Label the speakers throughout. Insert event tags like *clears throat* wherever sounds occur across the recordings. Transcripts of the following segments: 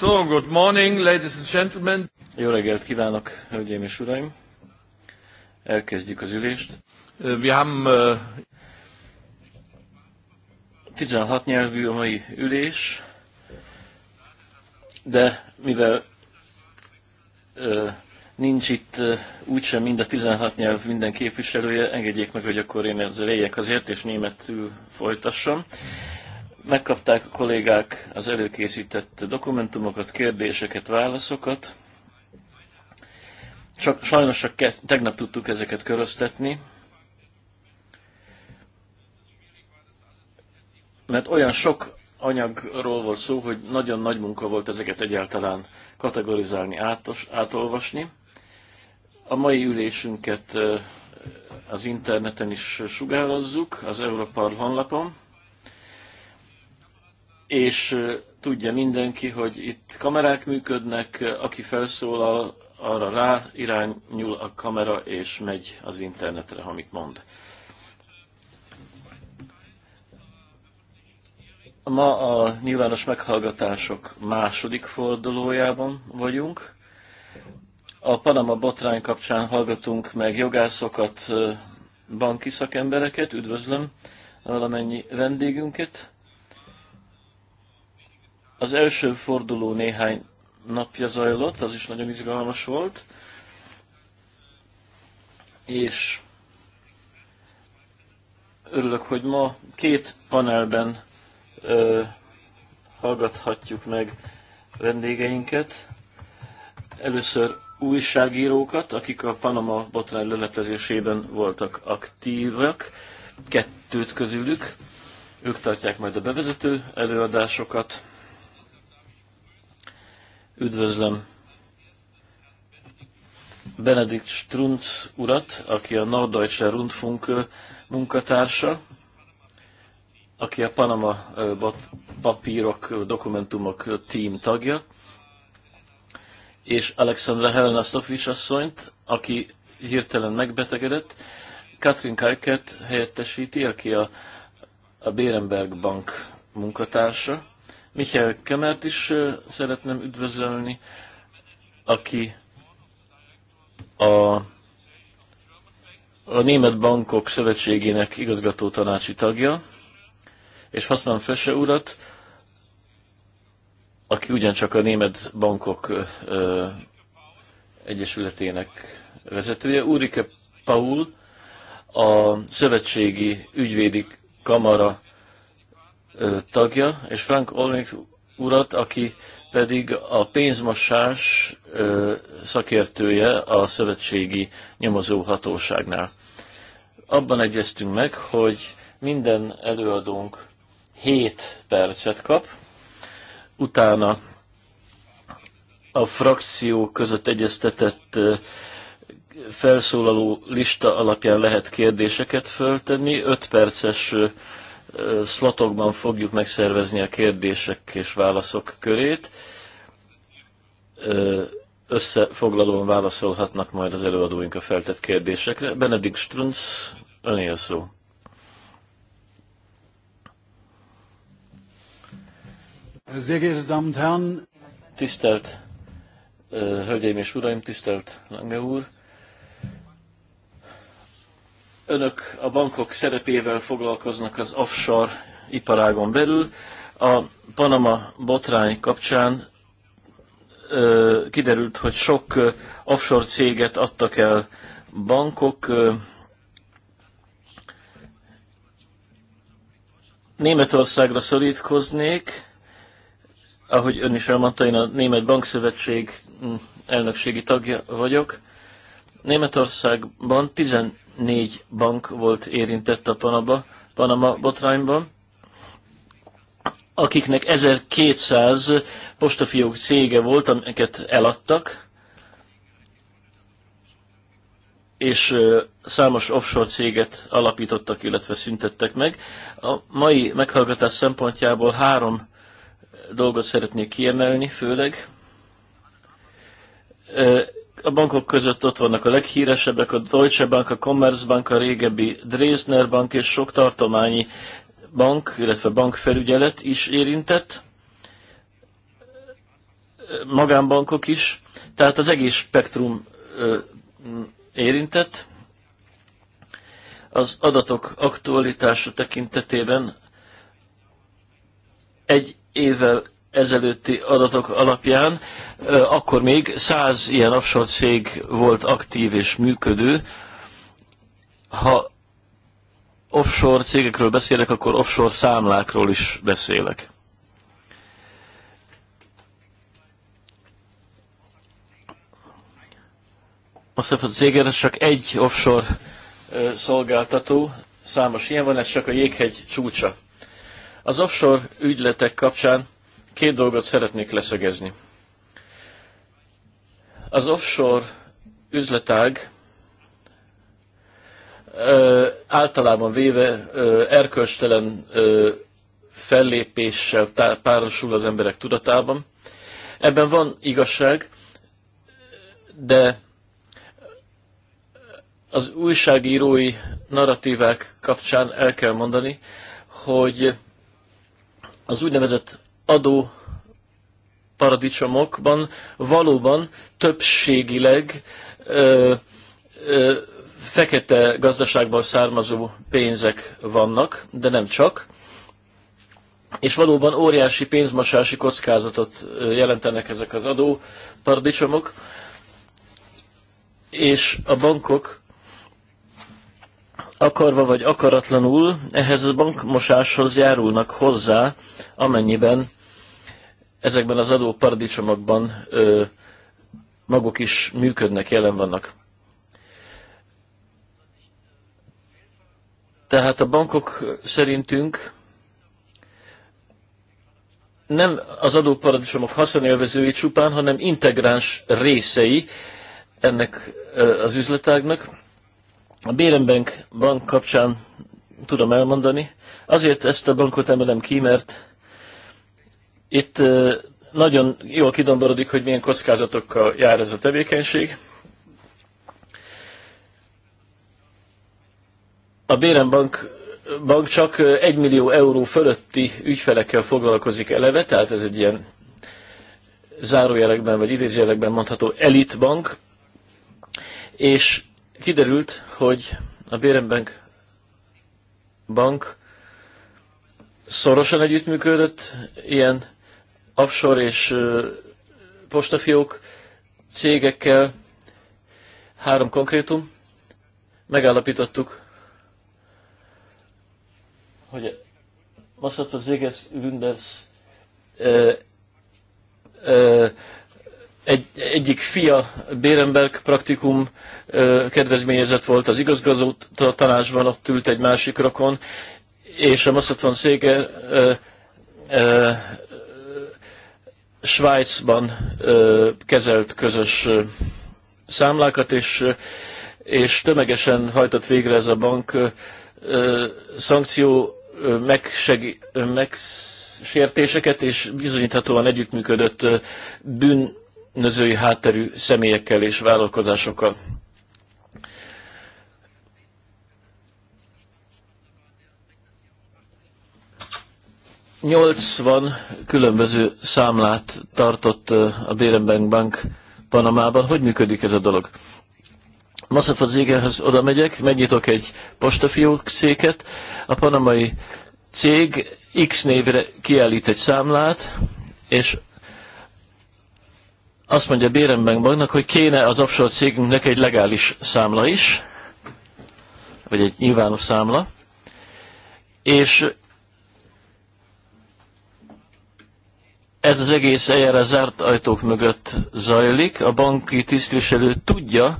Speaker 1: So, good morning, ladies and gentlemen. Jó reggelt kívánok, hölgyeim és uraim. Elkezdjük az ülést. Wir uh, 16 uh, nyelvű a mai ülés, de mivel uh, nincs itt uh, úgysem mind a 16 nyelv minden képviselője, engedjék meg, hogy akkor én ezzel éljek azért, és németül folytassam. Uh, Megkapták a kollégák az előkészített dokumentumokat, kérdéseket, válaszokat. Csak, sajnos csak tegnap tudtuk ezeket köröztetni, mert olyan sok anyagról volt szó, hogy nagyon nagy munka volt ezeket egyáltalán kategorizálni, átos, átolvasni. A mai ülésünket az interneten is sugározzuk, az Európa honlapon és tudja mindenki, hogy itt kamerák működnek, aki felszólal, arra rá irányul a kamera, és megy az internetre, amit mond. Ma a nyilvános meghallgatások második fordulójában vagyunk. A Panama botrány kapcsán hallgatunk meg jogászokat, banki szakembereket, üdvözlöm valamennyi vendégünket. Az első forduló néhány napja zajlott, az is nagyon izgalmas volt, és örülök, hogy ma két panelben ö, hallgathatjuk meg vendégeinket. Először újságírókat, akik a Panama botrány leleplezésében voltak aktívak, kettőt közülük. Ők tartják majd a bevezető előadásokat, Üdvözlöm Benedikt Strunz urat, aki a Norddeutsche Rundfunk munkatársa, aki a Panama papírok, dokumentumok team tagja, és Alexandra Helena Stopics asszonyt, aki hirtelen megbetegedett, Katrin Kajket helyettesíti, aki a, a Bérenberg Bank munkatársa, Michael Kemert is szeretném üdvözölni, aki a, a Német Bankok Szövetségének igazgató tanácsi tagja, és Hasman Fese urat, aki ugyancsak a Német Bankok ö, Egyesületének vezetője, Úrike Paul, a Szövetségi Ügyvédi Kamara tagja, és Frank Olnik urat, aki pedig a pénzmosás szakértője a szövetségi nyomozóhatóságnál. Abban egyeztünk meg, hogy minden előadónk 7 percet kap, utána a frakció között egyeztetett felszólaló lista alapján lehet kérdéseket föltenni, 5 perces szlotokban fogjuk megszervezni a kérdések és válaszok körét. Összefoglalóan válaszolhatnak majd az előadóink a feltett kérdésekre. Benedikt Strunz, öné a szó. Tisztelt Hölgyeim és Uraim, tisztelt Lange úr! Önök a bankok szerepével foglalkoznak az offshore iparágon belül. A Panama botrány kapcsán ö, kiderült, hogy sok offshore céget adtak el bankok. Ö, Németországra szorítkoznék, ahogy ön is elmondta, én a Német Bankszövetség mm, elnökségi tagja vagyok. Németországban négy bank volt érintett a Panama, Panama botrányban, akiknek 1200 postafiók cége volt, amiket eladtak, és számos offshore céget alapítottak, illetve szüntettek meg. A mai meghallgatás szempontjából három dolgot szeretnék kiemelni, főleg a bankok között ott vannak a leghíresebbek, a Deutsche Bank, a Commerzbank, a régebbi Dresdner Bank és sok tartományi bank, illetve bankfelügyelet is érintett, magánbankok is, tehát az egész spektrum érintett. Az adatok aktualitása tekintetében egy évvel ezelőtti adatok alapján, akkor még 100 ilyen offshore cég volt aktív és működő. Ha offshore cégekről beszélek, akkor offshore számlákról is beszélek. Most a cégére csak egy offshore szolgáltató, számos ilyen van, ez csak a jéghegy csúcsa. Az offshore ügyletek kapcsán Két dolgot szeretnék leszögezni. Az offshore üzletág általában véve erkölcstelen fellépéssel párosul az emberek tudatában. Ebben van igazság, de az újságírói narratívák kapcsán el kell mondani, hogy az úgynevezett adó paradicsomokban valóban többségileg ö, ö, fekete gazdaságból származó pénzek vannak, de nem csak. És valóban óriási pénzmosási kockázatot jelentenek ezek az adó paradicsomok, és a bankok akarva vagy akaratlanul ehhez a bankmosáshoz járulnak hozzá, amennyiben ezekben az adóparadicsomokban ö, maguk is működnek, jelen vannak. Tehát a bankok szerintünk nem az adóparadicsomok haszonélvezői csupán, hanem integráns részei ennek az üzletágnak. A Bérenbank bank kapcsán tudom elmondani. Azért ezt a bankot emelem ki, mert itt nagyon jól kidomborodik, hogy milyen kockázatokkal jár ez a tevékenység. A Bérenbank bank csak 1 millió euró fölötti ügyfelekkel foglalkozik eleve, tehát ez egy ilyen zárójelekben vagy idézjelekben mondható elitbank, és kiderült, hogy a Bérenbank bank szorosan együttműködött ilyen offshore és postafiók cégekkel. Három konkrétum. Megállapítottuk, hogy Massat az Éges Wunders egy, egyik fia, Bérenberg praktikum ö, kedvezményezett volt az igazgazó tanácsban, ott ült egy másik rokon, és a Massachusetts van Szége Svájcban ö, kezelt közös ö, számlákat, és, és tömegesen hajtott végre ez a bank ö, szankció megsértéseket, és bizonyíthatóan együttműködött ö, bűnözői hátterű személyekkel és vállalkozásokkal. 80 különböző számlát tartott a Bérenbank Bank Panamában. Hogy működik ez a dolog? Massaf az oda megyek, megnyitok egy postafiók széket, a panamai cég X névre kiállít egy számlát, és azt mondja Bérenbank Banknak, hogy kéne az offshore cégünknek egy legális számla is, vagy egy nyilvános számla, és Ez az egész eljárás zárt ajtók mögött zajlik. A banki tisztviselő tudja,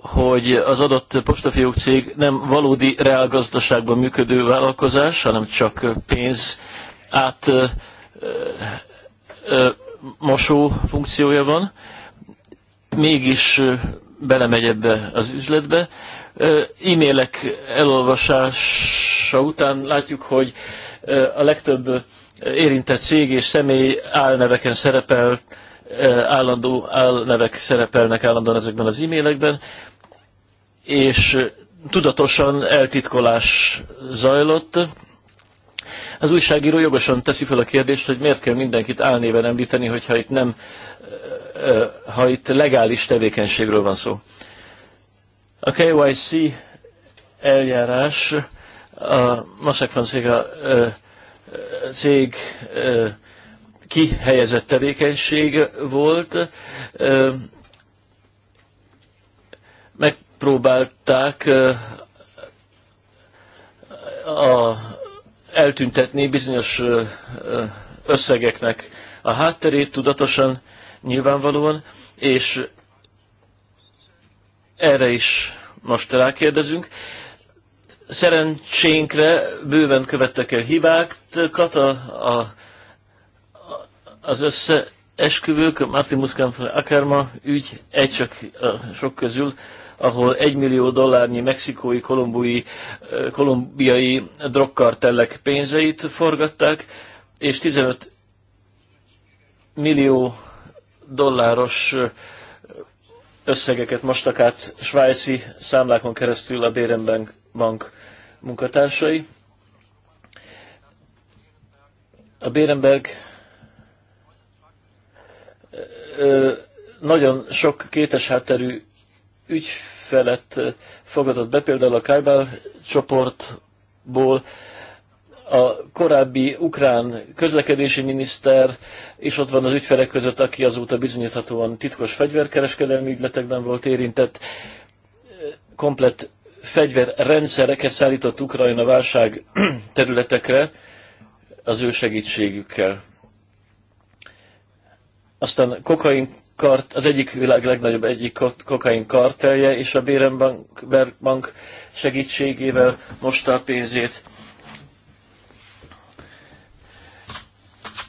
Speaker 1: hogy az adott postafiók cég nem valódi reálgazdaságban működő vállalkozás, hanem csak pénz át ö, ö, mosó funkciója van, mégis belemegy ebbe az üzletbe. E-mailek elolvasása után látjuk, hogy a legtöbb érintett cég és személy álneveken szerepel, e, állandó álnevek szerepelnek állandóan ezekben az e-mailekben, és tudatosan eltitkolás zajlott. Az újságíró jogosan teszi fel a kérdést, hogy miért kell mindenkit álnéven említeni, hogyha itt nem, e, e, ha itt legális tevékenységről van szó. A KYC eljárás a Masek Fonszéka cég kihelyezett tevékenység volt. Megpróbálták a, eltüntetni bizonyos összegeknek a hátterét tudatosan, nyilvánvalóan, és erre is most rákérdezünk. Szerencsénkre bőven követtek el hibákat a, a, az összeesküvők, a Martin Muskan Akerma ügy egy csak a sok közül, ahol egy millió dollárnyi mexikói, kolombui, kolumbiai drogkartellek pénzeit forgatták, és 15 millió dolláros összegeket mostak át svájci számlákon keresztül a Bérenbank bank munkatársai. A Bérenberg nagyon sok kétes hátterű ügyfelet fogadott be, például a Kajbál csoportból, a korábbi ukrán közlekedési miniszter, és ott van az ügyfelek között, aki azóta bizonyíthatóan titkos fegyverkereskedelmi ügyletekben volt érintett, komplett fegyverrendszereket szállított Ukrajna válság *clears throat* területekre az ő segítségükkel. Aztán kokain kart, az egyik világ legnagyobb egyik kokain kartelje és a Bérenbank Bank segítségével mosta a pénzét.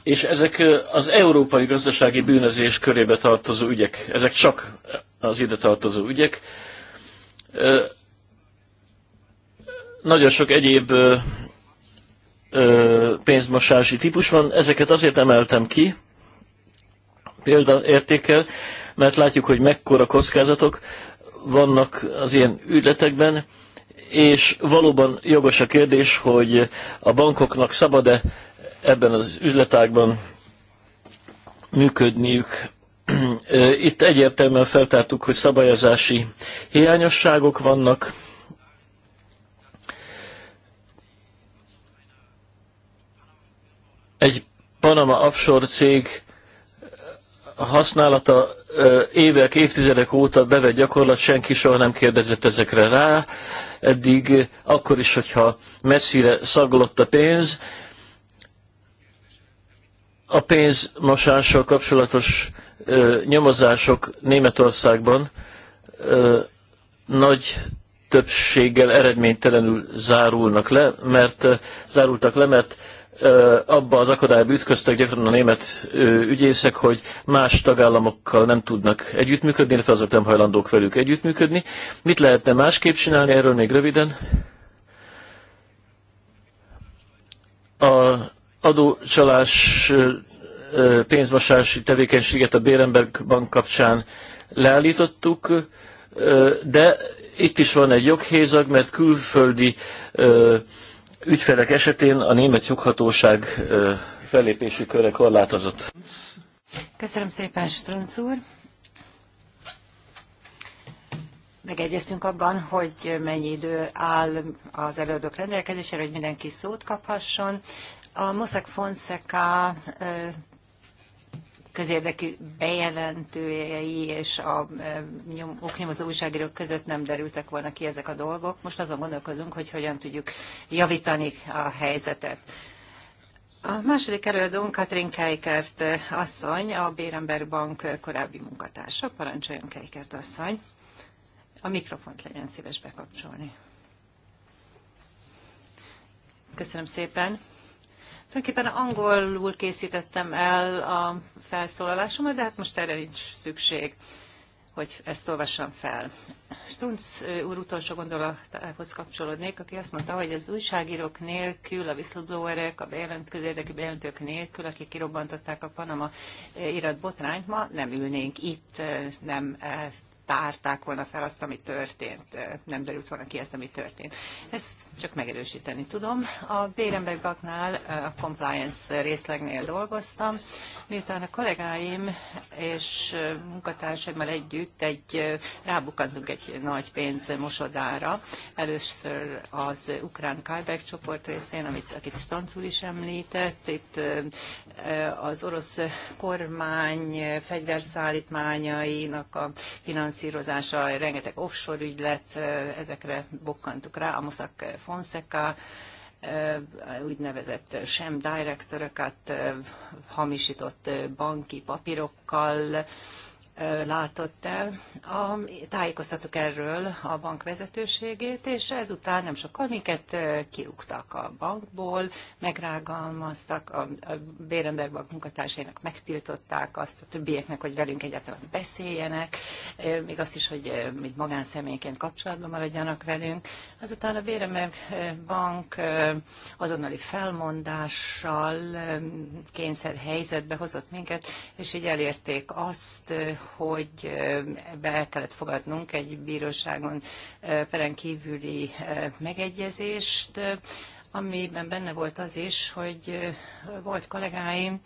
Speaker 1: És ezek az európai gazdasági bűnözés körébe tartozó ügyek, ezek csak az ide tartozó ügyek nagyon sok egyéb ö, ö, pénzmosási típus van, ezeket azért emeltem ki példaértékkel, mert látjuk, hogy mekkora kockázatok vannak az ilyen ügyletekben, és valóban jogos a kérdés, hogy a bankoknak szabad-e ebben az üzletágban működniük. Itt egyértelműen feltártuk, hogy szabályozási hiányosságok vannak, Egy Panama offshore cég használata évek, évtizedek óta bevett gyakorlat, senki soha nem kérdezett ezekre rá, eddig akkor is, hogyha messzire szaglott a pénz. A pénzmosással kapcsolatos nyomozások Németországban nagy többséggel eredménytelenül zárulnak le, mert zárultak le, mert abba az akadályba ütköztek gyakran a német ügyészek, hogy más tagállamokkal nem tudnak együttműködni, illetve azok nem hajlandók velük együttműködni. Mit lehetne másképp csinálni, erről még röviden? A adócsalás pénzmosási tevékenységet a Bérenberg bank kapcsán leállítottuk, de itt is van egy joghézag, mert külföldi ügyfelek esetén a német joghatóság fellépési köre korlátozott.
Speaker 2: Köszönöm szépen, Strunc úr. Megegyeztünk abban, hogy mennyi idő áll az előadók rendelkezésére, hogy mindenki szót kaphasson. A Mossack Fonseca közérdekű bejelentőjei és a e, nyom, oknyomozó újságírók között nem derültek volna ki ezek a dolgok. Most azon gondolkodunk, hogy hogyan tudjuk javítani a helyzetet. A második előadónk Katrin Keikert asszony, a Bérember Bank korábbi munkatársa. Parancsoljon Keikert asszony. A mikrofont legyen szíves bekapcsolni. Köszönöm szépen. Tulajdonképpen angolul készítettem el a felszólalásomat, de hát most erre nincs szükség, hogy ezt olvassam fel. Strunz úr utolsó gondolatához kapcsolódnék, aki azt mondta, hogy az újságírók nélkül, a whistleblowerek, a bejelentkező érdekű bejelentők nélkül, akik kirobbantották a Panama irat botrányt, ma nem ülnénk itt, nem tárták volna fel azt, ami történt, nem derült volna ki ezt, ami történt. Ezt csak megerősíteni tudom. A Bérenberg Baknál a uh, compliance részlegnél dolgoztam, miután a kollégáim és uh, munkatársaimmal együtt egy uh, rábukadtunk egy nagy mosodára, Először az ukrán Kálbek csoport részén, amit, akit Stancul is említett, itt az orosz kormány fegyverszállítmányainak a finanszírozása, rengeteg offshore ügylet, ezekre bokkantuk rá, a Moszak Fonseca úgynevezett sem direktöröket hamisított banki papírokkal, látott el. A, tájékoztattuk erről a bank vezetőségét, és ezután nem sokkal minket kirúgtak a bankból, megrágalmaztak, a, a Bérenberg bank munkatársainak megtiltották azt a többieknek, hogy velünk egyáltalán beszéljenek, még azt is, hogy mit magánszemélyként kapcsolatban maradjanak velünk. Azután a Bérenberg bank azonnali felmondással kényszer helyzetbe hozott minket, és így elérték azt, hogy be kellett fogadnunk egy bíróságon peren kívüli megegyezést, amiben benne volt az is, hogy volt kollégáim,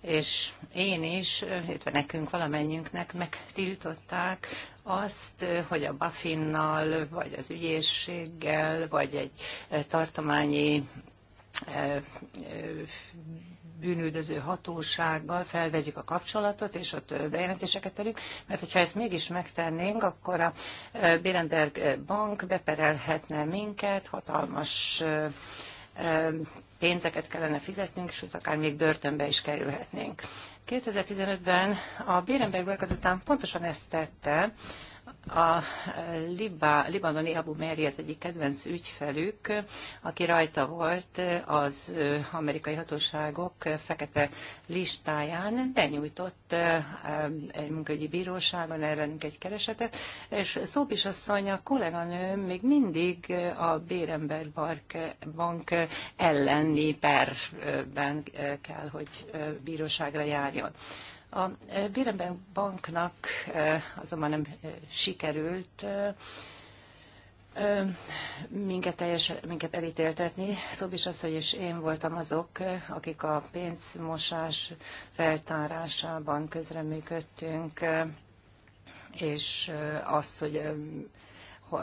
Speaker 2: és én is, illetve nekünk valamennyünknek megtiltották azt, hogy a Buffinnal, vagy az ügyészséggel, vagy egy tartományi bűnüldöző hatósággal felvegyük a kapcsolatot, és ott bejelentéseket tegyük, mert hogyha ezt mégis megtennénk, akkor a e, Birenberg Bank beperelhetne minket, hatalmas e, e, pénzeket kellene fizetnünk, sőt, akár még börtönbe is kerülhetnénk. 2015-ben a Bank azután pontosan ezt tette, a e, Liba libanoni Abu Meri az egyik kedvenc ügyfelük, aki rajta volt az e, amerikai hatóságok fekete listáján, benyújtott e, egy munkaügyi bíróságon ellenünk egy keresetet, és Szópis asszony, a kolléganőm még mindig a Bérember Bank elleni perben kell, hogy bíróságra járjon. A e, Birenben banknak e, azonban nem e, sikerült minket, teljes, minket elítéltetni. Szobis az, hogy is én voltam azok, akik a pénzmosás feltárásában közreműködtünk, és az, hogy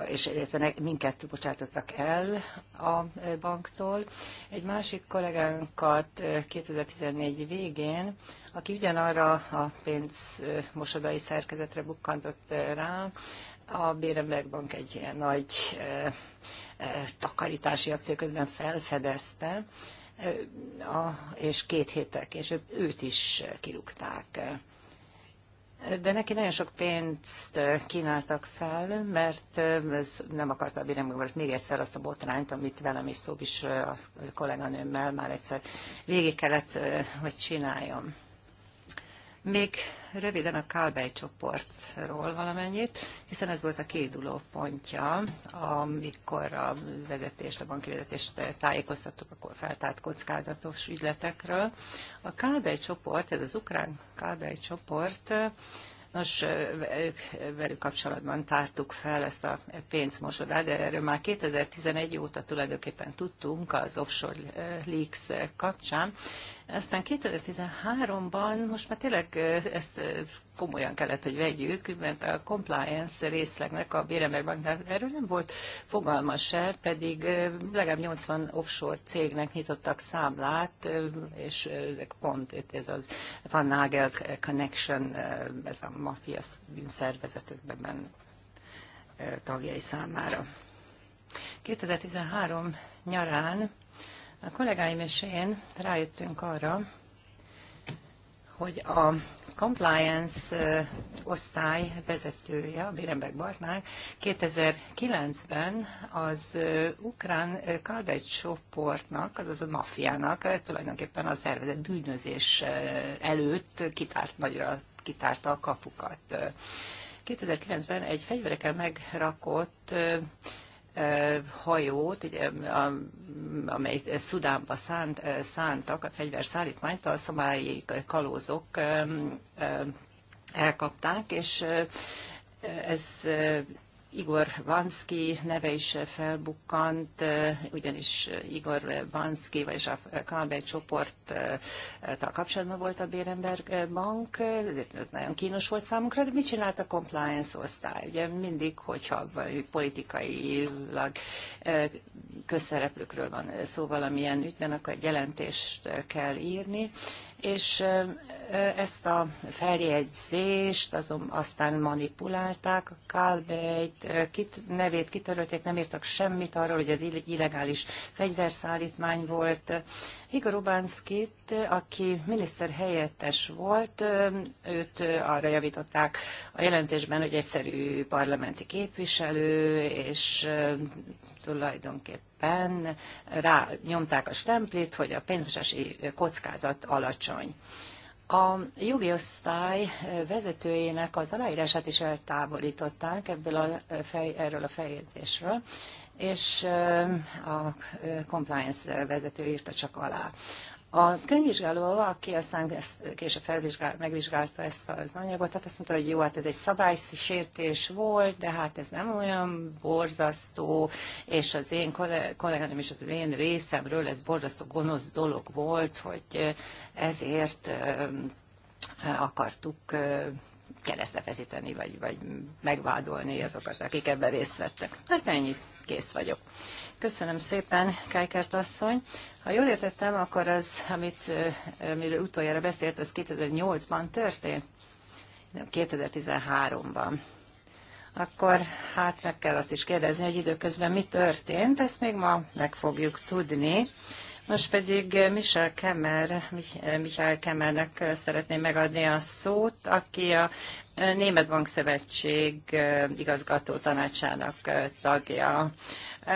Speaker 2: és illetve minket bocsátottak el a banktól. Egy másik kollégánkat 2014 eh, végén, aki ugyanarra a pénzmosodai szerkezetre bukkantott eh, rá, a Bérenberg Bank egy ilyen nagy eh, takarítási akció közben felfedezte, és két héttel később őt is kirúgták de neki nagyon sok pénzt kínáltak fel, mert nem akarta a bírem, mert még egyszer azt a botrányt, amit velem is szó is a kolléganőmmel már egyszer végig kellett, hogy csináljam. Még röviden a Kálbej csoportról valamennyit, hiszen ez volt a kéduló pontja, amikor a vezetést, a banki vezetést tájékoztattuk a feltárt kockázatos ügyletekről. A Kálbej csoport, ez az ukrán Kálbej csoport, Nos, velük kapcsolatban tártuk fel ezt a pénzmosodát, de erről már 2011 óta tulajdonképpen tudtunk az offshore leaks kapcsán, aztán 2013-ban most már tényleg ezt komolyan kellett, hogy vegyük, mert a compliance részlegnek a béremekbanknál erről nem volt fogalma se, pedig legalább 80 offshore cégnek nyitottak számlát, és ezek pont itt ez az Van Nagel Connection, ez a mafia bűnszervezetekben tagjai számára. 2013 nyarán a kollégáim és én rájöttünk arra, hogy a compliance osztály vezetője, a Birembek Barnák 2009-ben az ukrán Kalbegy csoportnak, azaz a maffiának tulajdonképpen a szervezet bűnözés előtt kitárt nagyra kitárta a kapukat. 2009-ben egy fegyverekkel megrakott hajót, amely Szudánba szánt, szántak, a fegyverszállítmányt, a szomáliai kalózok elkapták, és ez Igor Vanszki neve is felbukkant, ugyanis Igor Vanszki, vagyis a csoport csoporttal kapcsolatban volt a Bérenberg Bank, nagyon kínos volt számunkra, de mit csinált a compliance osztály? Ugye mindig, hogyha politikailag közszereplőkről van szó valamilyen ügyben, akkor jelentést kell írni, és ezt a feljegyzést azon aztán manipulálták, a Kálbejt kit, nevét kitörölték, nem írtak semmit arról, hogy ez illegális fegyverszállítmány volt. Igor Ubánszkit, aki miniszter helyettes volt, őt arra javították a jelentésben, hogy egyszerű parlamenti képviselő, és tulajdonképpen szépen rányomták a stemplét, hogy a pénzmosási kockázat alacsony. A jogi osztály vezetőjének az aláírását is eltávolították ebből a fej, erről a feljegyzésről, és a compliance vezető írta csak alá. A könyvvizsgáló, aki aztán ezt, később felvizsgál, megvizsgálta ezt az anyagot, tehát azt mondta, hogy jó, hát ez egy szabálysértés volt, de hát ez nem olyan borzasztó, és az én kolléganőm és az én részemről ez borzasztó gonosz dolog volt, hogy ezért akartuk keresztbe feszíteni, vagy, vagy megvádolni azokat, akik ebben részt vettek. Hát ennyit, kész vagyok. Köszönöm szépen, Kájkert asszony. Ha jól értettem, akkor az, amit, amiről utoljára beszélt, az 2008-ban történt? 2013-ban. Akkor hát meg kell azt is kérdezni, hogy időközben mi történt, ezt még ma meg fogjuk tudni. Most pedig eh, Michel Kemmer, Michel eh, Kemmernek eh, szeretném megadni a szót, aki a Német Szövetség igazgató tanácsának tagja.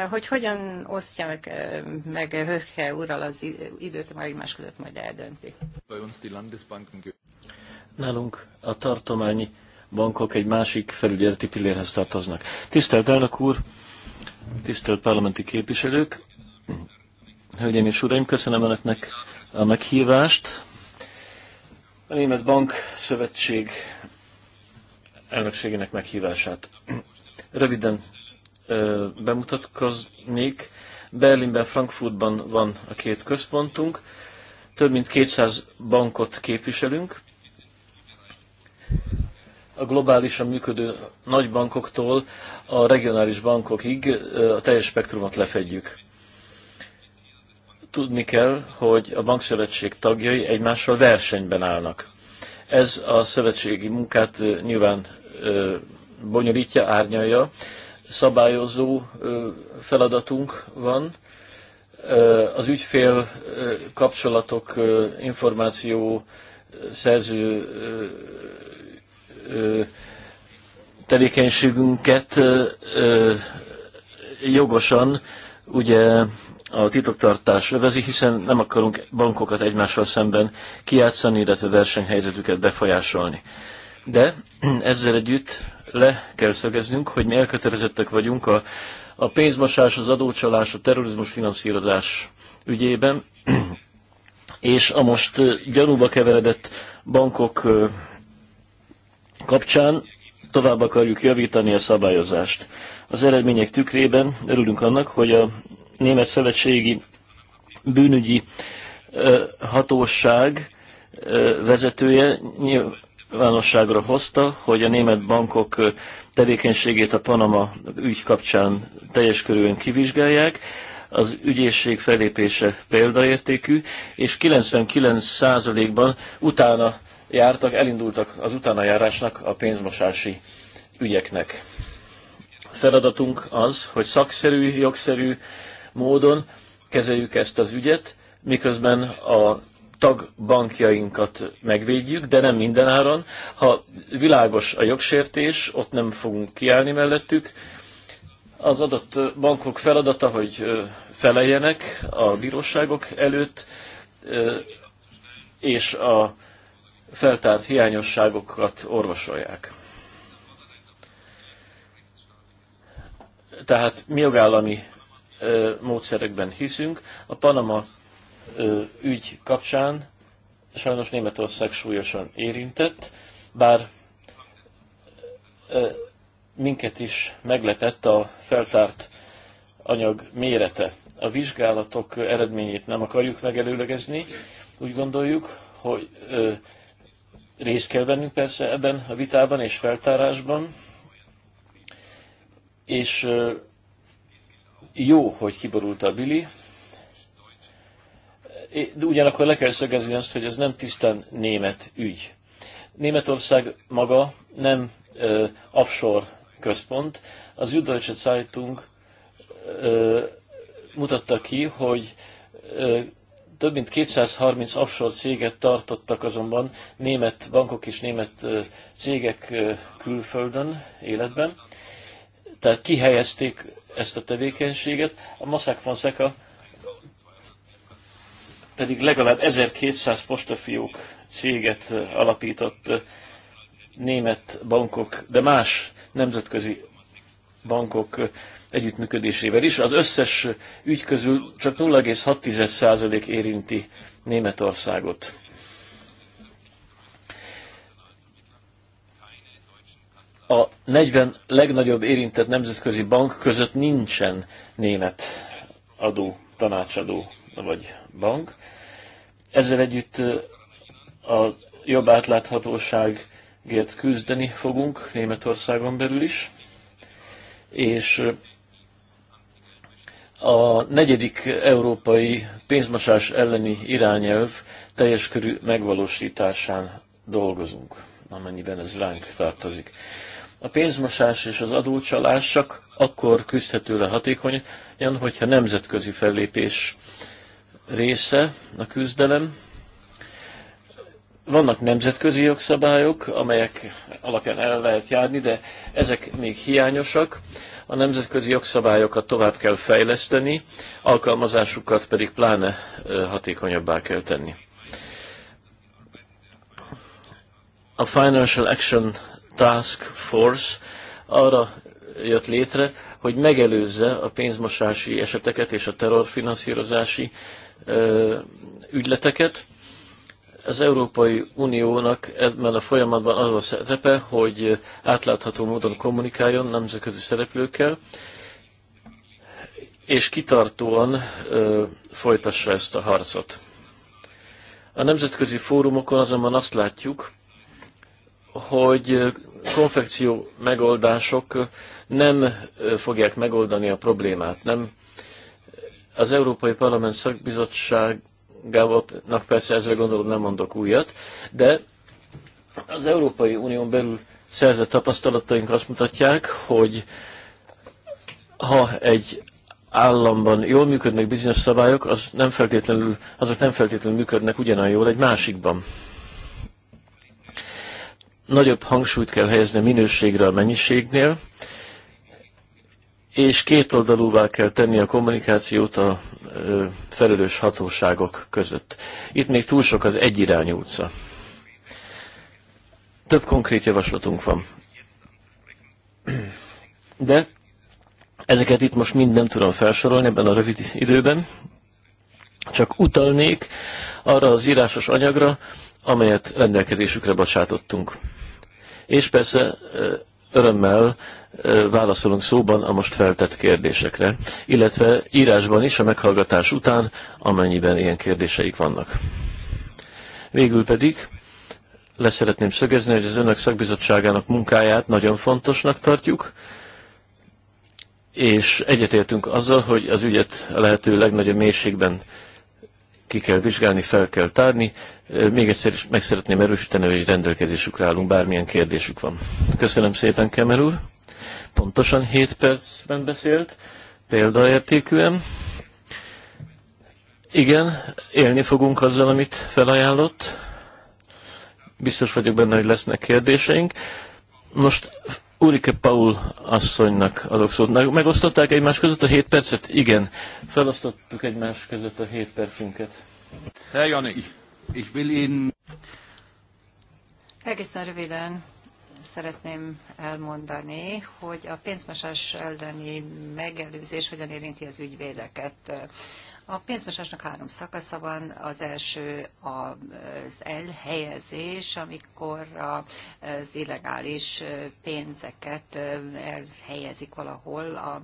Speaker 2: Hogy hogyan osztja meg, meg Höke úrral az időt, majd egymás között majd eldönti.
Speaker 3: Nálunk
Speaker 1: a tartományi bankok egy másik felügyeleti pillérhez tartoznak. Tisztelt elnök úr, tisztelt parlamenti képviselők, Hölgyeim és Uraim, köszönöm Önöknek a meghívást. A Német Bank Szövetség elnökségének meghívását. Röviden ö, bemutatkoznék. Berlinben, Frankfurtban van a két központunk. Több mint 200 bankot képviselünk. A globálisan működő nagy bankoktól a regionális bankokig a teljes spektrumot lefedjük. Tudni kell, hogy a bankszövetség tagjai egymással versenyben állnak. Ez a szövetségi munkát nyilván bonyolítja, árnyalja. Szabályozó feladatunk van. Az ügyfél kapcsolatok, információ szerző tevékenységünket jogosan ugye a titoktartás övezi, hiszen nem akarunk bankokat egymással szemben kiátszani, illetve versenyhelyzetüket befolyásolni. De *clears throat* ezzel együtt le kell szögeznünk, hogy mi elkötelezettek vagyunk a, a pénzmosás, az adócsalás, a terrorizmus finanszírozás ügyében, *clears throat* és a most gyanúba keveredett bankok kapcsán tovább akarjuk javítani a szabályozást. Az eredmények tükrében örülünk annak, hogy a Német Szövetségi Bűnügyi Hatóság vezetője nyilvánosságra hozta, hogy a német bankok tevékenységét a Panama ügy kapcsán teljes körülön kivizsgálják. Az ügyészség felépése példaértékű, és 99%-ban utána jártak, elindultak az utána járásnak a pénzmosási ügyeknek. Feladatunk az, hogy szakszerű, jogszerű módon kezeljük ezt az ügyet, miközben a tagbankjainkat megvédjük, de nem mindenáron. Ha világos a jogsértés, ott nem fogunk kiállni mellettük. Az adott bankok feladata, hogy feleljenek a bíróságok előtt, és a feltárt hiányosságokat orvosolják. Tehát mi jogállami módszerekben hiszünk. A Panama ügy kapcsán sajnos Németország súlyosan érintett, bár minket is meglepett a feltárt anyag mérete. A vizsgálatok eredményét nem akarjuk megelőlegezni. Úgy gondoljuk, hogy részt kell vennünk persze ebben a vitában és feltárásban, és jó, hogy kiborult a Bili, de ugyanakkor le kell szögezni azt, hogy ez nem tisztán német ügy. Németország maga nem ö, offshore központ. Az Süddeutsche Zeitung ö, mutatta ki, hogy ö, több mint 230 offshore céget tartottak azonban német bankok és német ö, cégek ö, külföldön életben. Tehát kihelyezték ezt a tevékenységet, a Maszák Fonseca pedig legalább 1200 postafiók céget alapított eh, német bankok, de más nemzetközi bankok eh, együttműködésével is. Az összes ügy közül csak 0,6% érinti Németországot. a 40 legnagyobb érintett nemzetközi bank között nincsen német adó, tanácsadó vagy bank. Ezzel együtt a jobb átláthatóságért küzdeni fogunk Németországon belül is, és a negyedik európai pénzmosás elleni irányelv teljes körű megvalósításán dolgozunk, amennyiben ez ránk tartozik. A pénzmosás és az adócsalás csak akkor küzdhető le hatékonyan, hogyha nemzetközi fellépés része a küzdelem. Vannak nemzetközi jogszabályok, amelyek alapján el lehet járni, de ezek még hiányosak. A nemzetközi jogszabályokat tovább kell fejleszteni, alkalmazásukat pedig pláne hatékonyabbá kell tenni. A Financial Action Task Force arra jött létre, hogy megelőzze a pénzmosási eseteket és a terrorfinanszírozási ügyleteket. Az Európai Uniónak ebben a folyamatban az a szerepe, hogy átlátható módon kommunikáljon nemzetközi szereplőkkel, és kitartóan ö, folytassa ezt a harcot. A nemzetközi fórumokon azonban azt látjuk, hogy konfekció megoldások nem fogják megoldani a problémát. Nem. Az Európai Parlament szakbizottságának persze ezzel gondolom nem mondok újat, de az Európai Unión belül szerzett tapasztalataink azt mutatják, hogy ha egy államban jól működnek bizonyos szabályok, az nem feltétlenül, azok nem feltétlenül működnek ugyanolyan jól egy másikban nagyobb hangsúlyt kell helyezni a minőségre a mennyiségnél, és kétoldalúvá kell tenni a kommunikációt a felelős hatóságok között. Itt még túl sok az egyirányú utca. Több konkrét javaslatunk van. De ezeket itt most mind nem tudom felsorolni ebben a rövid időben, csak utalnék arra az írásos anyagra, amelyet rendelkezésükre bocsátottunk és persze örömmel válaszolunk szóban a most feltett kérdésekre, illetve írásban is a meghallgatás után, amennyiben ilyen kérdéseik vannak. Végül pedig leszeretném szögezni, hogy az önök szakbizottságának munkáját nagyon fontosnak tartjuk, és egyetértünk azzal, hogy az ügyet a lehető legnagyobb mélységben ki kell vizsgálni, fel kell tárni. Még egyszer is meg szeretném erősíteni, hogy rendelkezésükre állunk, bármilyen kérdésük van. Köszönöm szépen, Kemer úr. Pontosan 7 percben beszélt, példaértékűen. Igen, élni fogunk azzal, amit felajánlott. Biztos vagyok benne, hogy lesznek kérdéseink. Most Ulrike Paul asszonynak adok szót. Megosztották egymás között a 7 percet? Igen, felosztottuk egymás között a 7 percünket.
Speaker 3: Herr Jani, ich will Ihnen...
Speaker 2: Egészen röviden szeretném elmondani, hogy a pénzmosás elleni megelőzés hogyan érinti az ügyvédeket. A pénzmosásnak három szakasza van. Az első az elhelyezés, amikor az illegális pénzeket elhelyezik valahol a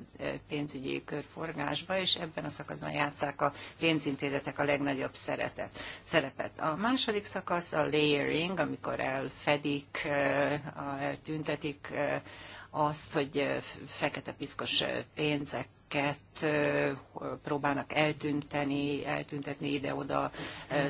Speaker 2: pénzügyi körforgásba, és ebben a szakaszban játszák a pénzintézetek a legnagyobb szeretet, szerepet. A második szakasz a layering, amikor elfedik, eltüntetik azt, hogy fekete piszkos pénzek embereket próbálnak eltünteni, eltüntetni ide-oda,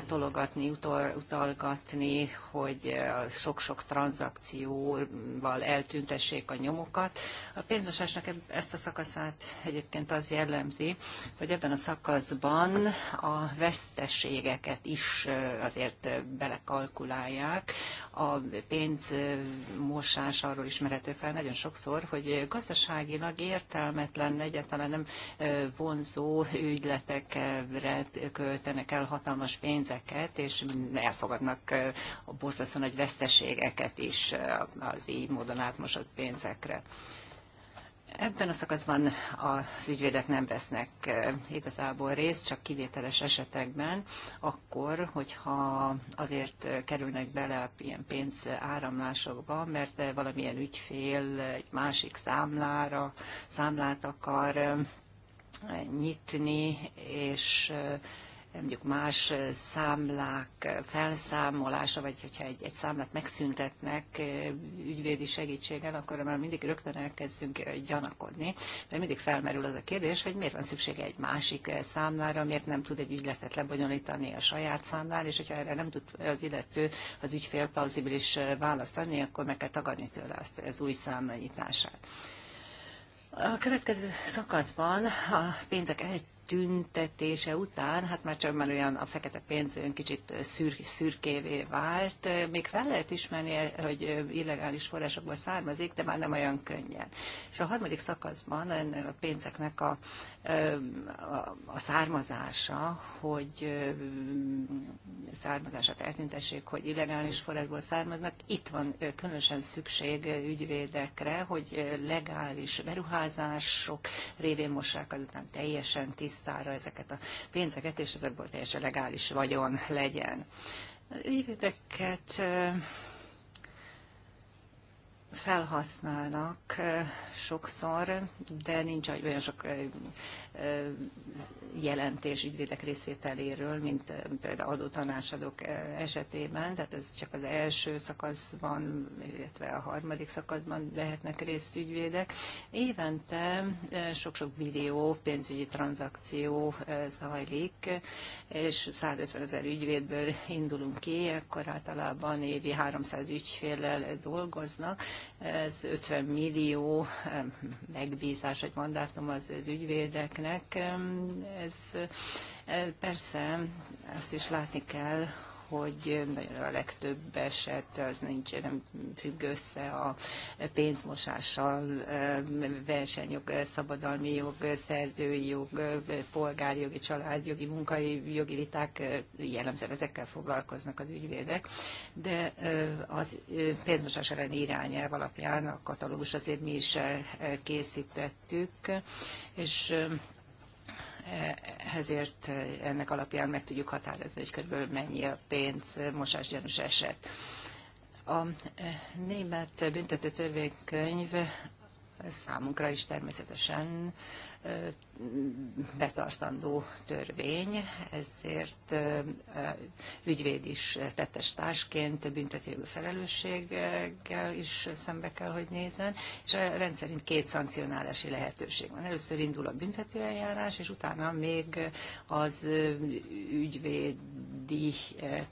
Speaker 2: tologatni, utal, utalgatni, hogy sok-sok tranzakcióval eltüntessék a nyomokat. A pénzmosásnak ezt a szakaszát egyébként az jellemzi, hogy ebben a szakaszban a veszteségeket is azért belekalkulálják. A pénzmosás arról ismerhető fel nagyon sokszor, hogy gazdaságilag értelmetlen egyáltalán hanem vonzó ügyletekre költenek el hatalmas pénzeket, és elfogadnak a borzasztó nagy veszteségeket is az így módon átmosott pénzekre. Ebben a szakaszban az ügyvédek nem vesznek eh, igazából részt, csak kivételes esetekben, akkor, hogyha azért eh, kerülnek bele a ilyen áramlásokba, mert eh, valamilyen ügyfél egy másik számlára, számlát akar nyitni, és mondjuk más számlák felszámolása, vagy hogyha egy, egy számlát megszüntetnek ügyvédi segítséggel, akkor már mindig rögtön elkezdünk gyanakodni, mert mindig felmerül az a kérdés, hogy miért van szüksége egy másik számlára, miért nem tud egy ügyletet lebonyolítani a saját számlán, és hogyha erre nem tud az illető az ügyfél plauzibilis választ adni, akkor meg kell tagadni tőle azt, az új számlanyitását. A következő szakaszban a pénzek egy tüntetése után, hát már csak már olyan a fekete pénz olyan kicsit szür, szürkévé vált. Még fel lehet ismerni, hogy illegális forrásokból származik, de már nem olyan könnyen. És a harmadik szakaszban a pénzeknek a, a, a származása, hogy származását eltüntessék, hogy illegális forrásból származnak, itt van különösen szükség ügyvédekre, hogy legális beruházások révén mossák azután teljesen tiszt tisztára ezeket a pénzeket, és ezekből teljesen legális vagyon legyen. Ügyvédeket felhasználnak sokszor, de nincs olyan sok jelentés ügyvédek részvételéről, mint eh, például adótanácsadók eh, esetében, tehát ez csak az első szakaszban, illetve a harmadik szakaszban lehetnek részt ügyvédek. Évente eh, sok-sok millió pénzügyi tranzakció zajlik, és 150 ezer ügyvédből indulunk ki, akkor általában évi 300 ügyféllel dolgoznak, ez 50 millió megbízás, egy mandátum az, az ügyvédek lépnek. Ez e, persze azt is látni kell, hogy a legtöbb eset az nincs, nem függ össze a pénzmosással, e, versenyjog, szabadalmi jog, szerzői jog, polgárjogi, családjogi, munkai jogi viták e, jellemzően ezekkel foglalkoznak az ügyvédek, de az pénzmosás ellen irányelv alapján a katalógus azért mi is készítettük, és ezért ennek alapján meg tudjuk határozni, hogy körülbelül mennyi a pénz mosásgyanús eset. A eh, német büntető törvénykönyv számunkra is természetesen betartandó törvény, ezért ügyvéd is tettes társként büntetőjogú felelősséggel is szembe kell, hogy nézzen, és rendszerint két szankcionálási lehetőség van. Először indul a büntetőeljárás, és utána még az ügyvédi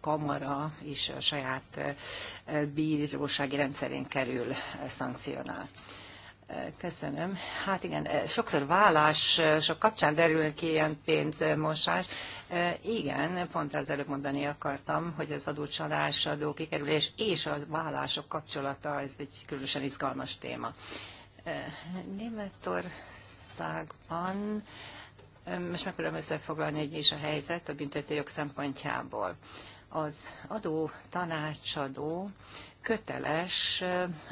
Speaker 2: kamara is a saját bírósági rendszerén kerül szankcionál. Köszönöm. Hát igen, eh, sokszor vállás, eh, sok kapcsán derül ki ilyen pénzmosás. Eh, igen, pont az előbb mondani akartam, hogy az adócsalás, kikerülés és a vállások kapcsolata, ez egy különösen izgalmas téma. Németországban most megpróbálom összefoglalni, hogy is a helyzet a büntetőjog szempontjából. Az adó tanácsadó köteles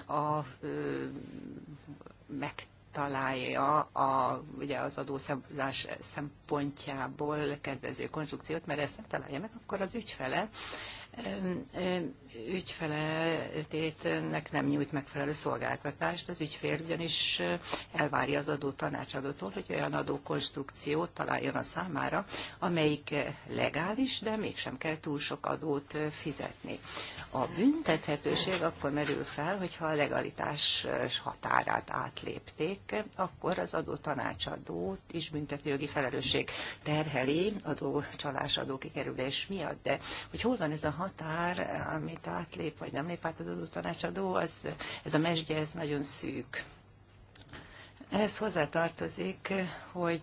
Speaker 2: a megtalálja a, ugye az adószabás szempontjából kedvező konstrukciót, mert ezt nem találja meg, akkor az ügyfele ügyfeletétnek nem nyújt megfelelő szolgáltatást, az ügyfél ugyanis elvárja az adó tanácsadótól, hogy olyan adókonstrukciót találjon a számára, amelyik legális, de mégsem kell túl sok adót fizetni. A büntethetőség akkor merül fel, hogyha a legalitás határát átlépték, akkor az adó tanácsadót is büntetőjogi felelősség terheli adócsalás, adókikerülés miatt. De hogy hol van ez a határ, amit amit átlép, vagy nem lép át az adó tanácsadó, az, ez a mesdje, ez nagyon szűk. Ehhez hozzátartozik, hogy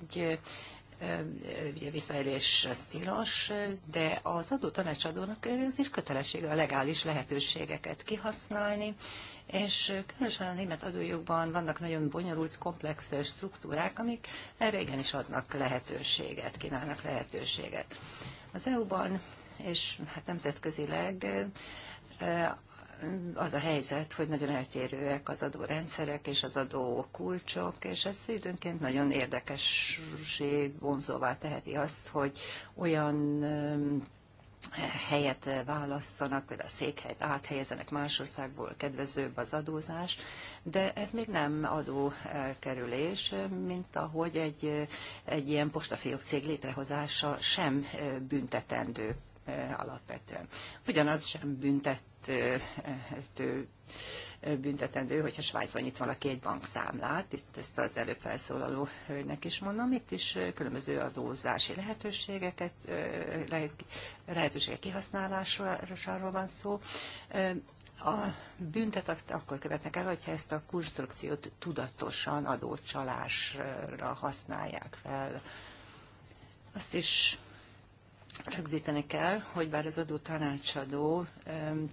Speaker 2: ugye visszaélés tilos, de az adó tanácsadónak az is kötelessége a legális lehetőségeket kihasználni, és különösen a német adójogban vannak nagyon bonyolult, komplex struktúrák, amik erre igenis adnak lehetőséget, kínálnak lehetőséget. Az EU-ban és hát nemzetközileg az a helyzet, hogy nagyon eltérőek az adórendszerek és az adókulcsok, és ez időnként nagyon érdekessé vonzóvá teheti azt, hogy olyan helyet választanak, például a székhelyt áthelyezenek más országból, kedvezőbb az adózás, de ez még nem adó elkerülés, mint ahogy egy, egy ilyen postafiók cég létrehozása sem büntetendő alapvetően. Ugyanaz sem büntet büntetendő, hogyha Svájcban nyit valaki egy bankszámlát, itt ezt az előbb felszólaló hölgynek is mondom, itt is különböző adózási lehetőségeket, lehetőségek kihasználásáról van szó. A büntet akkor követnek el, hogyha ezt a konstrukciót tudatosan adócsalásra használják fel. Azt is Rögzíteni kell, hogy bár az adó tanácsadó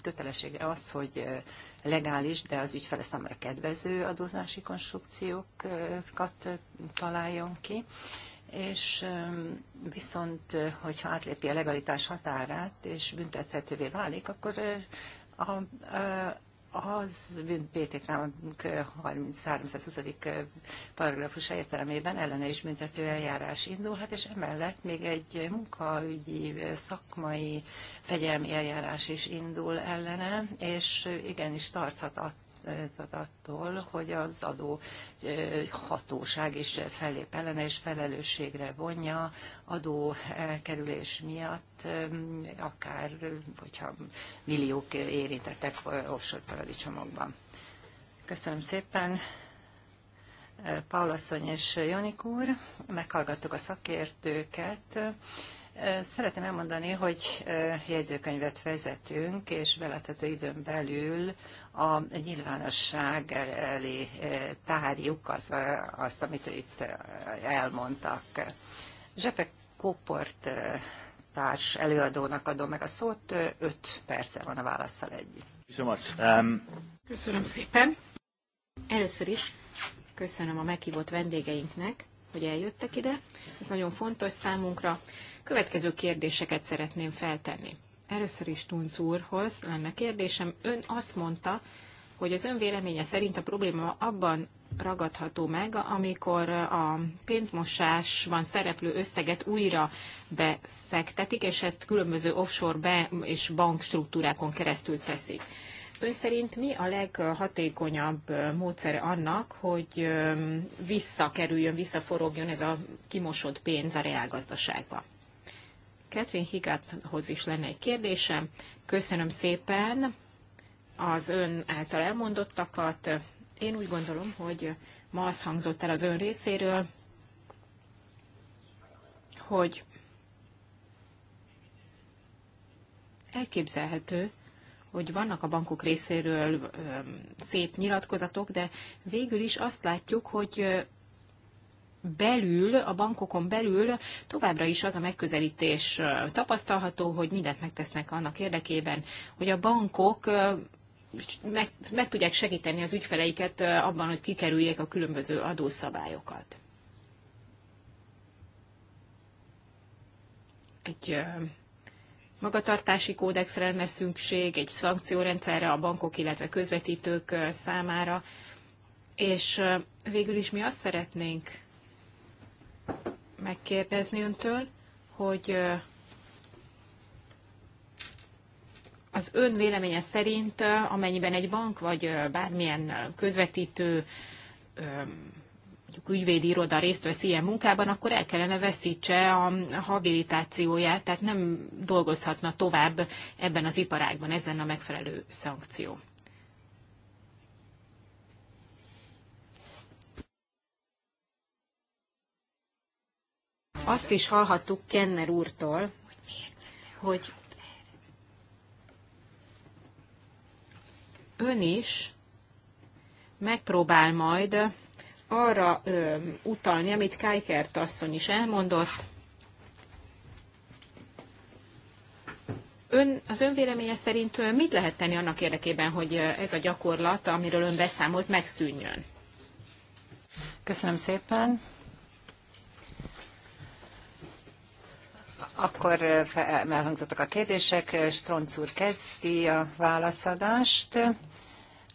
Speaker 2: kötelessége az, hogy eh, legális, de az ügyfele számára kedvező adózási konstrukciókat eh, találjon ki, és viszont, eh, hogyha átlépi a legalitás határát, és büntethetővé válik, akkor a, a, az BTK-nak paragrafus értelmében ellene is büntető eljárás indulhat, és emellett még egy munkaügyi, szakmai, fegyelmi eljárás is indul ellene, és igenis tarthat attól, hogy az adó hatóság is fellép ellene és felelősségre vonja kerülés miatt, akár hogyha milliók érintettek offshore paradicsomokban. Köszönöm szépen. Paulasszony és Jonik úr, meghallgattuk a szakértőket, Szeretném elmondani, hogy jegyzőkönyvet vezetünk, és belethető időn belül a nyilvánosság elé tárjuk az, azt, amit itt elmondtak. Zsepek Koport társ előadónak
Speaker 3: adom meg a szót, 5 perce van a válaszsal együtt. Um, köszönöm szépen. Először is köszönöm a meghívott vendégeinknek, hogy eljöttek ide. Ez nagyon fontos számunkra. Következő kérdéseket szeretném feltenni. Először is Tunc úrhoz lenne kérdésem. Ön azt mondta, hogy az ön véleménye szerint a probléma abban ragadható meg, amikor a pénzmosásban szereplő összeget újra befektetik, és ezt különböző offshore be és bankstruktúrákon keresztül teszik. Ön szerint mi a leghatékonyabb módszere annak, hogy visszakerüljön, visszaforogjon ez a kimosott pénz a reálgazdaságba? Catherine Higathoz is lenne egy kérdésem. Köszönöm szépen az ön által elmondottakat. Én úgy gondolom, hogy ma az hangzott el az ön részéről, hogy elképzelhető, hogy vannak a bankok részéről szép nyilatkozatok, de végül is azt látjuk, hogy belül, a bankokon belül továbbra is az a megközelítés tapasztalható, hogy mindent megtesznek annak érdekében, hogy a bankok meg, meg tudják segíteni az ügyfeleiket abban, hogy kikerüljék a különböző adószabályokat. Egy magatartási kódexre lenne szükség, egy szankciórendszerre a bankok, illetve közvetítők számára, és végül is mi azt szeretnénk megkérdezni öntől, hogy az ön véleménye szerint, amennyiben egy bank vagy bármilyen közvetítő mondjuk ügyvédi iroda részt vesz ilyen munkában, akkor el kellene veszítse a habilitációját, tehát nem dolgozhatna tovább ebben az iparágban, ezen a megfelelő szankció. Azt is hallhattuk Kenner úrtól, hogy ön is megpróbál majd arra ö, utalni, amit kajkert asszony is elmondott. Ön, az ön véleménye szerint mit lehet tenni annak érdekében, hogy ez a gyakorlat, amiről ön beszámolt, megszűnjön?
Speaker 2: Köszönöm szépen.
Speaker 3: Akkor elhangzottak a
Speaker 2: kérdések, Stronc úr kezdi a válaszadást.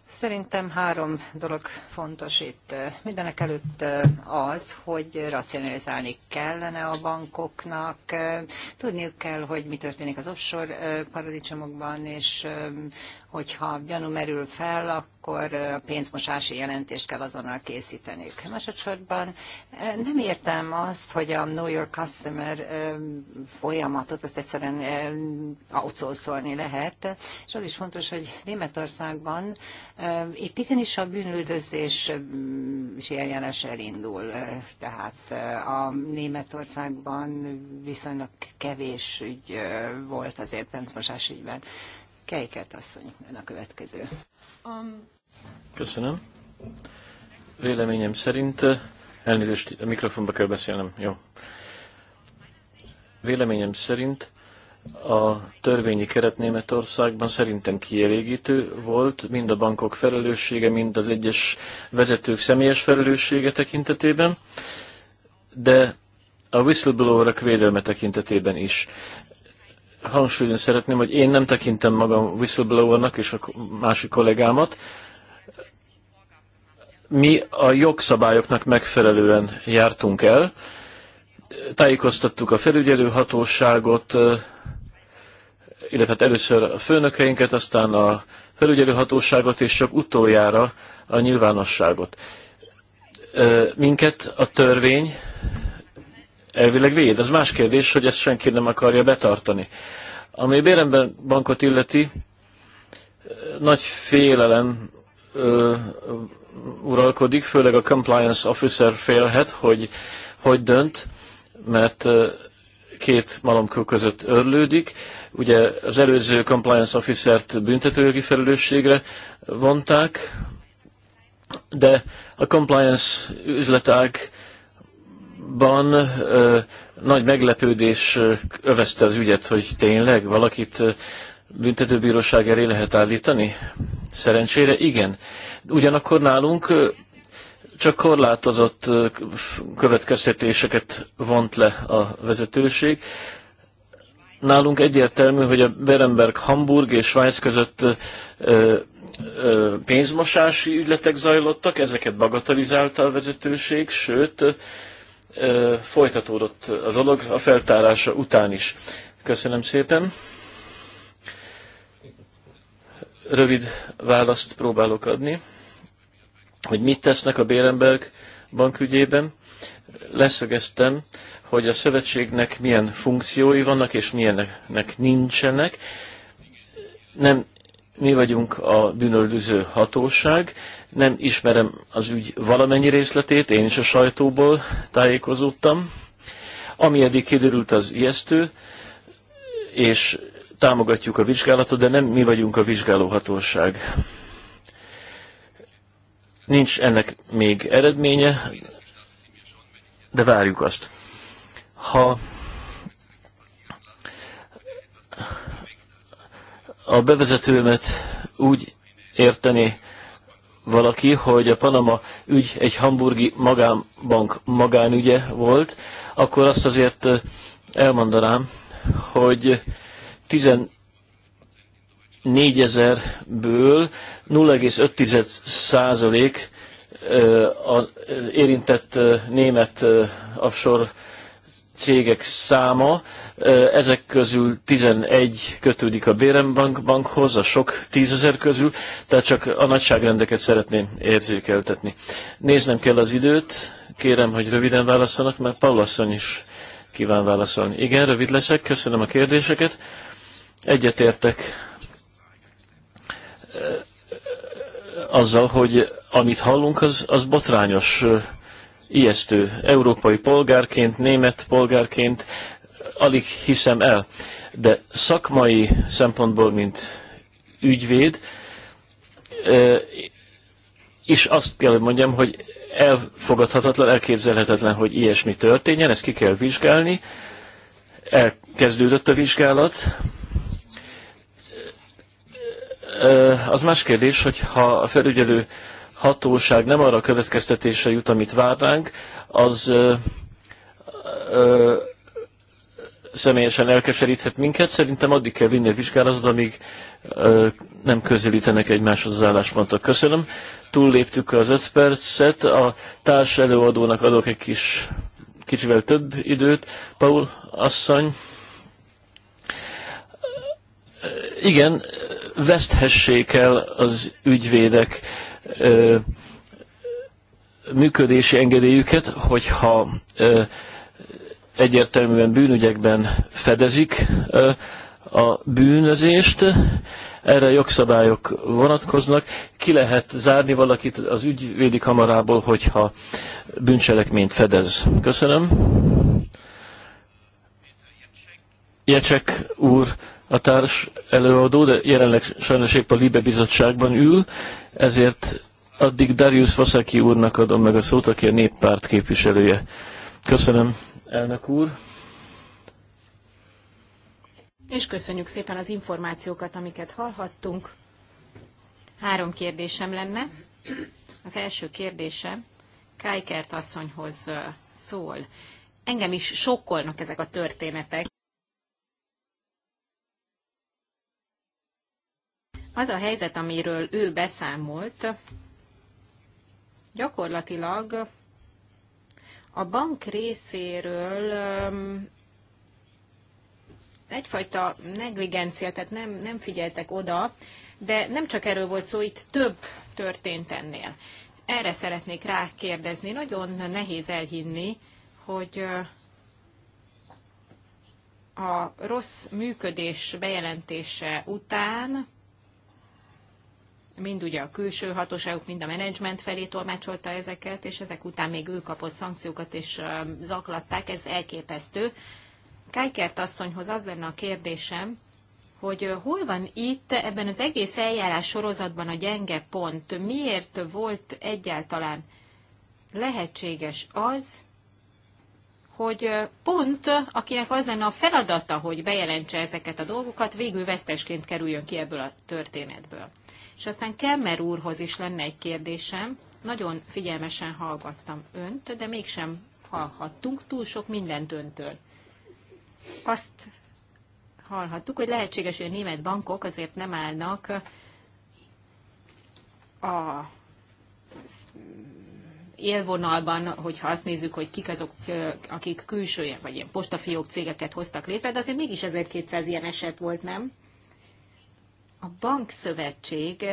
Speaker 2: Szerintem három dolog fontos itt. Mindenek előtt az, hogy racionalizálni kellene a bankoknak, tudniuk kell, hogy mi történik az offshore paradicsomokban, és hogyha gyanú merül fel, akkor akkor a pénzmosási jelentést kell azonnal készíteniük. Másodszorban nem értem azt, hogy a Know Your Customer folyamatot ezt egyszerűen outsourcolni lehet, és az is fontos, hogy Németországban itt igenis a bűnüldözés és eljárás elindul, tehát a Németországban viszonylag kevés ügy volt azért pénzmosás ügyben. Kejket asszony, ön a következő. Um,
Speaker 1: Köszönöm. Véleményem szerint, eh, elnézést, a mikrofonba kell beszélnem, jó. Véleményem szerint a törvényi keret Németországban szerintem kielégítő volt, mind a bankok felelőssége, mind az egyes vezetők személyes felelőssége tekintetében, de a whistleblower-ak védelme tekintetében is hangsúlyozni szeretném, hogy én nem tekintem magam whistleblowernak és a másik kollégámat. Mi a jogszabályoknak megfelelően jártunk el, tájékoztattuk a felügyelőhatóságot, illetve hát először a főnökeinket, aztán a felügyelőhatóságot, és csak utoljára a nyilvánosságot. Minket a törvény elvileg véd. Az más kérdés, hogy ezt senki nem akarja betartani. Ami Béremben bankot illeti, nagy félelem ö, uralkodik, főleg a compliance officer félhet, hogy hogy dönt, mert két malomkő között örlődik. Ugye az előző compliance officert büntetőjogi felelősségre vonták, de a compliance üzletág ban ö, nagy meglepődés övezte az ügyet, hogy tényleg valakit büntetőbíróság elé lehet állítani? Szerencsére igen. Ugyanakkor nálunk ö, csak korlátozott ö, következtetéseket vont le a vezetőség. Nálunk egyértelmű, hogy a Berenberg, Hamburg és Svájc között ö, pénzmosási ügyletek zajlottak, ezeket bagatalizálta a vezetőség, sőt, folytatódott a dolog a feltárása után is. Köszönöm szépen. Rövid választ próbálok adni, hogy mit tesznek a Bérenberg bankügyében. Leszögeztem, hogy a szövetségnek milyen funkciói vannak és milyennek nincsenek. Nem mi vagyunk a bűnöldöző hatóság. Nem ismerem az ügy valamennyi részletét, én is a sajtóból tájékozódtam. Ami eddig kiderült, az ijesztő, és támogatjuk a vizsgálatot, de nem mi vagyunk a vizsgálóhatóság. Nincs ennek még eredménye, de várjuk azt. Ha a bevezetőmet úgy érteni valaki, hogy a Panama ügy egy hamburgi magánbank magánügye volt, akkor azt azért elmondanám, hogy 14 ezerből 0,5 százalék érintett német offshore cégek száma, ezek közül 11 kötődik a Bérenbank bankhoz, a sok tízezer közül, tehát csak a nagyságrendeket szeretném érzékeltetni. Néznem kell az időt, kérem, hogy röviden válaszolnak, mert Pallasszony is kíván válaszolni. Igen, rövid leszek, köszönöm a kérdéseket. Egyetértek azzal, hogy amit hallunk, az, az botrányos, ijesztő. Európai polgárként, német polgárként alig hiszem el. De szakmai szempontból, mint ügyvéd, és azt kell, hogy mondjam, hogy elfogadhatatlan, elképzelhetetlen, hogy ilyesmi történjen, ezt ki kell vizsgálni. Elkezdődött a vizsgálat. Az más kérdés, hogy ha a felügyelő hatóság nem arra a következtetésre jut, amit várnánk, az személyesen elkeseríthet minket. Szerintem addig kell vinni a vizsgálatot, amíg ö, nem közelítenek egymáshoz az álláspontok. Köszönöm. Túlléptük az öt percet. A társ előadónak adok egy kis, kicsivel több időt. Paul asszony. Igen, veszthessék el az ügyvédek ö, működési engedélyüket, hogyha ö, egyértelműen bűnügyekben fedezik a bűnözést, erre jogszabályok vonatkoznak. Ki lehet zárni valakit az ügyvédi kamarából, hogyha bűncselekményt fedez. Köszönöm. Jecsek úr a társ előadó, de jelenleg sajnos épp a Libe bizottságban ül, ezért addig Darius Vaszaki úrnak adom meg a szót, aki a néppárt képviselője. Köszönöm elnök úr.
Speaker 3: És köszönjük szépen az információkat, amiket hallhattunk. Három kérdésem lenne. Az első kérdésem Kájkert asszonyhoz szól. Engem is sokkolnak ezek a történetek. Az a helyzet, amiről ő beszámolt, gyakorlatilag a bank részéről egyfajta negligencia, tehát nem, nem figyeltek oda, de nem csak erről volt szó, itt több történt ennél. Erre szeretnék rákérdezni. Nagyon nehéz elhinni, hogy a rossz működés bejelentése után mind ugye a külső hatóságok, mind a menedzsment felé tolmácsolta ezeket, és ezek után még ő kapott szankciókat és zaklatták, ez elképesztő. Kájkert asszonyhoz az lenne a kérdésem, hogy hol van itt ebben az egész eljárás sorozatban a gyenge pont, miért volt egyáltalán lehetséges az, hogy pont akinek az lenne a feladata, hogy bejelentse ezeket a dolgokat, végül vesztesként kerüljön ki ebből a történetből. És aztán Kemmer úrhoz is lenne egy kérdésem. Nagyon figyelmesen hallgattam önt, de mégsem hallhattunk túl sok mindent öntől. Azt hallhattuk, hogy lehetséges, hogy a német bankok azért nem állnak a élvonalban, hogyha azt nézzük, hogy kik azok, akik külső, vagy ilyen postafiók cégeket hoztak létre, de azért mégis 1200 ilyen eset volt, nem? a bankszövetség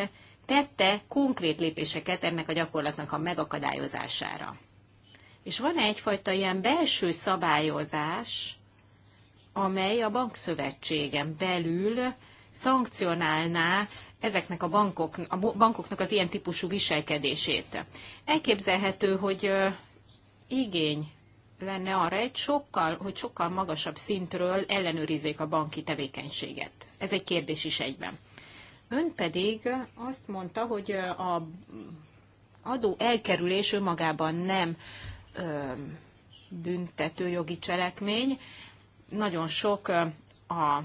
Speaker 3: tette konkrét lépéseket ennek a gyakorlatnak a megakadályozására. És van egyfajta ilyen belső szabályozás, amely a bankszövetségen belül szankcionálná ezeknek a, bankok, a bankoknak az ilyen típusú viselkedését. Elképzelhető, hogy igény lenne arra, egy sokkal, hogy sokkal magasabb szintről ellenőrizzék a banki tevékenységet. Ez egy kérdés is egyben. Ön pedig azt mondta, hogy a adó elkerülés önmagában nem büntető jogi cselekmény. Nagyon sok a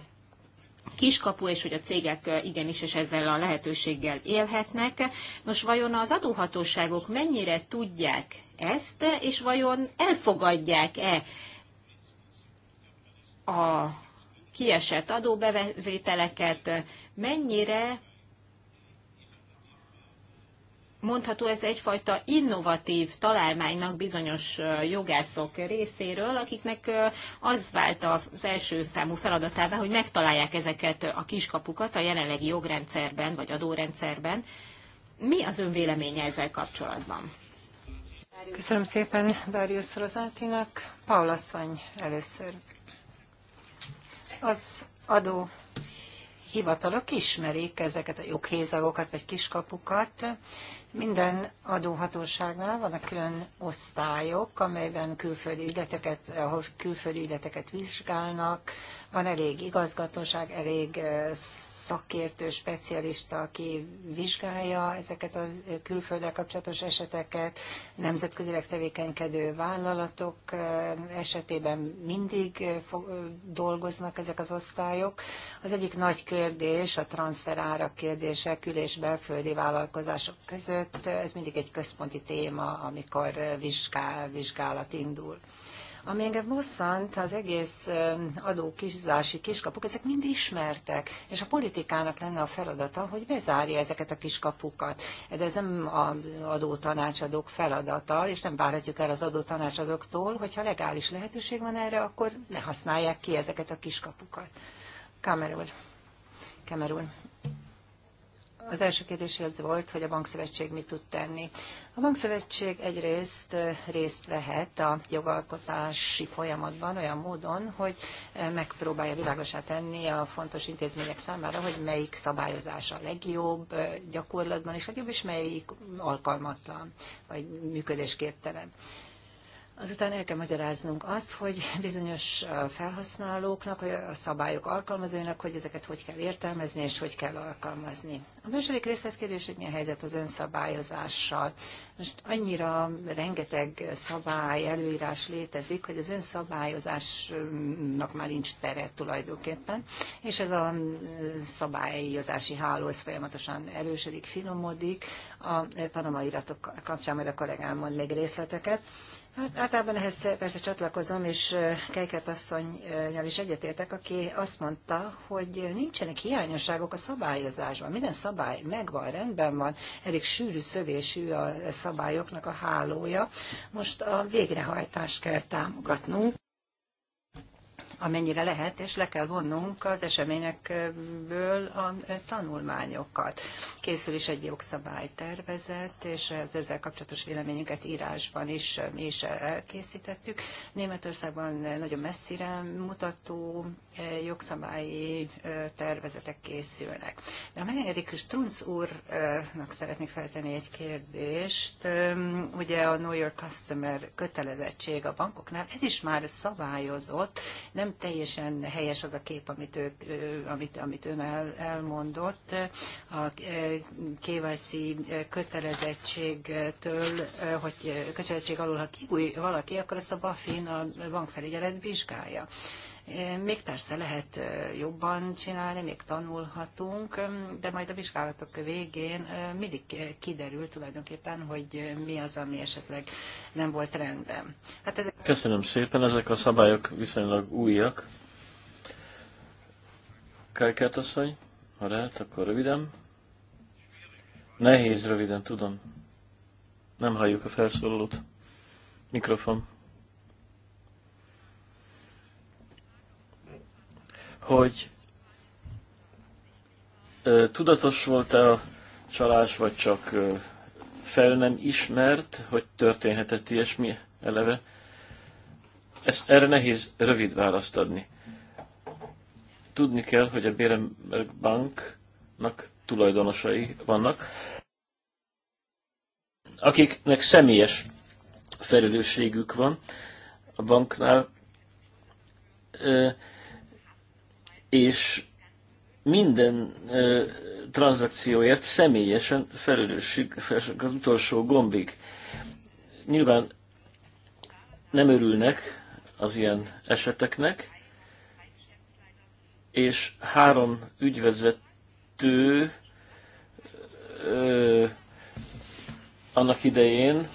Speaker 3: kiskapu, és hogy a cégek igenis és ezzel a lehetőséggel élhetnek. Nos, vajon az adóhatóságok mennyire tudják ezt, és vajon elfogadják-e a kiesett adóbevételeket, mennyire mondható ez egyfajta innovatív találmánynak bizonyos jogászok részéről, akiknek az vált az első számú feladatává, hogy megtalálják ezeket a kiskapukat a jelenlegi jogrendszerben vagy adórendszerben. Mi az ön véleménye ezzel kapcsolatban?
Speaker 2: Köszönöm szépen Darius Rozátinak. Paul asszony először. Az adó hivatalok ismerik ezeket a joghézagokat vagy kiskapukat. Minden adóhatóságnál vannak külön osztályok, amelyben külföldi ügyleteket, ahol külföldi ügyleteket vizsgálnak, van elég igazgatóság, elég eh, szakértő, specialista, aki vizsgálja ezeket a külfölddel kapcsolatos eseteket, nemzetközileg tevékenykedő vállalatok eh, esetében mindig eh, eh, dolgoznak ezek az osztályok. Az egyik nagy kérdés a transferárak kérdése kül- és belföldi vállalkozások között. Ez mindig egy központi téma, amikor vizsgál, vizsgálat indul. Ami engem bosszant, az egész adókizási kiskapuk, ezek mind ismertek, és a politikának lenne a feladata, hogy bezárja ezeket a kiskapukat. De ez nem az adótanácsadók feladata, és nem várhatjuk el az adótanácsadóktól, hogyha legális lehetőség van erre, akkor ne használják ki ezeket a kiskapukat. Kamerul. Kamerul. Az első kérdés az volt, hogy a bankszövetség mit tud tenni. A bankszövetség egyrészt részt vehet a jogalkotási folyamatban olyan módon, hogy megpróbálja világosá tenni a fontos intézmények számára, hogy melyik szabályozás a legjobb gyakorlatban, és legjobb, és melyik alkalmatlan, vagy működésképtelen. Azután el kell magyaráznunk azt, hogy bizonyos felhasználóknak, a szabályok alkalmazóinak, hogy ezeket hogy kell értelmezni és hogy kell alkalmazni. A második részletkérdés, hogy milyen helyzet az önszabályozással. Most annyira rengeteg szabály, előírás létezik, hogy az önszabályozásnak már nincs tere tulajdonképpen, és ez a szabályozási háló ez folyamatosan erősödik, finomodik. A Panama iratok kapcsán majd a kollégám mond még részleteket. Hát általában ehhez persze csatlakozom, és Kejket asszonynal is egyetértek, aki azt mondta, hogy nincsenek hiányosságok a szabályozásban. Minden szabály megvan, rendben van, elég sűrű szövésű a szabályoknak a hálója. Most a végrehajtást kell támogatnunk amennyire lehet, és le kell vonnunk az eseményekből a tanulmányokat. Készül is egy jogszabálytervezet, és az ezzel kapcsolatos véleményünket írásban is mi is elkészítettük. Németországban nagyon messzire mutató eh, jogszabályi eh, tervezetek készülnek. De a megengedik, Strunz úrnak szeretnék feltenni egy kérdést. Ugye a New York Customer kötelezettség a bankoknál, ez is már szabályozott, nem teljesen helyes az a kép, amit, ő, amit, amit ön el, elmondott. A KYC kötelezettségtől, hogy kötelezettség alul, ha kibúj valaki, akkor ezt a BaFin a bankfelügyelet vizsgálja. Még persze lehet jobban csinálni, még tanulhatunk, de majd a vizsgálatok végén mindig kiderül tulajdonképpen, hogy mi az, ami esetleg nem volt rendben. Hát ez... Köszönöm
Speaker 1: szépen, ezek a szabályok viszonylag újak. Kajkert asszony, ha lehet, akkor röviden. Nehéz röviden, tudom. Nem halljuk a felszólalót. Mikrofon. hogy ö, tudatos volt-e a csalás, vagy csak ö, fel nem ismert, hogy történhetett ilyesmi eleve. ez erre nehéz rövid választ adni. Tudni kell, hogy a Béremberg Banknak tulajdonosai vannak, akiknek személyes felelősségük van a banknál. Ö, és minden ö, tranzakcióért személyesen felelősség az utolsó gombig. Nyilván nem örülnek az ilyen eseteknek, és három ügyvezető ö, annak idején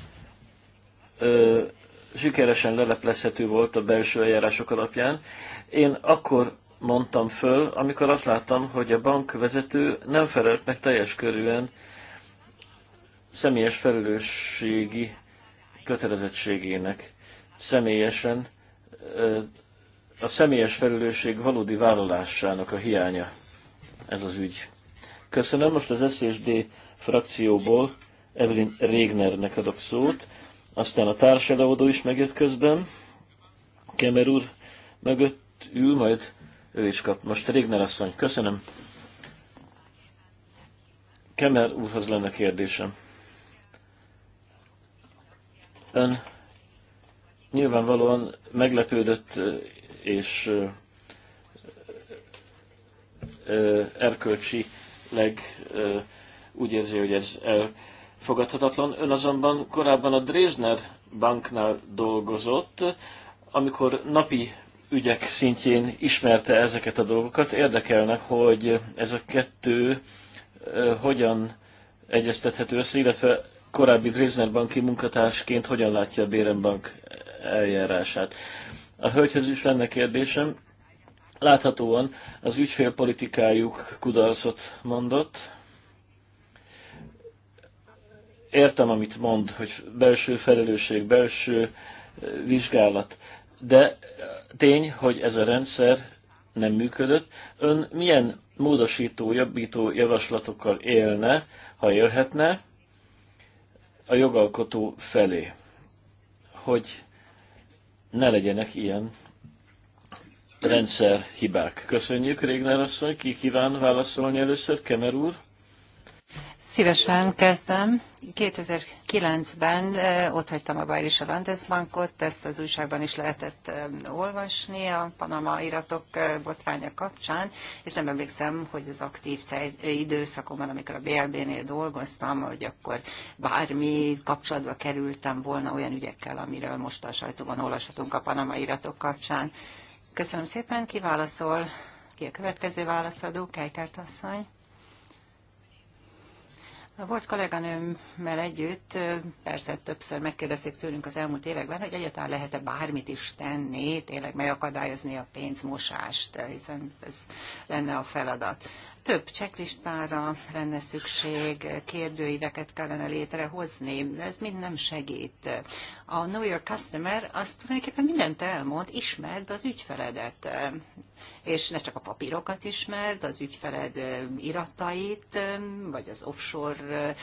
Speaker 1: ö, sikeresen leleplezhető volt a belső eljárások alapján. Én akkor mondtam föl, amikor azt láttam, hogy a bankvezető nem felelt meg teljes körűen személyes felelősségi kötelezettségének. Személyesen a személyes felelősség valódi vállalásának a hiánya ez az ügy. Köszönöm, most az SZSD frakcióból Evelyn Régnernek adok szót, aztán a társadalmadó is megjött közben, Kemer úr mögött ül, majd ő is kap. Most Régner asszony, köszönöm. Kemer úrhoz lenne kérdésem. Ön nyilvánvalóan meglepődött és erkölcsileg úgy érzi, hogy ez elfogadhatatlan. Ön azonban korábban a Dresdner banknál dolgozott, amikor napi ügyek szintjén ismerte ezeket a dolgokat. érdekelne, hogy ez a kettő hogyan egyeztethető össze, illetve korábbi Dresdner banki munkatársként hogyan látja a Bérenbank eljárását. A hölgyhöz is lenne kérdésem. Láthatóan az ügyfélpolitikájuk kudarcot mondott. Értem, amit mond, hogy belső felelősség, belső vizsgálat de tény, hogy ez a rendszer nem működött. Ön milyen módosító, jobbító javaslatokkal élne, ha élhetne a jogalkotó felé, hogy ne legyenek ilyen rendszerhibák. Köszönjük, Régner asszony. Ki kíván válaszolni először? Kemer úr?
Speaker 2: Szívesen kezdem. 2009-ben eh, ott hagytam a Bajris a Landesbankot, ezt az újságban is lehetett eh, olvasni a Panama iratok eh, botránya kapcsán, és nem emlékszem, hogy az aktív időszakomban, amikor a BLB-nél dolgoztam, hogy akkor bármi kapcsolatba kerültem volna olyan ügyekkel, amiről most a sajtóban olvashatunk a Panama iratok kapcsán. Köszönöm szépen, kiválaszol. Ki a következő válaszadó? Kejkert asszony. A volt kolléganőmmel együtt persze többször megkérdezték tőlünk az elmúlt években, hogy egyáltalán lehet-e bármit is tenni, tényleg megakadályozni a pénzmosást, hiszen ez lenne a feladat több cseklistára lenne szükség, kérdőíveket kellene létrehozni, ez mind nem segít. A Know Your Customer azt tulajdonképpen mindent elmond, ismerd az ügyfeledet, és ne csak a papírokat ismerd, az ügyfeled iratait, vagy az offshore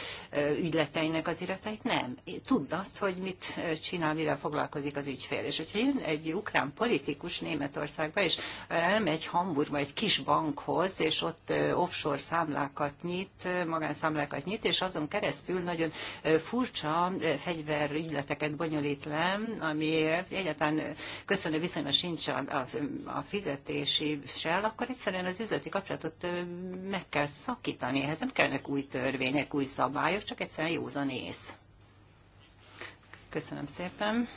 Speaker 2: ügyleteinek az iratait, nem. Tudd azt, hogy mit csinál, mivel foglalkozik az ügyfél. És hogyha jön egy ukrán politikus Németországba, és elmegy Hamburgba egy kis bankhoz, és ott offshore számlákat nyit, magánszámlákat nyit, és azon keresztül nagyon furcsa fegyverügyleteket bonyolít le, ami egyáltalán köszönő viszonya sincs a, a, a fizetési akkor egyszerűen az üzleti kapcsolatot meg kell szakítani. Ehhez nem kellnek új törvények, új szabályok, csak egyszerűen józan ész. Köszönöm szépen.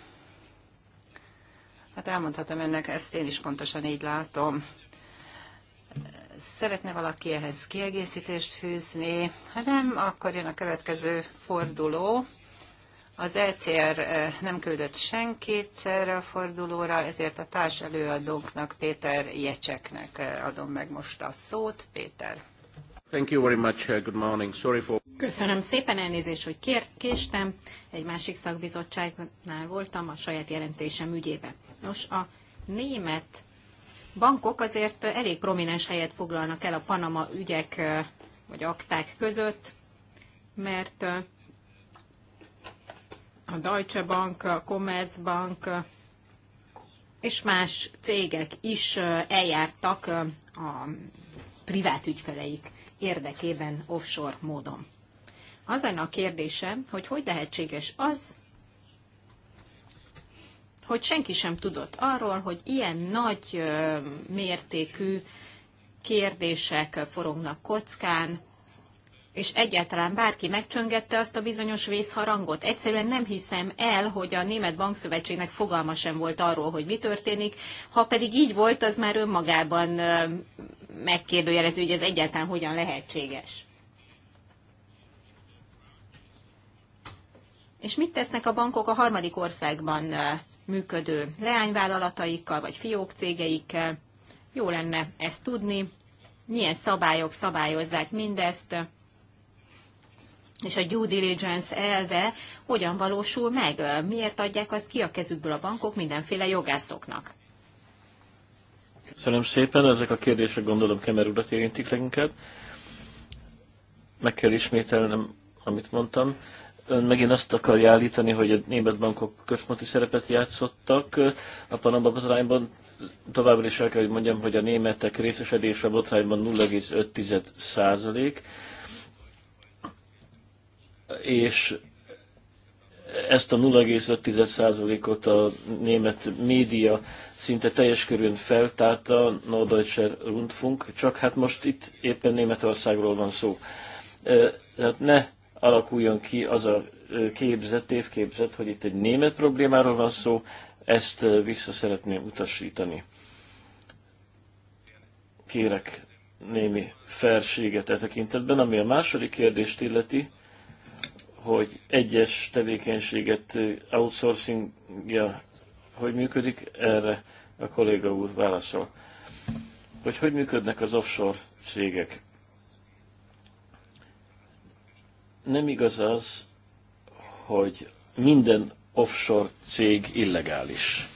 Speaker 2: Hát elmondhatom ennek, ezt én is pontosan így látom szeretne valaki ehhez kiegészítést fűzni, ha nem, akkor jön a következő forduló. Az ECR eh, nem küldött senkit erre a fordulóra, ezért a társ előadóknak, Péter Jecseknek eh, adom meg most a szót. Péter.
Speaker 1: Thank you very much. Eh, good morning. Sorry for...
Speaker 3: Köszönöm szépen elnézést, hogy kért, késtem. Egy másik szakbizottságnál voltam a saját jelentésem ügyébe. Nos, a német bankok azért elég prominens helyet foglalnak el a Panama ügyek vagy akták között, mert a Deutsche Bank, a Commerzbank és más cégek is eljártak a privát ügyfeleik érdekében offshore módon. Az lenne a kérdése, hogy hogy lehetséges az, hogy senki sem tudott arról, hogy ilyen nagy mértékű kérdések forognak kockán, és egyáltalán bárki megcsöngette azt a bizonyos vészharangot. Egyszerűen nem hiszem el, hogy a Német Bankszövetségnek fogalma sem volt arról, hogy mi történik. Ha pedig így volt, az már önmagában megkérdőjelező, hogy ez egyáltalán hogyan lehetséges. És mit tesznek a bankok a harmadik országban működő leányvállalataikkal vagy fiók cégeikkel. Jó lenne ezt tudni, milyen szabályok szabályozzák mindezt, és a due diligence elve hogyan valósul meg, miért adják azt ki a kezükből a bankok mindenféle jogászoknak.
Speaker 1: Köszönöm szépen, ezek a kérdések gondolom Kemer urat érintik leginkább. Meg kell ismételnem, amit mondtam ön megint azt akarja állítani, hogy a német bankok központi szerepet játszottak a Panama botrányban. Továbbra is el kell, hogy mondjam, hogy a németek részesedése a botrányban 0,5 százalék, és ezt a 0,5 százalékot a német média szinte teljes körűen feltárta, Norddeutscher Rundfunk, csak hát most itt éppen Németországról van szó. Tehát ne alakuljon ki az a képzet, tévképzet, hogy itt egy német problémáról van szó, ezt vissza szeretném utasítani. Kérek némi felséget e tekintetben, ami a második kérdést illeti, hogy egyes tevékenységet outsourcingja hogy működik, erre a kolléga úr válaszol. Hogy hogy működnek az offshore cégek? nem igaz az, hogy minden offshore cég illegális.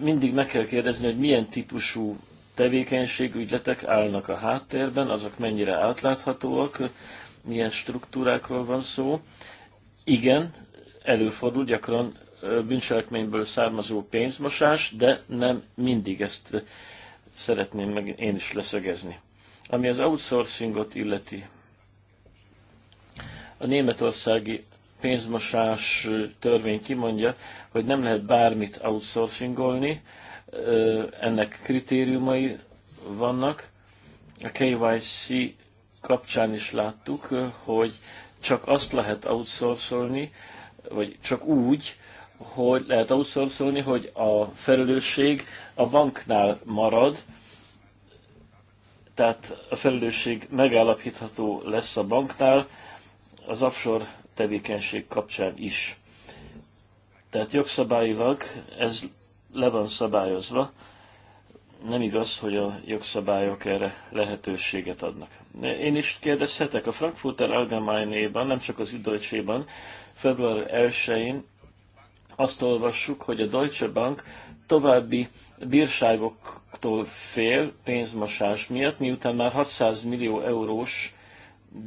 Speaker 1: Mindig meg kell kérdezni, hogy milyen típusú tevékenységügyletek állnak a háttérben, azok mennyire átláthatóak, milyen struktúrákról van szó. Igen, előfordul gyakran bűncselekményből származó pénzmosás, de nem mindig ezt szeretném meg én is leszögezni. Ami az outsourcingot illeti, a németországi pénzmosás törvény kimondja, hogy nem lehet bármit outsourcingolni, ennek kritériumai vannak. A KYC kapcsán is láttuk, hogy csak azt lehet outsourcolni, vagy csak úgy, hogy lehet outsourcolni, hogy a felelősség a banknál marad, tehát a felelősség megállapítható lesz a banknál, az offshore tevékenység kapcsán is. Tehát jogszabályilag ez le van szabályozva, nem igaz, hogy a jogszabályok erre lehetőséget adnak. Én is kérdezhetek, a Frankfurter Allgemeine-ban, nem csak az Üdolcséban, február 1-én azt olvassuk, hogy a Deutsche Bank további bírságoktól fél pénzmosás miatt, miután már 600 millió eurós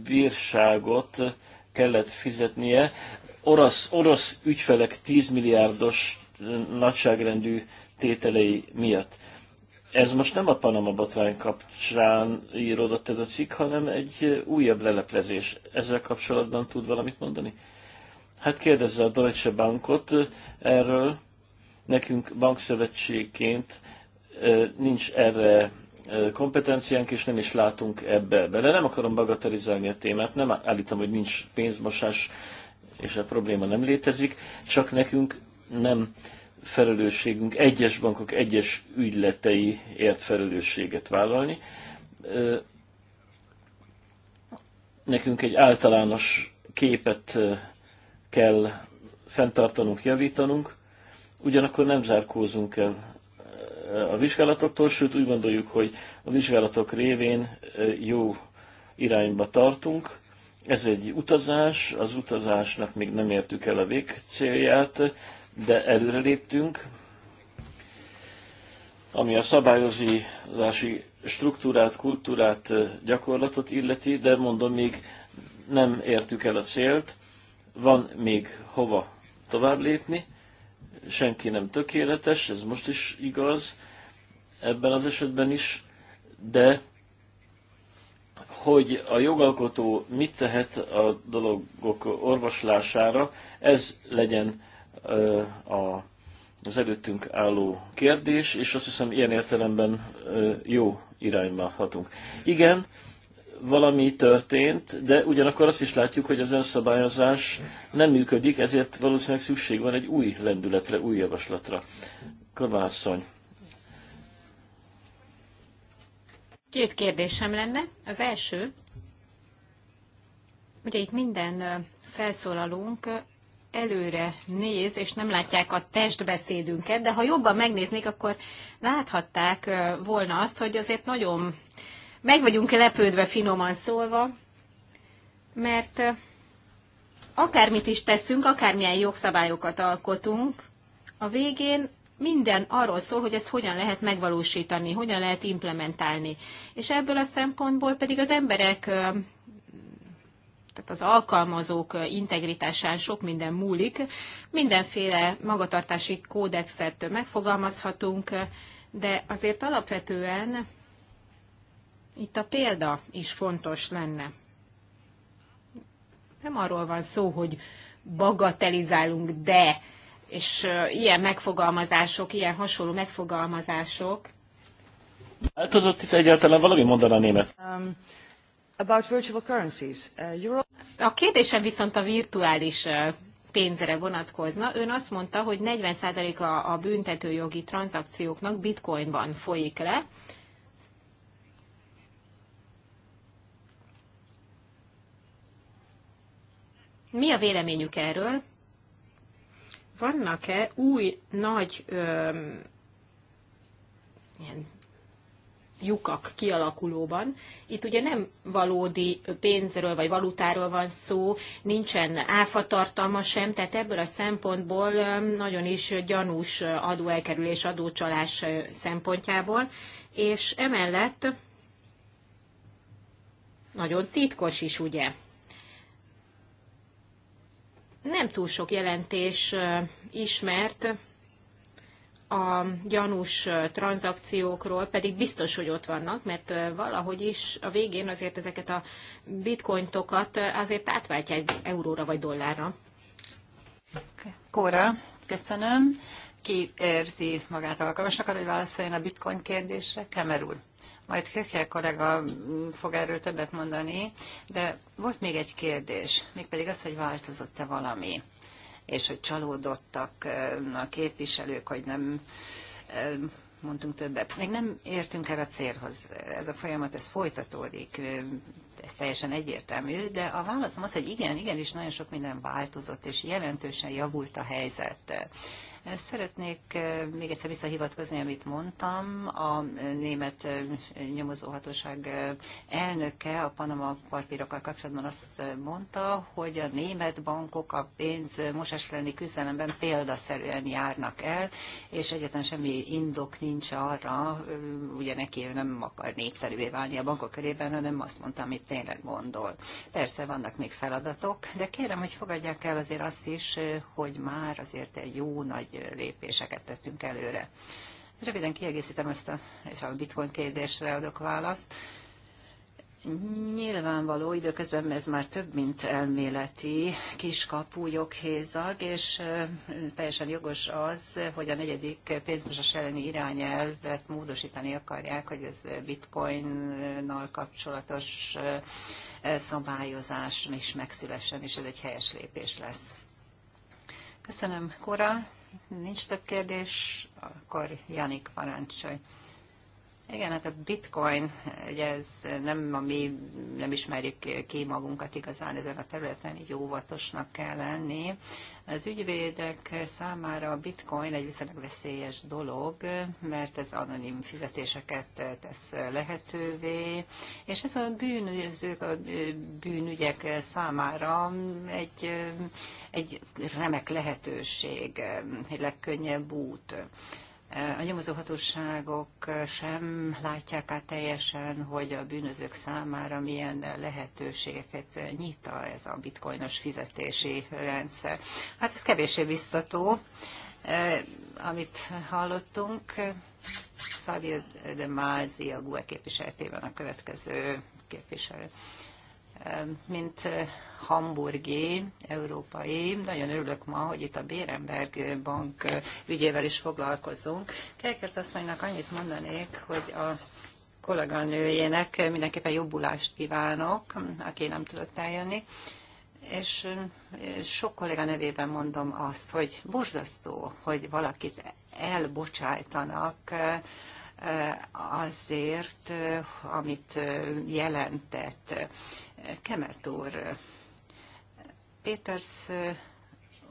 Speaker 1: bírságot kellett fizetnie, orosz, orosz ügyfelek 10 milliárdos nagyságrendű tételei miatt. Ez most nem a Panama botrány kapcsán íródott ez a cikk, hanem egy újabb leleplezés. Ezzel kapcsolatban tud valamit mondani? Hát kérdezze a Deutsche Bankot erről, Nekünk bankszövetségként nincs erre kompetenciánk, és nem is látunk ebbe bele. Nem akarom bagatelizálni a témát, nem állítom, hogy nincs pénzmosás, és a probléma nem létezik, csak nekünk nem felelősségünk egyes bankok egyes ügyleteiért felelősséget vállalni. Nekünk egy általános képet kell fenntartanunk, javítanunk, ugyanakkor nem zárkózunk el eh, a vizsgálatoktól, sőt úgy gondoljuk, hogy a vizsgálatok révén eh, jó irányba tartunk. Ez egy utazás, az utazásnak még nem értük el a végcélját, de előre léptünk, ami a szabályozási struktúrát, kultúrát, eh, gyakorlatot illeti, de mondom, még nem értük el a célt, van még hova tovább lépni, senki nem tökéletes, ez most is igaz, ebben az esetben is, de hogy a jogalkotó mit tehet a dolgok orvoslására, ez legyen a, az előttünk álló kérdés, és azt hiszem ilyen értelemben jó irányba hatunk. Igen, valami történt, de ugyanakkor azt is látjuk, hogy az önszabályozás nem működik, ezért valószínűleg szükség van egy új lendületre, új javaslatra. Kormányasszony.
Speaker 3: Két kérdésem lenne. Az első, ugye itt minden felszólalunk előre néz, és nem látják a testbeszédünket, de ha jobban megnéznék, akkor láthatták volna azt, hogy azért nagyon meg vagyunk lepődve finoman szólva, mert akármit is teszünk, akármilyen jogszabályokat alkotunk, a végén minden arról szól, hogy ezt hogyan lehet megvalósítani, hogyan lehet implementálni. És ebből a szempontból pedig az emberek, tehát az alkalmazók integritásán sok minden múlik. Mindenféle magatartási kódexet megfogalmazhatunk, de azért alapvetően itt a példa is fontos lenne. Nem arról van szó, hogy bagatelizálunk, de, és ilyen megfogalmazások, ilyen hasonló megfogalmazások.
Speaker 1: tudott itt egyáltalán valami mondani a német?
Speaker 3: Um, about virtual currencies. Uh, Euro... A kérdésem viszont a virtuális pénzre vonatkozna. Ön azt mondta, hogy 40% a, a büntetőjogi tranzakcióknak bitcoinban folyik le. Uh, Mi a véleményük erről? Vannak-e új nagy öm, ilyen lyukak kialakulóban. Itt ugye nem valódi pénzről vagy valutáról van szó, nincsen áfatartalma sem, tehát ebből a szempontból nagyon is gyanús adóelkerülés, adócsalás szempontjából, és emellett nagyon titkos is ugye nem túl sok jelentés ismert a gyanús tranzakciókról, pedig biztos, hogy ott vannak, mert valahogy is a végén azért ezeket a bitcointokat azért átváltják euróra vagy dollárra.
Speaker 2: Kóra, köszönöm. Ki érzi magát alkalmasnak hogy válaszoljon a bitcoin kérdésre? Kemerul majd Köke kollega fog erről többet mondani, de volt még egy kérdés, mégpedig az, hogy változott-e valami, és hogy csalódottak a képviselők, hogy nem mondtunk többet. Még nem értünk el a célhoz. Ez a folyamat, ez folytatódik, ez teljesen egyértelmű, de a válaszom az, hogy igen, igenis nagyon sok minden változott, és jelentősen javult a helyzet. Szeretnék eh, még egyszer visszahivatkozni, amit mondtam. A német eh, nyomozóhatóság eh, elnöke a Panama papírokkal kapcsolatban azt mondta, hogy a német bankok a pénz mosás elleni küzdelemben példaszerűen járnak el, és egyetlen semmi indok nincs arra, ugye neki nem akar népszerűvé válni a bankok körében, hanem azt mondta, amit tényleg gondol. Persze vannak még feladatok, de kérem, hogy fogadják el azért azt is, hogy már azért egy jó nagy nagy lépéseket tettünk előre. Röviden kiegészítem ezt a, és a bitcoin kérdésre adok választ. Nyilvánvaló, időközben ez már több, mint elméleti kiskapú joghézag, és teljesen jogos az, hogy a negyedik pénzmosas elleni irányelvet módosítani akarják, hogy ez bitcoinnal kapcsolatos szabályozás is megszülessen, és ez egy helyes lépés lesz. Köszönöm, Kora. Nincs több kérdés, akkor Janik parancsolj. Igen, hát a bitcoin, ugye ez nem, a mi, nem ismerjük ki magunkat igazán ezen a területen, így óvatosnak kell lenni. Az ügyvédek számára a bitcoin egy viszonylag veszélyes dolog, mert ez anonim fizetéseket tesz lehetővé, és ez a bűnözők, a bűnügyek számára egy, egy remek lehetőség, egy legkönnyebb út. A nyomozóhatóságok sem látják át teljesen, hogy a bűnözők számára milyen lehetőségeket nyit ez a bitcoinos fizetési rendszer. Hát ez kevésbé biztató, e, amit hallottunk. Fabio de Mázi a GUE képviseletében a következő képviselő mint hamburgi, európai. Nagyon örülök ma, hogy itt a Bérenberg Bank ügyével is foglalkozunk. Kelkert asszonynak annyit mondanék, hogy a kolléganőjének mindenképpen jobbulást kívánok, aki nem tudott eljönni. És sok kolléga nevében mondom azt, hogy borzasztó, hogy valakit elbocsájtanak azért, amit jelentett Kemert úr, Péters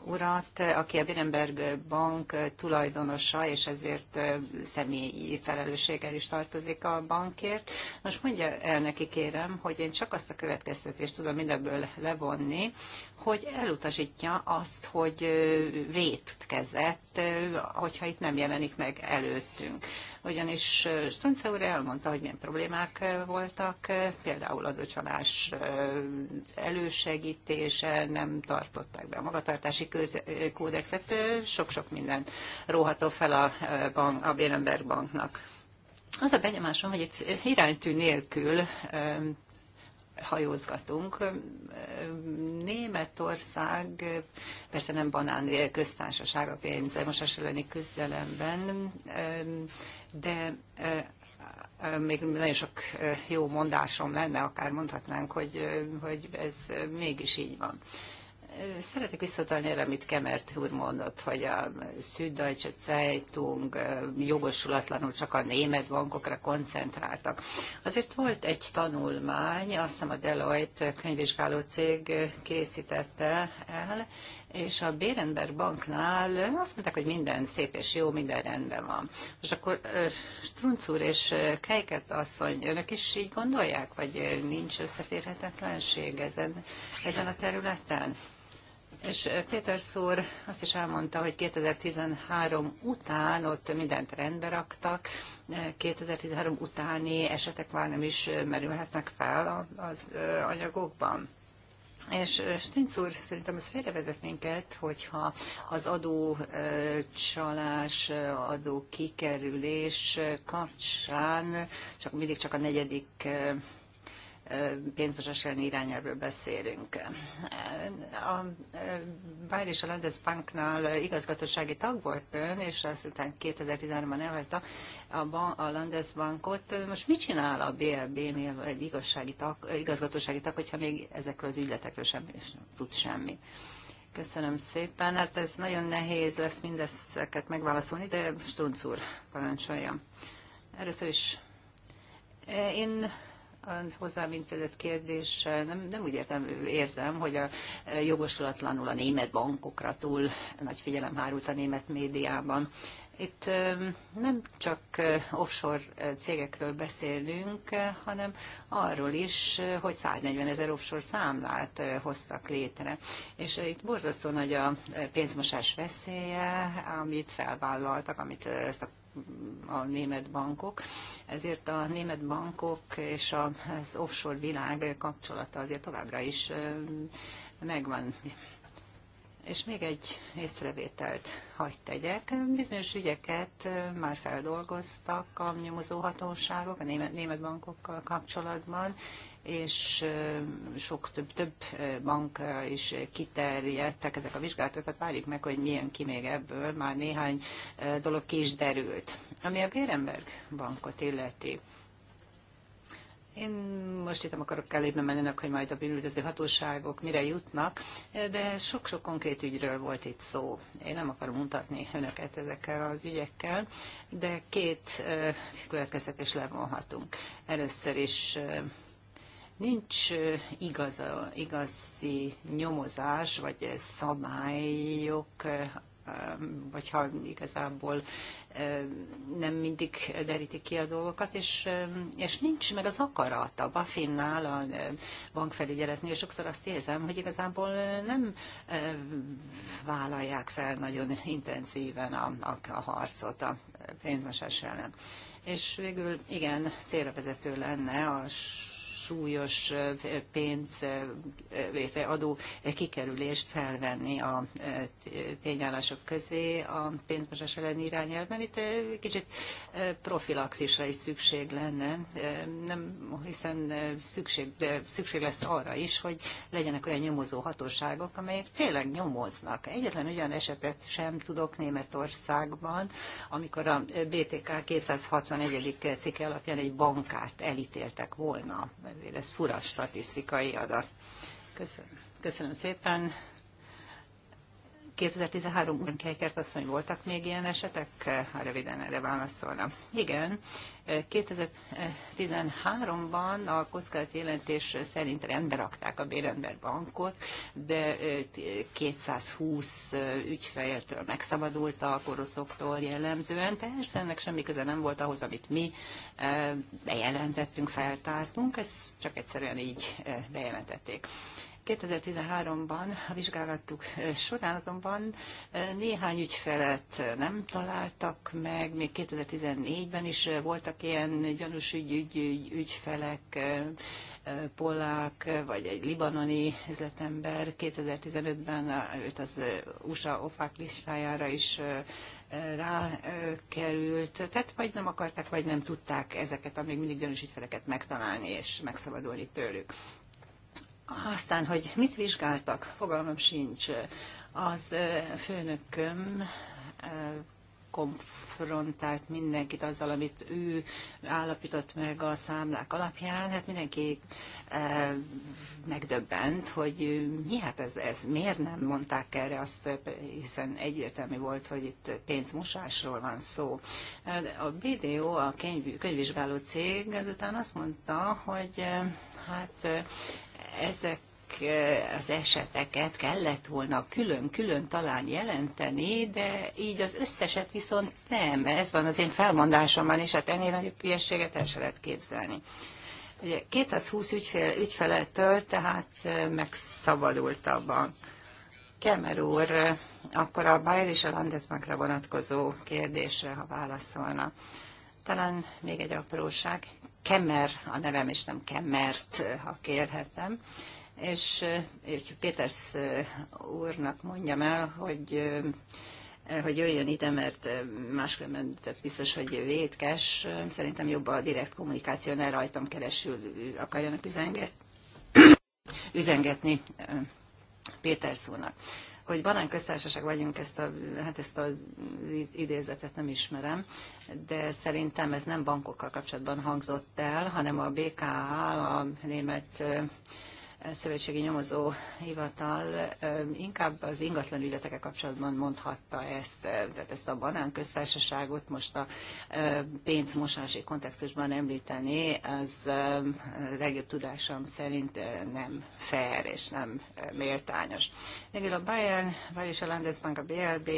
Speaker 2: urat, aki a Birenberg bank tulajdonosa, és ezért személyi felelősséggel is tartozik a bankért. Most mondja el neki, kérem, hogy én csak azt a következtetést tudom mindebből levonni, hogy elutasítja azt, hogy vétkezett, hogyha itt nem jelenik meg előttünk. Ugyanis Stunce úr elmondta, hogy milyen problémák voltak, például adócsalás elősegítése, nem tartották be a magatartási kódexet, sok-sok minden róható fel a, bank, a Bérenberg banknak. Az a benyomásom, hogy itt iránytű nélkül hajózgatunk. Németország persze nem banán köztársaság a pénze most elleni küzdelemben, de még nagyon sok jó mondásom lenne, akár mondhatnánk, hogy, hogy ez mégis így van. Szeretek visszatalni erre, amit Kemert úr mondott, hogy a Süddeutsche Zeitung jogosulatlanul csak a német bankokra koncentráltak. Azért volt egy tanulmány, azt hiszem a Deloitte könyvvizsgáló cég készítette el, és a Bérenberg banknál azt mondták, hogy minden szép és jó, minden rendben van. És akkor Strunc úr és Kejket asszony, önök is így gondolják, vagy nincs összeférhetetlenség ezen, ezen a területen? És eh, Péter Szúr azt is elmondta, hogy 2013 után ott mindent rendbe raktak, 2013 eh, utáni esetek már nem is eh, merülhetnek fel az anyagokban. És Stinc úr, szerintem ez félrevezet minket, hogyha az adócsalás, adó kikerülés kapcsán csak mindig csak a negyedik pénzmosás irányelvről beszélünk. A Bájlis a Landesbanknál igazgatósági tag volt ön, és azután 2013-ban elhagyta a, a Landesbankot. Most mit csinál a BLB-nél egy igazsági tag, igazgatósági tag, hogyha még ezekről az ügyletekről sem tud semmi. Köszönöm szépen. Hát ez nagyon nehéz lesz mindezeket megválaszolni, de Strunc úr, parancsolja. Először is én a hozzám intézett kérdés, nem, nem úgy értem, érzem, hogy a e, jogosulatlanul a német bankokra túl nagy figyelem hárult a német médiában. Itt e, nem csak e, offshore cégekről beszélünk, hanem arról is, hogy 140 ezer offshore számlát hoztak létre. És itt borzasztó nagy a pénzmosás veszélye, amit felvállaltak, amit ezt a a német bankok, ezért a német bankok és az offshore világ kapcsolata azért továbbra is megvan. És még egy észrevételt hagy tegyek. Bizonyos ügyeket már feldolgoztak a nyomozóhatóságok a német, német bankokkal kapcsolatban, és sok több, több bank is kiterjedtek ezek a vizsgálatok, tehát várjuk meg, hogy milyen ki még ebből, már néhány dolog ki is derült. Ami a Bérenberg bankot illeti, én most itt nem akarok elébe menni, hogy majd a bűnüldöző hatóságok mire jutnak, de sok-sok konkrét ügyről volt itt szó. Én nem akarom mutatni önöket ezekkel az ügyekkel, de két következtetés levonhatunk. Először is Nincs igaza, igazi nyomozás vagy szabályok vagy ha igazából nem mindig derítik ki a dolgokat, és, és nincs meg az akarat a Bafinnál, a bankfelügyeletnél, sokszor azt érzem, hogy igazából nem vállalják fel nagyon intenzíven a, a, a harcot a pénzmosás ellen. És végül igen, célra vezető lenne a súlyos pénz, illetve adó kikerülést felvenni a tényállások közé a pénzmosás elleni irányelven. Itt kicsit profilaxisra is szükség lenne, nem, hiszen szükség, szükség lesz arra is, hogy legyenek olyan nyomozó hatóságok, amelyek tényleg nyomoznak. Egyetlen olyan esetet sem tudok Németországban, amikor a BTK 261. cikke alapján egy bankát elítéltek volna azért ez fura statisztikai adat. Köszönöm. Köszönöm szépen. 2013 ban Kejkert asszony voltak még ilyen esetek? Ha röviden erre válaszolna. Igen, 2013-ban a kockázati jelentés szerint rendbe rakták a Bérendber bankot, de 220 ügyfejtől megszabadult a koroszoktól jellemzően. Persze ennek semmi köze nem volt ahhoz, amit mi bejelentettünk, feltártunk, ezt csak egyszerűen így bejelentették. 2013-ban a vizsgálatuk során azonban néhány ügyfelet nem találtak meg, még 2014-ben is voltak ilyen gyanús ügy, ügy, ügy, ügyfelek, polák, vagy egy libanoni üzletember. 2015-ben őt az USA ofák listájára is rákerült, tehát vagy nem akarták, vagy nem tudták ezeket a még mindig gyanús ügyfeleket megtalálni és megszabadulni tőlük. Aztán, hogy mit vizsgáltak, fogalmam sincs. Az főnököm konfrontált mindenkit azzal, amit ő állapított meg a számlák alapján, hát mindenki megdöbbent, hogy mi hát ez, ez, miért nem mondták erre azt, hiszen egyértelmű volt, hogy itt pénzmosásról van szó. Hát a BDO, a könyv, könyvvizsgáló cég ezután azt mondta, hogy hát ezek az eseteket kellett volna külön-külön talán jelenteni, de így az összeset viszont nem. Ez van az én felmondásomban, és hát ennél nagyobb hülyeséget el se lehet képzelni. Ugye 220 ügyfél, ügyfeletől tehát megszabadult a bank. Kemer úr, akkor a Bayer és a Landesbankra vonatkozó kérdésre, ha válaszolna. Talán még egy apróság. Kemmer a nevem, és nem Kemmert, ha kérhetem. És eh, úgyhogy Pétersz eh, úrnak mondjam el, hogy eh, hogy jöjjön ide, mert máskülönben biztos, hogy vétkes. Szerintem jobb a direkt kommunikáció, ne rajtam keresül akarjanak üzenget, *coughs* üzengetni Péter szónak. Hogy köztársaság vagyunk, ezt a, hát ezt a idézetet nem ismerem, de szerintem ez nem bankokkal kapcsolatban hangzott el, hanem a BKA, a német szövetségi nyomozó hivatal inkább az ingatlan ügyletekkel kapcsolatban mondhatta ezt, tehát ezt a banánköztársaságot most a pénzmosási kontextusban említeni, az legjobb tudásom szerint nem fair és nem méltányos. Végül a Bayern, vagyis a Landesbank, a BLB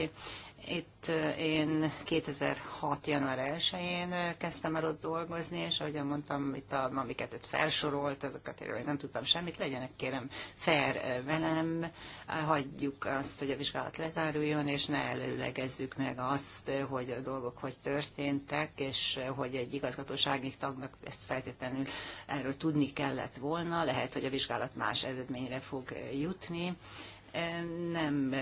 Speaker 2: itt én 2006. január 1-én kezdtem el ott dolgozni, és ahogy mondtam, itt a, mamiket itt felsorolt, azokat én nem tudtam semmit, legyenek kérem fair velem, hagyjuk azt, hogy a vizsgálat lezáruljon, és ne előlegezzük meg azt, hogy a dolgok hogy történtek, és hogy egy igazgatósági tagnak ezt feltétlenül erről tudni kellett volna, lehet, hogy a vizsgálat más eredményre fog jutni, nem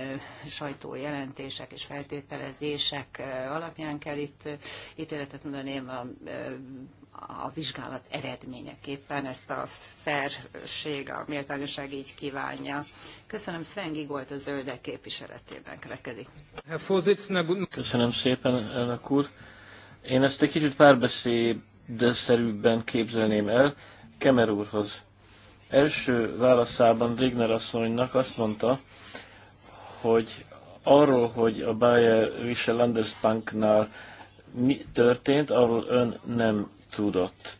Speaker 2: sajtójelentések és feltételezések alapján kell itt ítéletet mondani, a, a vizsgálat eredményeképpen ezt a felség, a méltányoság így kívánja. Köszönöm Sven Gigolt a zöldek képviseletében kerekedik.
Speaker 1: Köszönöm szépen, elnök úr. Én ezt egy kicsit szerűbben képzelném el. Kemer úrhoz első válaszában Rigner asszonynak azt mondta, hogy arról, hogy a Bayerische Landesbanknál mi történt, arról ön nem tudott.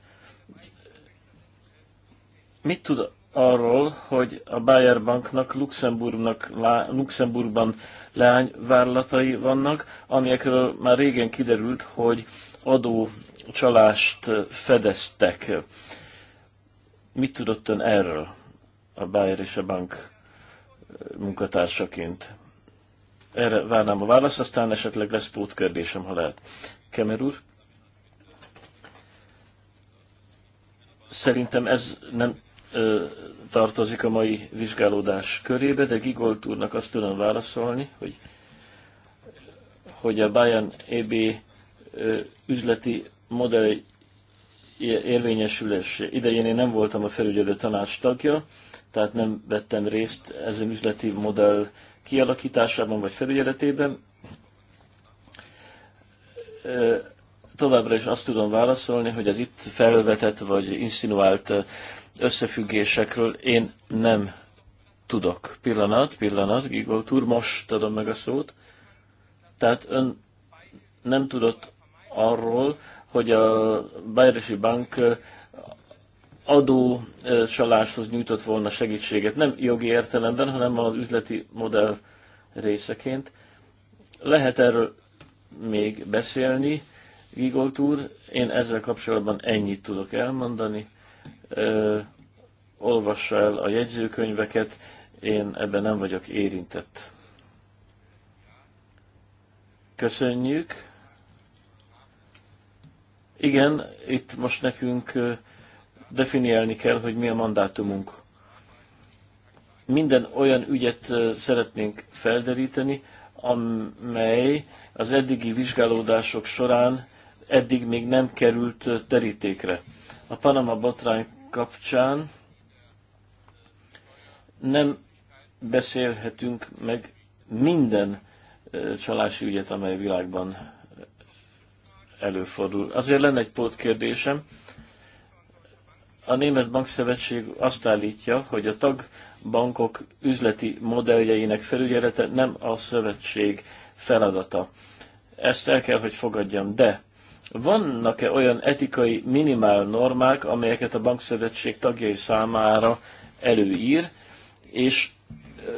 Speaker 1: Mit tud arról, hogy a Bayer Banknak Luxemburgnak, Luxemburgban leányvállalatai vannak, amikről már régen kiderült, hogy adó csalást fedeztek. Mit tudott ön erről a Bayer és a bank eh, munkatársaként? Erre várnám a választ, aztán esetleg lesz pótkérdésem, ha lehet. Kemer úr? Szerintem ez nem ö, eh, tartozik a mai vizsgálódás körébe, de Gigolt úrnak azt tudom válaszolni, hogy, hogy a Bayern EB ö, eh, üzleti modell érvényesülés idején én nem voltam a felügyelő tanács tagja, tehát nem vettem részt ezen üzleti modell kialakításában vagy felügyeletében. Továbbra is azt tudom válaszolni, hogy az itt felvetett vagy insinuált összefüggésekről én nem tudok. Pillanat, pillanat, Gigolt úr, most adom meg a szót. Tehát ön nem tudott arról, hogy a Bajresi Bank adó csaláshoz nyújtott volna segítséget, nem jogi értelemben, hanem az üzleti modell részeként. Lehet erről még beszélni, Gigolt úr, én ezzel kapcsolatban ennyit tudok elmondani. Ö, olvassa el a jegyzőkönyveket, én ebben nem vagyok érintett. Köszönjük! Igen, itt most nekünk definiálni kell, hogy mi a mandátumunk. Minden olyan ügyet szeretnénk felderíteni, amely az eddigi vizsgálódások során eddig még nem került terítékre. A Panama botrány kapcsán nem beszélhetünk meg minden csalási ügyet, amely világban előfordul. Azért lenne egy kérdésem: A Német Bankszövetség azt állítja, hogy a tagbankok üzleti modelljeinek felügyelete nem a szövetség feladata. Ezt el kell, hogy fogadjam, de vannak-e olyan etikai minimál normák, amelyeket a bankszövetség tagjai számára előír, és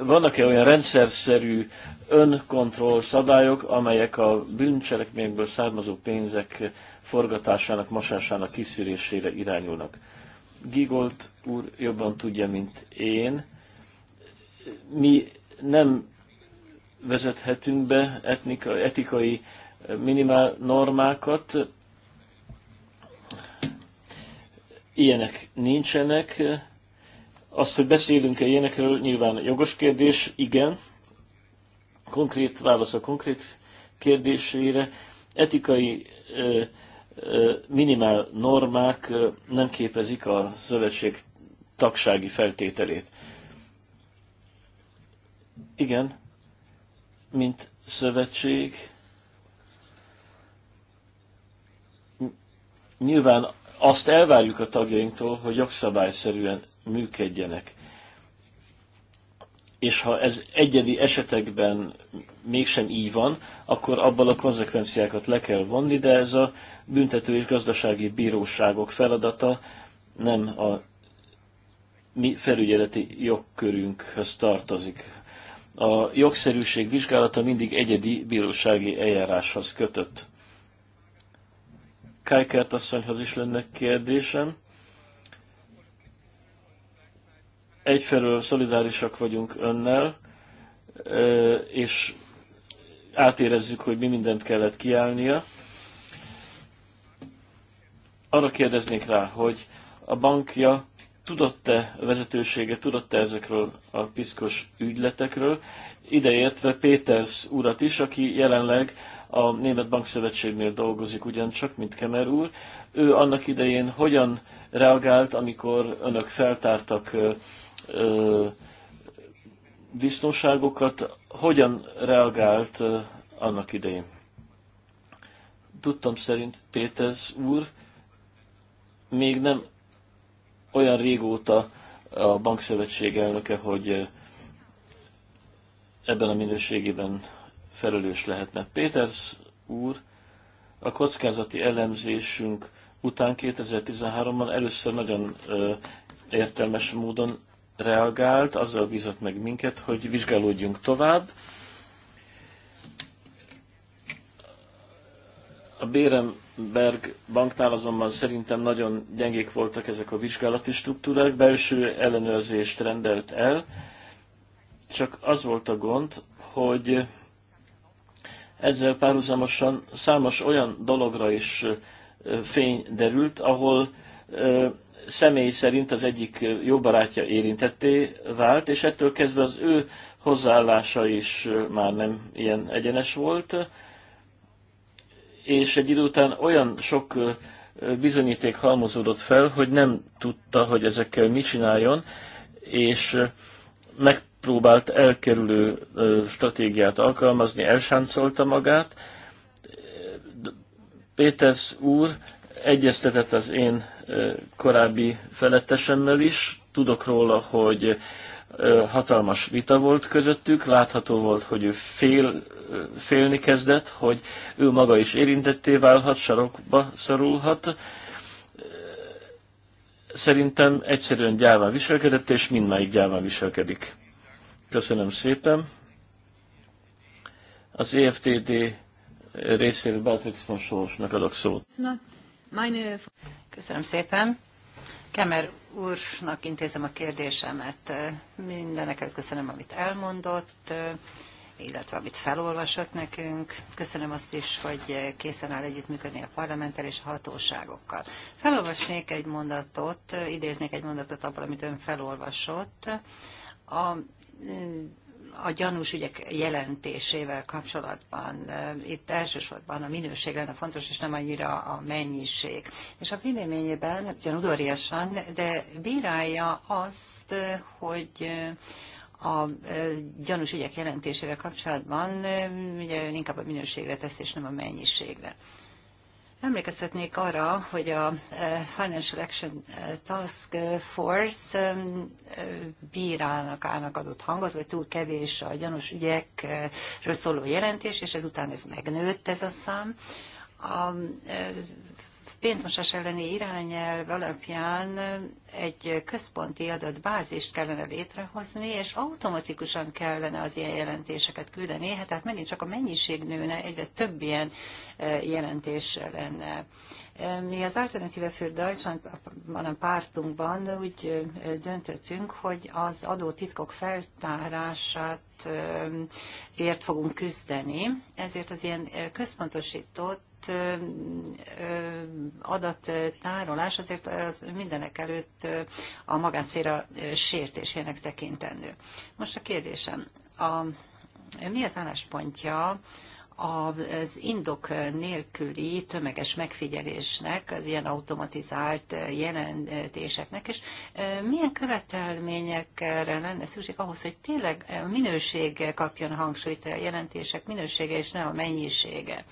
Speaker 1: vannak-e olyan rendszerszerű önkontroll szabályok, amelyek a bűncselekményekből származó pénzek forgatásának, masásának kiszűrésére irányulnak. Gigolt úr jobban tudja, mint én. Mi nem vezethetünk be etnika, etikai minimál normákat. Ilyenek nincsenek az, hogy beszélünk-e ilyenekről, nyilván jogos kérdés, igen. Konkrét válasz a konkrét kérdésére. Etikai ö, ö, minimál normák ö, nem képezik a szövetség tagsági feltételét. Igen, mint szövetség, nyilván azt elvárjuk a tagjainktól, hogy jogszabályszerűen működjenek. És ha ez egyedi esetekben mégsem így van, akkor abban a konzekvenciákat le kell vonni, de ez a büntető és gazdasági bíróságok feladata nem a mi felügyeleti jogkörünkhöz tartozik. A jogszerűség vizsgálata mindig egyedi bírósági eljáráshoz kötött. Kajkert asszonyhoz is lenne kérdésem. egyfelől szolidárisak vagyunk önnel, és átérezzük, hogy mi mindent kellett kiállnia. Arra kérdeznék rá, hogy a bankja tudott-e vezetősége, tudott-e ezekről a piszkos ügyletekről, ideértve Péters urat is, aki jelenleg a Német Bankszövetségnél dolgozik ugyancsak, mint Kemer úr. Ő annak idején hogyan reagált, amikor önök feltártak ö, disznóságokat, hogyan reagált ö, annak idején. Tudtam szerint Péterz úr még nem olyan régóta a bankszövetség elnöke, hogy ebben a minőségében felelős lehetne. Péters úr a kockázati elemzésünk után 2013-ban először nagyon értelmes módon reagált, azzal bízott meg minket, hogy vizsgálódjunk tovább. A Bérenberg banknál azonban szerintem nagyon gyengék voltak ezek a vizsgálati struktúrák, belső ellenőrzést rendelt el, csak az volt a gond, hogy ezzel párhuzamosan számos olyan dologra is fény derült, ahol személy szerint az egyik jó barátja érintetté vált, és ettől kezdve az ő hozzáállása is már nem ilyen egyenes volt, és egy idő után olyan sok bizonyíték halmozódott fel, hogy nem tudta, hogy ezekkel mit csináljon, és megpróbált elkerülő stratégiát alkalmazni, elsáncolta magát. Péters úr egyeztetett az én korábbi felettesemmel is. Tudok róla, hogy hatalmas vita volt közöttük, látható volt, hogy ő fél, félni kezdett, hogy ő maga is érintetté válhat, sarokba szorulhat. Szerintem egyszerűen gyáván viselkedett, és mindmáig gyáván viselkedik. Köszönöm szépen. Az EFTD részéről Baltic Sorsnak adok szót.
Speaker 2: Köszönöm szépen. Kemer úrnak intézem a kérdésemet. Mindeneket köszönöm, amit elmondott, illetve amit felolvasott nekünk. Köszönöm azt is, hogy készen áll együttműködni a parlamenttel és a hatóságokkal. Felolvasnék egy mondatot, idéznék egy mondatot abból, amit ön felolvasott. A a gyanús ügyek jelentésével kapcsolatban itt elsősorban a minőség lenne fontos, és nem annyira a mennyiség. És a véleményében ugyan udvariasan, de bírálja azt, hogy a gyanús ügyek jelentésével kapcsolatban ugye inkább a minőségre tesz, és nem a mennyiségre. Emlékeztetnék arra, hogy a eh, Financial Action eh, Task Force eh, bírálnak állnak adott hangot, hogy túl kevés a gyanús ügyekről szóló jelentés, és ezután ez megnőtt ez a szám. A pénzmosás elleni irányelv alapján egy központi adatbázist kellene létrehozni, és automatikusan kellene az ilyen jelentéseket küldeni, hát tehát megint csak a mennyiség nőne, egyre több ilyen e, jelentés lenne. E, mi az Alternative für Deutschland a pártunkban úgy e, döntöttünk, hogy az titkok feltárását ért fogunk küzdeni, ezért az ilyen központosított adat, adattárolás azért az mindenek előtt a magánszféra sértésének tekintendő. Most a kérdésem, a, mi az álláspontja az indok nélküli tömeges megfigyelésnek, az ilyen automatizált jelentéseknek, és milyen követelményekre lenne szükség ahhoz, hogy tényleg minőség kapjon hangsúlyt a jelentések minősége, és nem a mennyisége.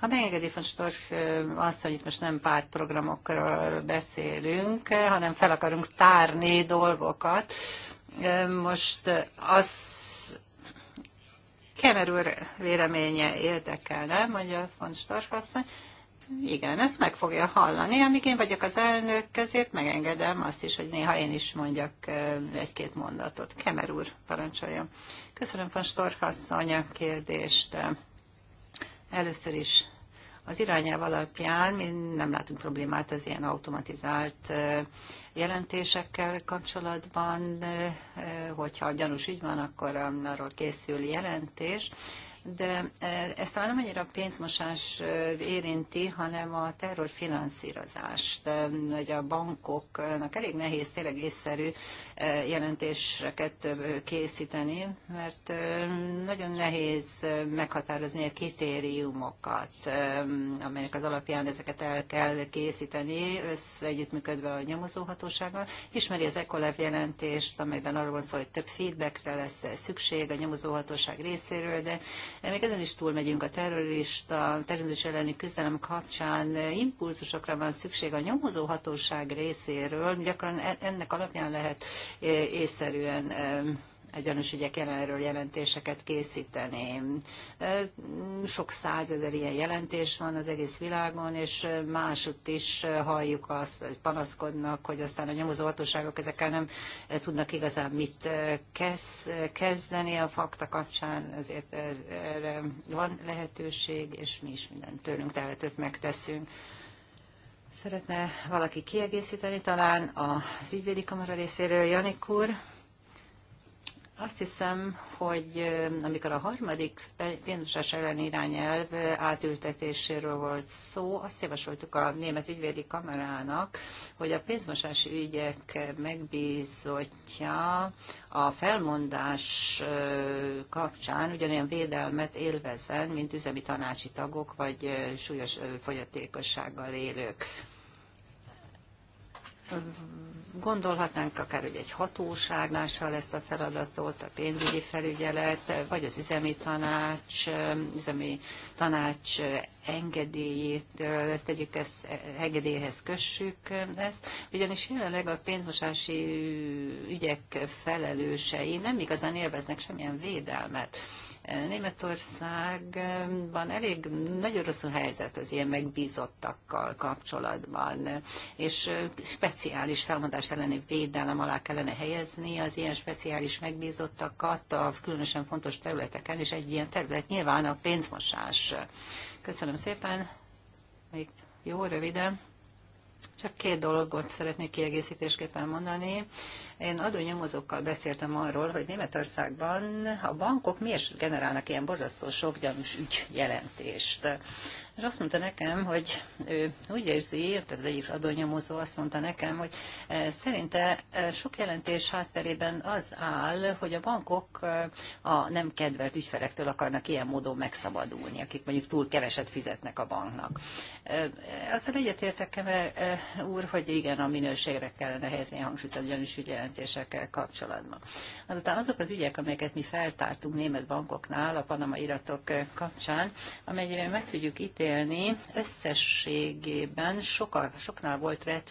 Speaker 2: Ha megengedi von Storch azt, hogy itt most nem pártprogramokról beszélünk, hanem fel akarunk tárni dolgokat, most az Kemer úr véleménye érdekelne, mondja von Storch asszony, igen, ezt meg fogja hallani. Amíg én vagyok az elnök, kezét megengedem azt is, hogy néha én is mondjak egy-két mondatot. Kemer úr, parancsoljon. Köszönöm, Van Storkasszony, a kérdést. Először is az irányelv alapján mi nem látunk problémát az ilyen automatizált jelentésekkel kapcsolatban, hogyha gyanús ügy van, akkor arról készül jelentés, de e, ezt talán nem annyira a pénzmosás érinti, hanem a terrorfinanszírozást, hogy a bankoknak elég nehéz tényleg észszerű e, jelentéseket készíteni, mert nagyon nehéz meghatározni a kritériumokat, amelyek az alapján ezeket el kell készíteni, össz együttműködve a nyomozóhatósággal. Ismeri az ECOLEV jelentést, amelyben arról van szó, hogy több feedbackre lesz szükség a nyomozóhatóság részéről, de még ezen is túlmegyünk a terrorista, terrorizmus elleni küzdelem kapcsán, impulzusokra van szükség a nyomozó hatóság részéről, gyakran e- ennek alapján lehet e- észszerűen gyanús ügyek jelenről jelentéseket készíteni. Sok százezer ilyen jelentés van az egész világon, és másutt is halljuk azt, hogy panaszkodnak, hogy aztán a hatóságok ezekkel nem tudnak igazán mit kezdeni a fakta kapcsán, ezért erre van lehetőség, és mi is minden tőlünk telhetőt megteszünk. Szeretne valaki kiegészíteni talán az ügyvédi kamara részéről, Janik úr? Azt hiszem, hogy amikor a harmadik pénzes ellen irányelv átültetéséről volt szó, azt javasoltuk a német ügyvédi kamerának, hogy a pénzmosás ügyek megbízottja a felmondás kapcsán ugyanilyen védelmet élvezen, mint üzemi tanácsi tagok vagy súlyos fogyatékossággal élők gondolhatnánk akár, hogy egy hatóság lássa ezt a feladatot, a pénzügyi felügyelet, vagy az üzemi tanács, üzemi tanács engedélyét, ezt tegyük, ezt, e, engedélyhez kössük ezt, ugyanis jelenleg a pénzmosási ügyek felelősei nem igazán élveznek semmilyen védelmet. Németországban elég nagyon rossz a helyzet az ilyen megbízottakkal kapcsolatban, és speciális felmondás elleni védelem alá kellene helyezni az ilyen speciális megbízottakat a különösen fontos területeken, és egy ilyen terület nyilván a pénzmosás. Köszönöm szépen, még jó, röviden. Csak két dolgot szeretnék kiegészítésképpen mondani. Én adónyomozókkal beszéltem arról, hogy Németországban a bankok miért generálnak ilyen borzasztó sok gyanús ügyjelentést. És azt mondta nekem, hogy ő úgy érzi, tehát az egyik adónyomozó azt mondta nekem, hogy e, szerinte e, sok jelentés hátterében az áll, hogy a bankok e, a nem kedvelt ügyfelektől akarnak ilyen módon megszabadulni, akik mondjuk túl keveset fizetnek a banknak. Azzal egyetértek -e, úr, hogy igen, a minőségre kellene helyezni a hangsúlyt a gyanús ügyjelentésekkel kapcsolatban. Azután azok az ügyek, amelyeket mi feltártunk német bankoknál a Panama iratok kapcsán, amelyre meg tudjuk ítélni, beszélni. Összességében soka, soknál volt red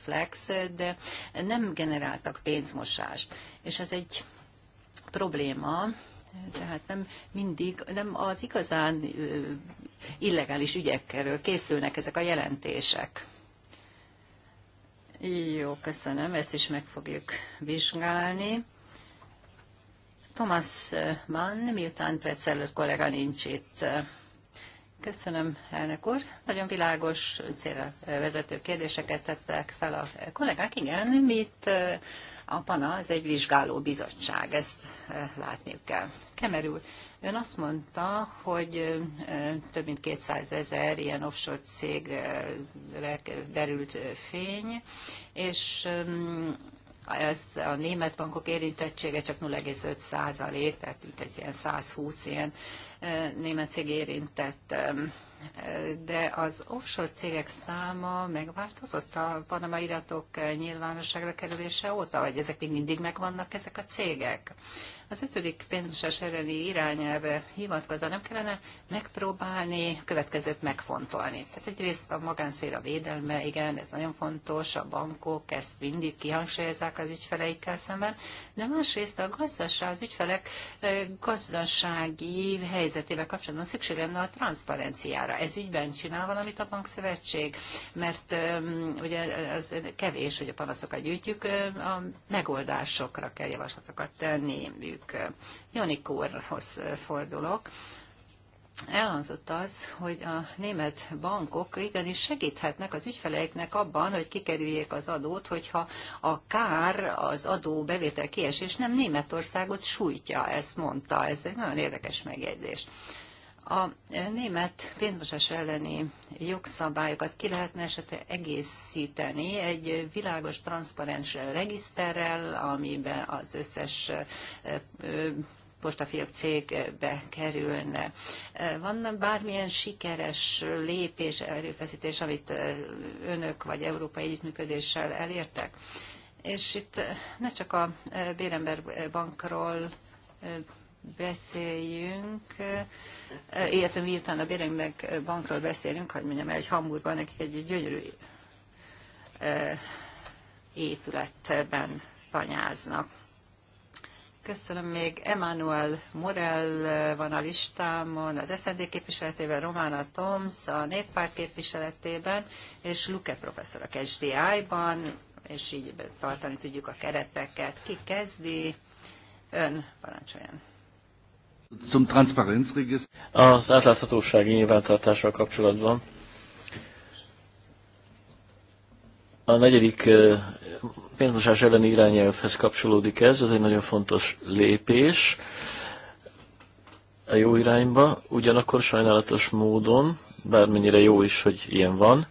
Speaker 2: de nem generáltak pénzmosást. És ez egy probléma, tehát nem mindig, nem az igazán illegális ügyekről készülnek ezek a jelentések. Jó, köszönöm, ezt is meg fogjuk vizsgálni. Thomas Mann, miután Pretzeller kollega nincs itt. Köszönöm, elnök úr. Nagyon világos célra vezető kérdéseket tettek fel a kollégák. Igen, mit a PANA, ez egy vizsgáló bizottság, ezt látniuk kell. Kemerül, ön azt mondta, hogy több mint 200 ezer ilyen offshore cégre derült fény, és ez a német bankok érintettsége csak 0,5 százalék, tehát itt egy ilyen 120 ilyen e, német cég érintett. E, de az offshore cégek száma megváltozott a panama iratok e, nyilvánosságra kerülése óta, vagy ezek még mindig megvannak ezek a cégek? Az ötödik pénzmosás elleni irányelve hivatkozva nem kellene megpróbálni következőt megfontolni. Tehát egyrészt a magánszféra védelme, igen, ez nagyon fontos, a bankok ezt mindig kihangsúlyozzák az ügyfeleikkel szemben, de másrészt a gazdaság, az ügyfelek gazdasági helyzetével kapcsolatban szükség lenne a transzparenciára. Ez ügyben csinál valamit a bankszövetség, mert ugye az kevés, hogy a panaszokat gyűjtjük, a megoldásokra kell javaslatokat tenni, tegyük. Janik úrhoz fordulok. Elhangzott az, hogy a német bankok igenis segíthetnek az ügyfeleiknek abban, hogy kikerüljék az adót, hogyha a kár, az adó bevétel kiesés nem Németországot sújtja, ezt mondta. Ez egy nagyon érdekes megjegyzés. A német pénzmosás elleni jogszabályokat ki lehetne esetleg egészíteni egy világos, transzparens regiszterrel, amiben az összes postafiók cégbe kerülne. Van bármilyen sikeres lépés, erőfeszítés, amit önök vagy európai együttműködéssel elértek? És itt ne csak a Bérember bankról beszéljünk, eh, illetve miután a meg eh, bankról beszélünk, hogy mondjam egy hamburban Hamburgban nekik egy gyönyörű eh, épületben tanyáznak. Köszönöm még Emmanuel Morel van a listámon, az SZND képviseletében, Romana Toms a néppárt képviseletében, és Luke professzor a KSDI-ban, és így tartani tudjuk a kereteket. Ki kezdi? Ön parancsoljon.
Speaker 1: Zum Transparenzregiszter. Az átláthatósági nyilvántartással kapcsolatban a negyedik pénzmosás elleni irányelvhez kapcsolódik ez, ez egy nagyon fontos lépés a jó irányba, ugyanakkor sajnálatos módon, bármennyire jó is, hogy ilyen van,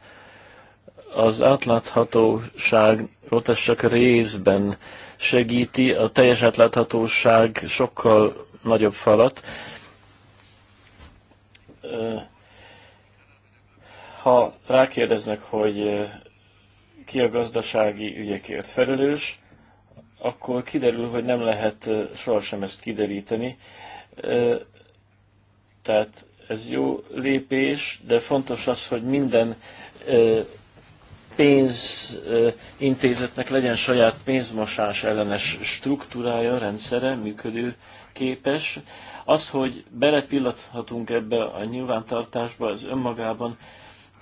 Speaker 1: az átláthatóságot ez csak részben segíti, a teljes átláthatóság sokkal nagyobb falat. Ha rákérdeznek, hogy ki a gazdasági ügyekért felelős, akkor kiderül, hogy nem lehet sohasem ezt kideríteni. Tehát ez jó lépés, de fontos az, hogy minden pénzintézetnek legyen saját pénzmosás ellenes struktúrája, rendszere, működő képes. Az, hogy belepillathatunk ebbe a nyilvántartásba, ez önmagában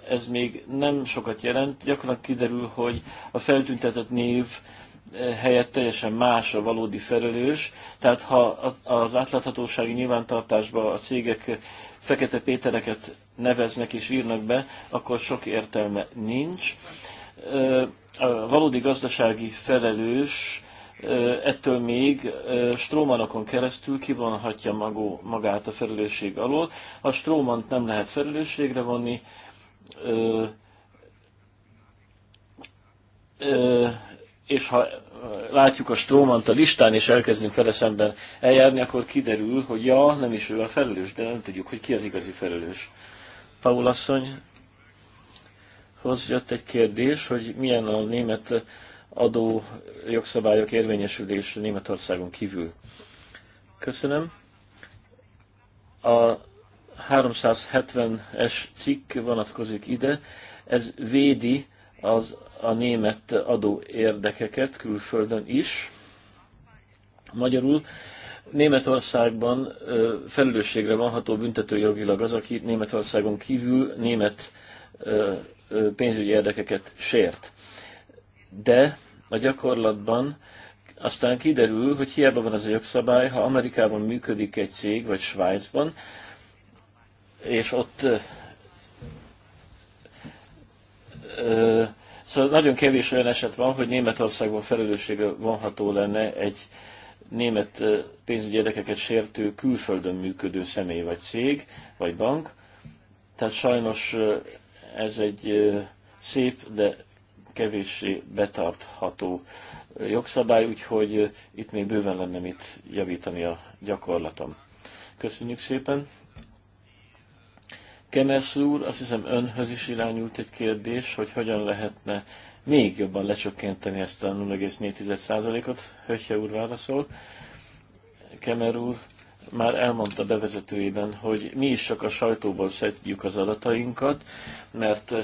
Speaker 1: ez még nem sokat jelent. Gyakran kiderül, hogy a feltüntetett név eh, helyett teljesen más a valódi felelős. Tehát ha az átláthatósági nyilvántartásba a cégek Fekete Pétereket neveznek és írnak be, akkor sok értelme nincs. Eh, a valódi gazdasági felelős ettől még strómanokon keresztül kivonhatja magó, magát a felelősség alól. A strómant nem lehet felelősségre vonni. és ha látjuk a strómant a listán, és elkezdünk vele szemben eljárni, akkor kiderül, hogy ja, nem is ő a felelős, de nem tudjuk, hogy ki az igazi felelős. Paul asszony, jött egy kérdés, hogy milyen a német adó jogszabályok érvényesülés Németországon kívül. Köszönöm. A 370-es cikk vonatkozik ide. Ez védi az a német adó érdekeket külföldön is. Magyarul Németországban felelősségre vanható büntetőjogilag az, aki Németországon kívül német pénzügyi érdekeket sért. De a gyakorlatban aztán kiderül, hogy hiába van az a jogszabály, ha Amerikában működik egy cég, vagy Svájcban, és ott ö, szóval nagyon kevés olyan eset van, hogy Németországban felelősségre vonható lenne egy német pénzügyi érdekeket sértő külföldön működő személy, vagy cég, vagy bank. Tehát sajnos ez egy szép, de kevéssé betartható jogszabály, úgyhogy itt még bőven lenne mit javítani a gyakorlatom. Köszönjük szépen! Kemesz úr, azt hiszem önhöz is irányult egy kérdés, hogy hogyan lehetne még jobban lecsökkenteni ezt a 0,4%-ot. Hötje úr válaszol. Kemer úr már elmondta bevezetőjében, hogy mi is csak a sajtóból szedjük az adatainkat, mert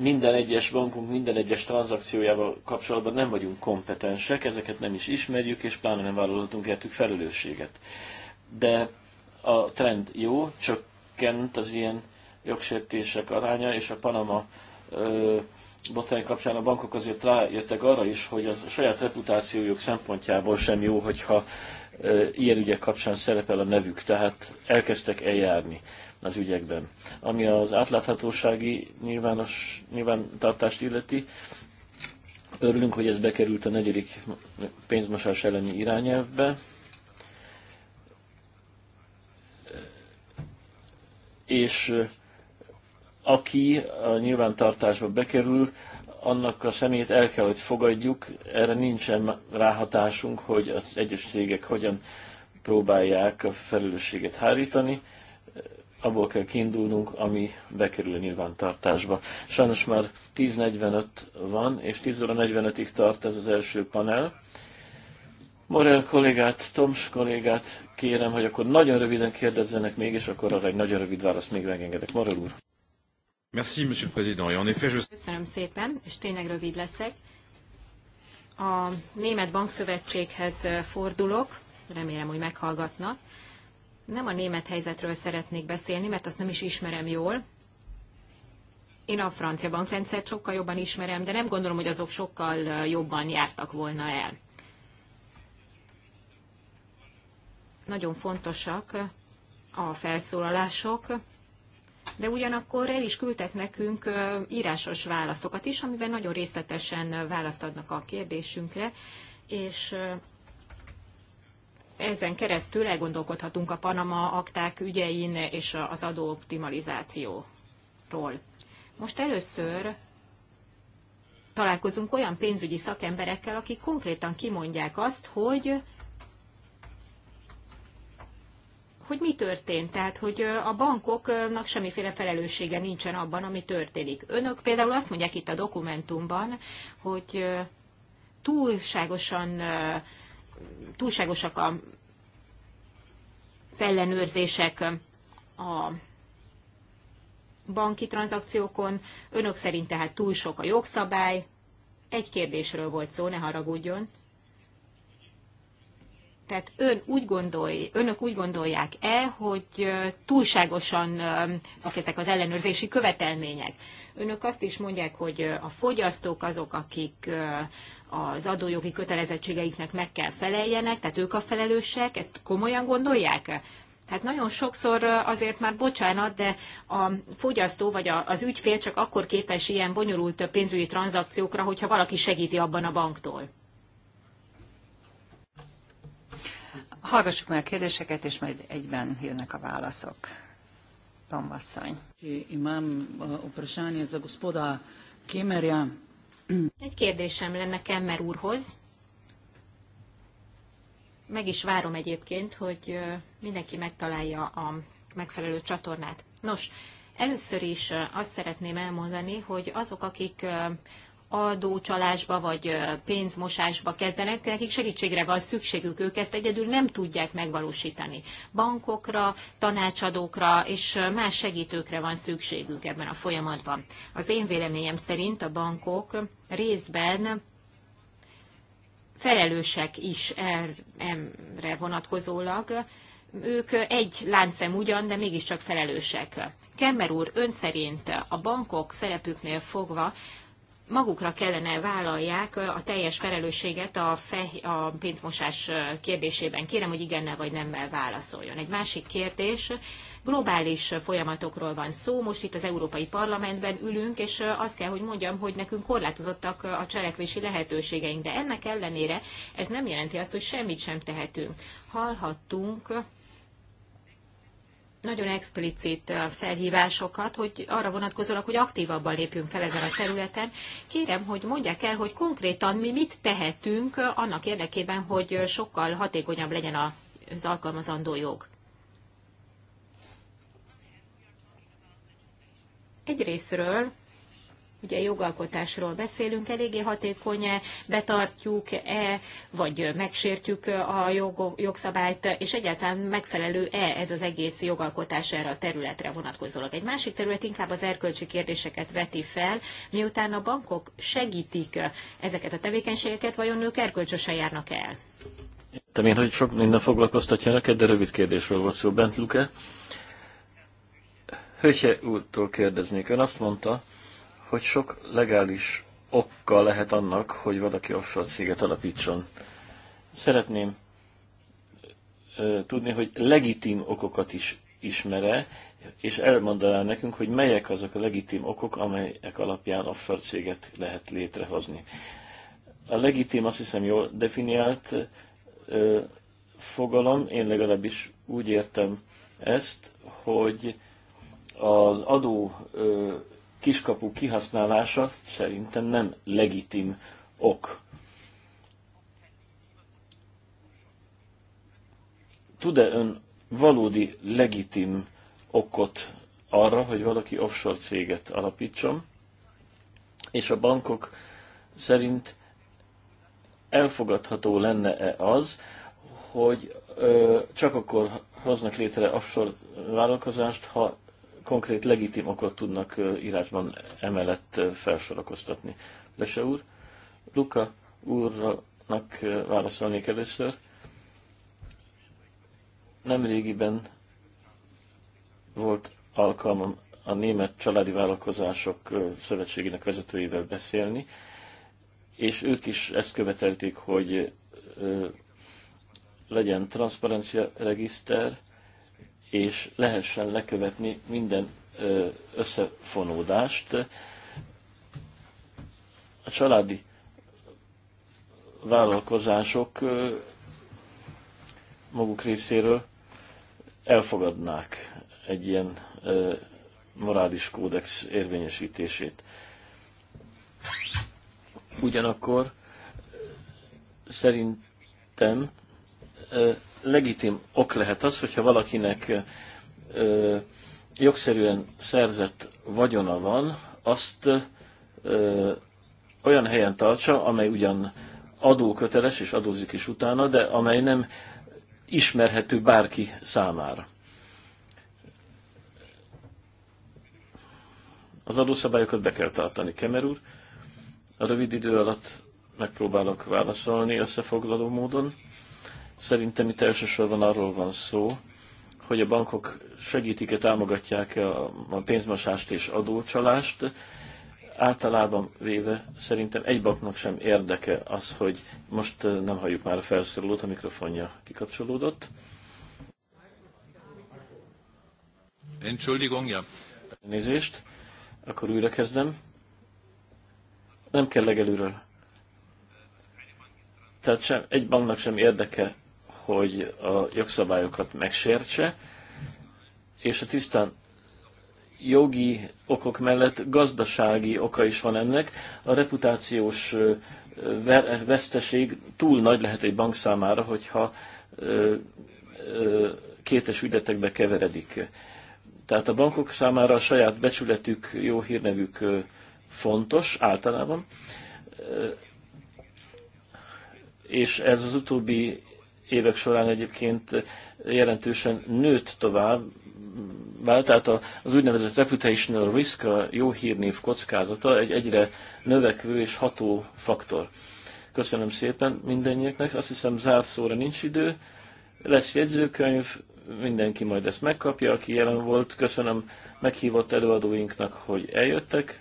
Speaker 1: minden egyes bankunk minden egyes tranzakciójával kapcsolatban nem vagyunk kompetensek, ezeket nem is ismerjük, és pláne nem vállalhatunk értük felelősséget. De a trend jó, csökkent az ilyen jogsértések aránya, és a Panama botrány kapcsán a bankok azért rájöttek arra is, hogy az saját reputációjuk szempontjából sem jó, hogyha ö, ilyen ügyek kapcsán szerepel a nevük, tehát elkezdtek eljárni az ügyekben. Ami az átláthatósági nyilvános, nyilvántartást illeti, örülünk, hogy ez bekerült a negyedik pénzmosás elleni irányelvbe. És eh, aki a nyilvántartásba bekerül, annak a szemét el kell, hogy fogadjuk, erre nincsen ráhatásunk, hogy az egyes cégek hogyan próbálják a felelősséget hárítani abból kell kiindulnunk, ami bekerül nyilvántartásba. Sajnos már 10.45 van, és 10 óra 45-ig tart ez az első panel. Morel kollégát, Toms kollégát kérem, hogy akkor nagyon röviden kérdezzenek még, és akkor arra egy nagyon rövid választ még megengedek. Morel úr.
Speaker 3: Merci, monsieur président. en effet, je... Köszönöm szépen, és tényleg rövid leszek. A Német Bankszövetséghez fordulok, remélem, hogy meghallgatnak. Nem a német helyzetről szeretnék beszélni, mert azt nem is ismerem jól. Én a francia bankrendszert sokkal jobban ismerem, de nem gondolom, hogy azok sokkal jobban jártak volna el. Nagyon fontosak a felszólalások, de ugyanakkor el is küldtek nekünk írásos válaszokat is, amiben nagyon részletesen választ adnak a kérdésünkre, és ezen keresztül elgondolkodhatunk a Panama akták ügyein és az adóoptimalizációról. Most először találkozunk olyan pénzügyi szakemberekkel, akik konkrétan kimondják azt, hogy hogy mi történt, tehát hogy a bankoknak semmiféle felelőssége nincsen abban, ami történik. Önök például azt mondják itt a dokumentumban, hogy túlságosan túlságosak a ellenőrzések a banki tranzakciókon. Önök szerint tehát túl sok a jogszabály. Egy kérdésről volt szó, ne haragudjon. Tehát ön úgy gondolj, önök úgy gondolják-e, hogy túlságosan ezek az ellenőrzési követelmények? Önök azt is mondják, hogy a fogyasztók azok, akik az adójogi kötelezettségeiknek meg kell feleljenek, tehát ők a felelősek, ezt komolyan gondolják? Hát nagyon sokszor azért már bocsánat, de a fogyasztó vagy az ügyfél csak akkor képes ilyen bonyolult pénzügyi tranzakciókra, hogyha valaki segíti abban a banktól. Hallgassuk meg a kérdéseket, és majd
Speaker 2: egyben jönnek a válaszok. Tomasszony. Imám vprašanje za gospoda Kemerja.
Speaker 3: Egy kérdésem lenne Kemmer úrhoz. Meg is várom egyébként, hogy mindenki megtalálja a megfelelő csatornát. Nos, először is azt szeretném elmondani, hogy azok, akik adócsalásba vagy pénzmosásba kezdenek, nekik segítségre van szükségük, ők ezt egyedül nem tudják megvalósítani. Bankokra, tanácsadókra és más segítőkre van szükségük ebben a folyamatban. Az én véleményem szerint a bankok részben felelősek is er-, erre vonatkozólag, ők egy láncem ugyan, de mégiscsak felelősek. Kemmer úr, ön szerint a bankok szerepüknél fogva magukra kellene vállalják a teljes felelősséget a, fej, a pénzmosás kérdésében. Kérem, hogy igennel vagy nemmel válaszoljon. Egy másik kérdés, globális folyamatokról van szó. Most itt az Európai Parlamentben ülünk, és azt kell, hogy mondjam, hogy nekünk korlátozottak a cselekvési lehetőségeink, de ennek ellenére ez nem jelenti azt, hogy semmit sem tehetünk. Hallhattunk nagyon explicit felhívásokat, hogy arra vonatkozólag, hogy aktívabban lépjünk fel ezen a területen. Kérem, hogy mondják el, hogy konkrétan mi mit tehetünk annak érdekében, hogy sokkal hatékonyabb legyen az alkalmazandó jog. Egyrésztről ugye jogalkotásról beszélünk, eléggé hatékony-e, betartjuk-e, vagy megsértjük a jog, jogszabályt, és egyáltalán megfelelő-e ez az egész jogalkotás erre a területre vonatkozólag. Egy másik terület inkább az erkölcsi kérdéseket veti fel, miután a bankok segítik ezeket a tevékenységeket, vajon ők erkölcsösen járnak el?
Speaker 1: Értem én, hogy sok minden foglalkoztatja neked, de rövid kérdésről volt szó, Bent Luke. Höse úrtól kérdeznék. Ön azt mondta, hogy sok legális okka lehet annak, hogy valaki offshore céget alapítson. Szeretném ö, tudni, hogy legitim okokat is ismere, és elmondaná nekünk, hogy melyek azok a legitim okok, amelyek alapján offshore céget lehet létrehozni. A legitim azt hiszem jól definiált ö, fogalom, én legalábbis úgy értem ezt, hogy az adó ö, kiskapu kihasználása szerintem nem legitim ok. Tud-e ön valódi legitim okot arra, hogy valaki offshore céget alapítson, és a bankok szerint elfogadható lenne-e az, hogy ö, csak akkor hoznak létre offshore vállalkozást, ha konkrét legitim okot tudnak írásban emellett felsorakoztatni. Lese úr, Luka úrnak válaszolnék először. Nemrégiben volt alkalmam a Német Családi Vállalkozások Szövetségének vezetőivel beszélni, és ők is ezt követelték, hogy legyen transzparencia regiszter, és lehessen lekövetni minden összefonódást. A családi vállalkozások maguk részéről elfogadnák egy ilyen morális kódex érvényesítését. Ugyanakkor szerintem legitim ok lehet az, hogyha valakinek ö, jogszerűen szerzett vagyona van, azt ö, olyan helyen tartsa, amely ugyan adóköteles és adózik is utána, de amely nem ismerhető bárki számára. Az adószabályokat be kell tartani, Kemer úr. A rövid idő alatt megpróbálok válaszolni összefoglaló módon. Szerintem itt elsősorban arról van szó, hogy a bankok segítik-e, támogatják-e a pénzmosást és adócsalást. Általában véve szerintem egy banknak sem érdeke az, hogy most nem halljuk már a felszólalót, a mikrofonja kikapcsolódott. Entschuldigung, ja. Nézést, akkor újra kezdem. Nem kell legelőről. Tehát sem, egy banknak sem érdeke hogy a jogszabályokat megsértse, és a tisztán jogi okok mellett gazdasági oka is van ennek. A reputációs veszteség túl nagy lehet egy bank számára, hogyha kétes ügyetekbe keveredik. Tehát a bankok számára a saját becsületük, jó hírnevük fontos általában, és ez az utóbbi évek során egyébként jelentősen nőtt tovább, vált, tehát az úgynevezett reputational risk, a jó hírnév kockázata egy egyre növekvő és ható faktor. Köszönöm szépen mindennyieknek, azt hiszem zárszóra nincs idő, lesz jegyzőkönyv, mindenki majd ezt megkapja, aki jelen volt. Köszönöm meghívott előadóinknak, hogy eljöttek,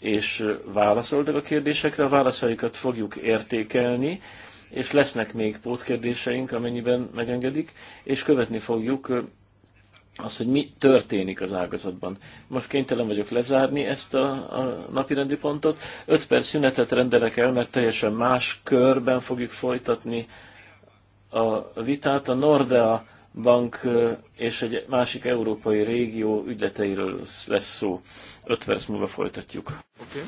Speaker 1: és válaszoltak a kérdésekre, a válaszaikat fogjuk értékelni és lesznek még pótkérdéseink, amennyiben megengedik, és követni fogjuk azt, hogy mi történik az ágazatban. Most kénytelen vagyok lezárni ezt a, a napirendi pontot. Öt perc szünetet rendelek el, mert teljesen más körben fogjuk folytatni a vitát. A Nordea bank és egy másik európai régió ügyleteiről lesz szó. Öt perc múlva folytatjuk. Okay.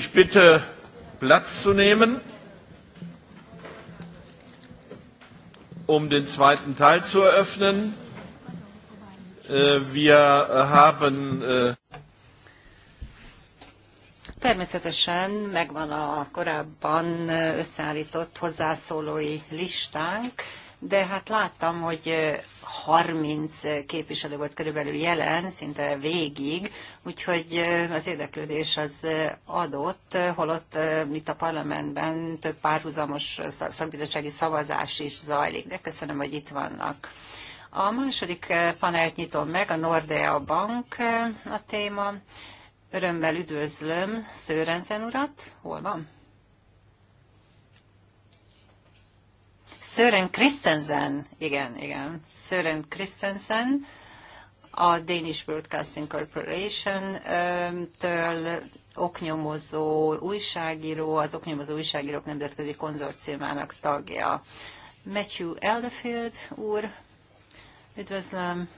Speaker 1: Ich bitte, Platz zu nehmen, um den zweiten Teil zu eröffnen. Äh, wir haben. Äh,
Speaker 2: Természetesen megvan a korábban összeállított hozzászólói listánk, de hát láttam, hogy 30 képviselő volt körülbelül jelen, szinte végig, úgyhogy az érdeklődés az adott, holott itt a parlamentben több párhuzamos szakbizottsági szavazás is zajlik, de köszönöm, hogy itt vannak. A második panelt nyitom meg, a Nordea Bank a téma. Örömmel üdvözlöm Szőrenzen urat. Hol van? Sören Christensen, igen, igen. Søren Christensen, a Danish Broadcasting Corporation-től oknyomozó újságíró, az oknyomozó újságírók nemzetközi konzorciumának tagja. Matthew Elderfield úr, üdvözlöm,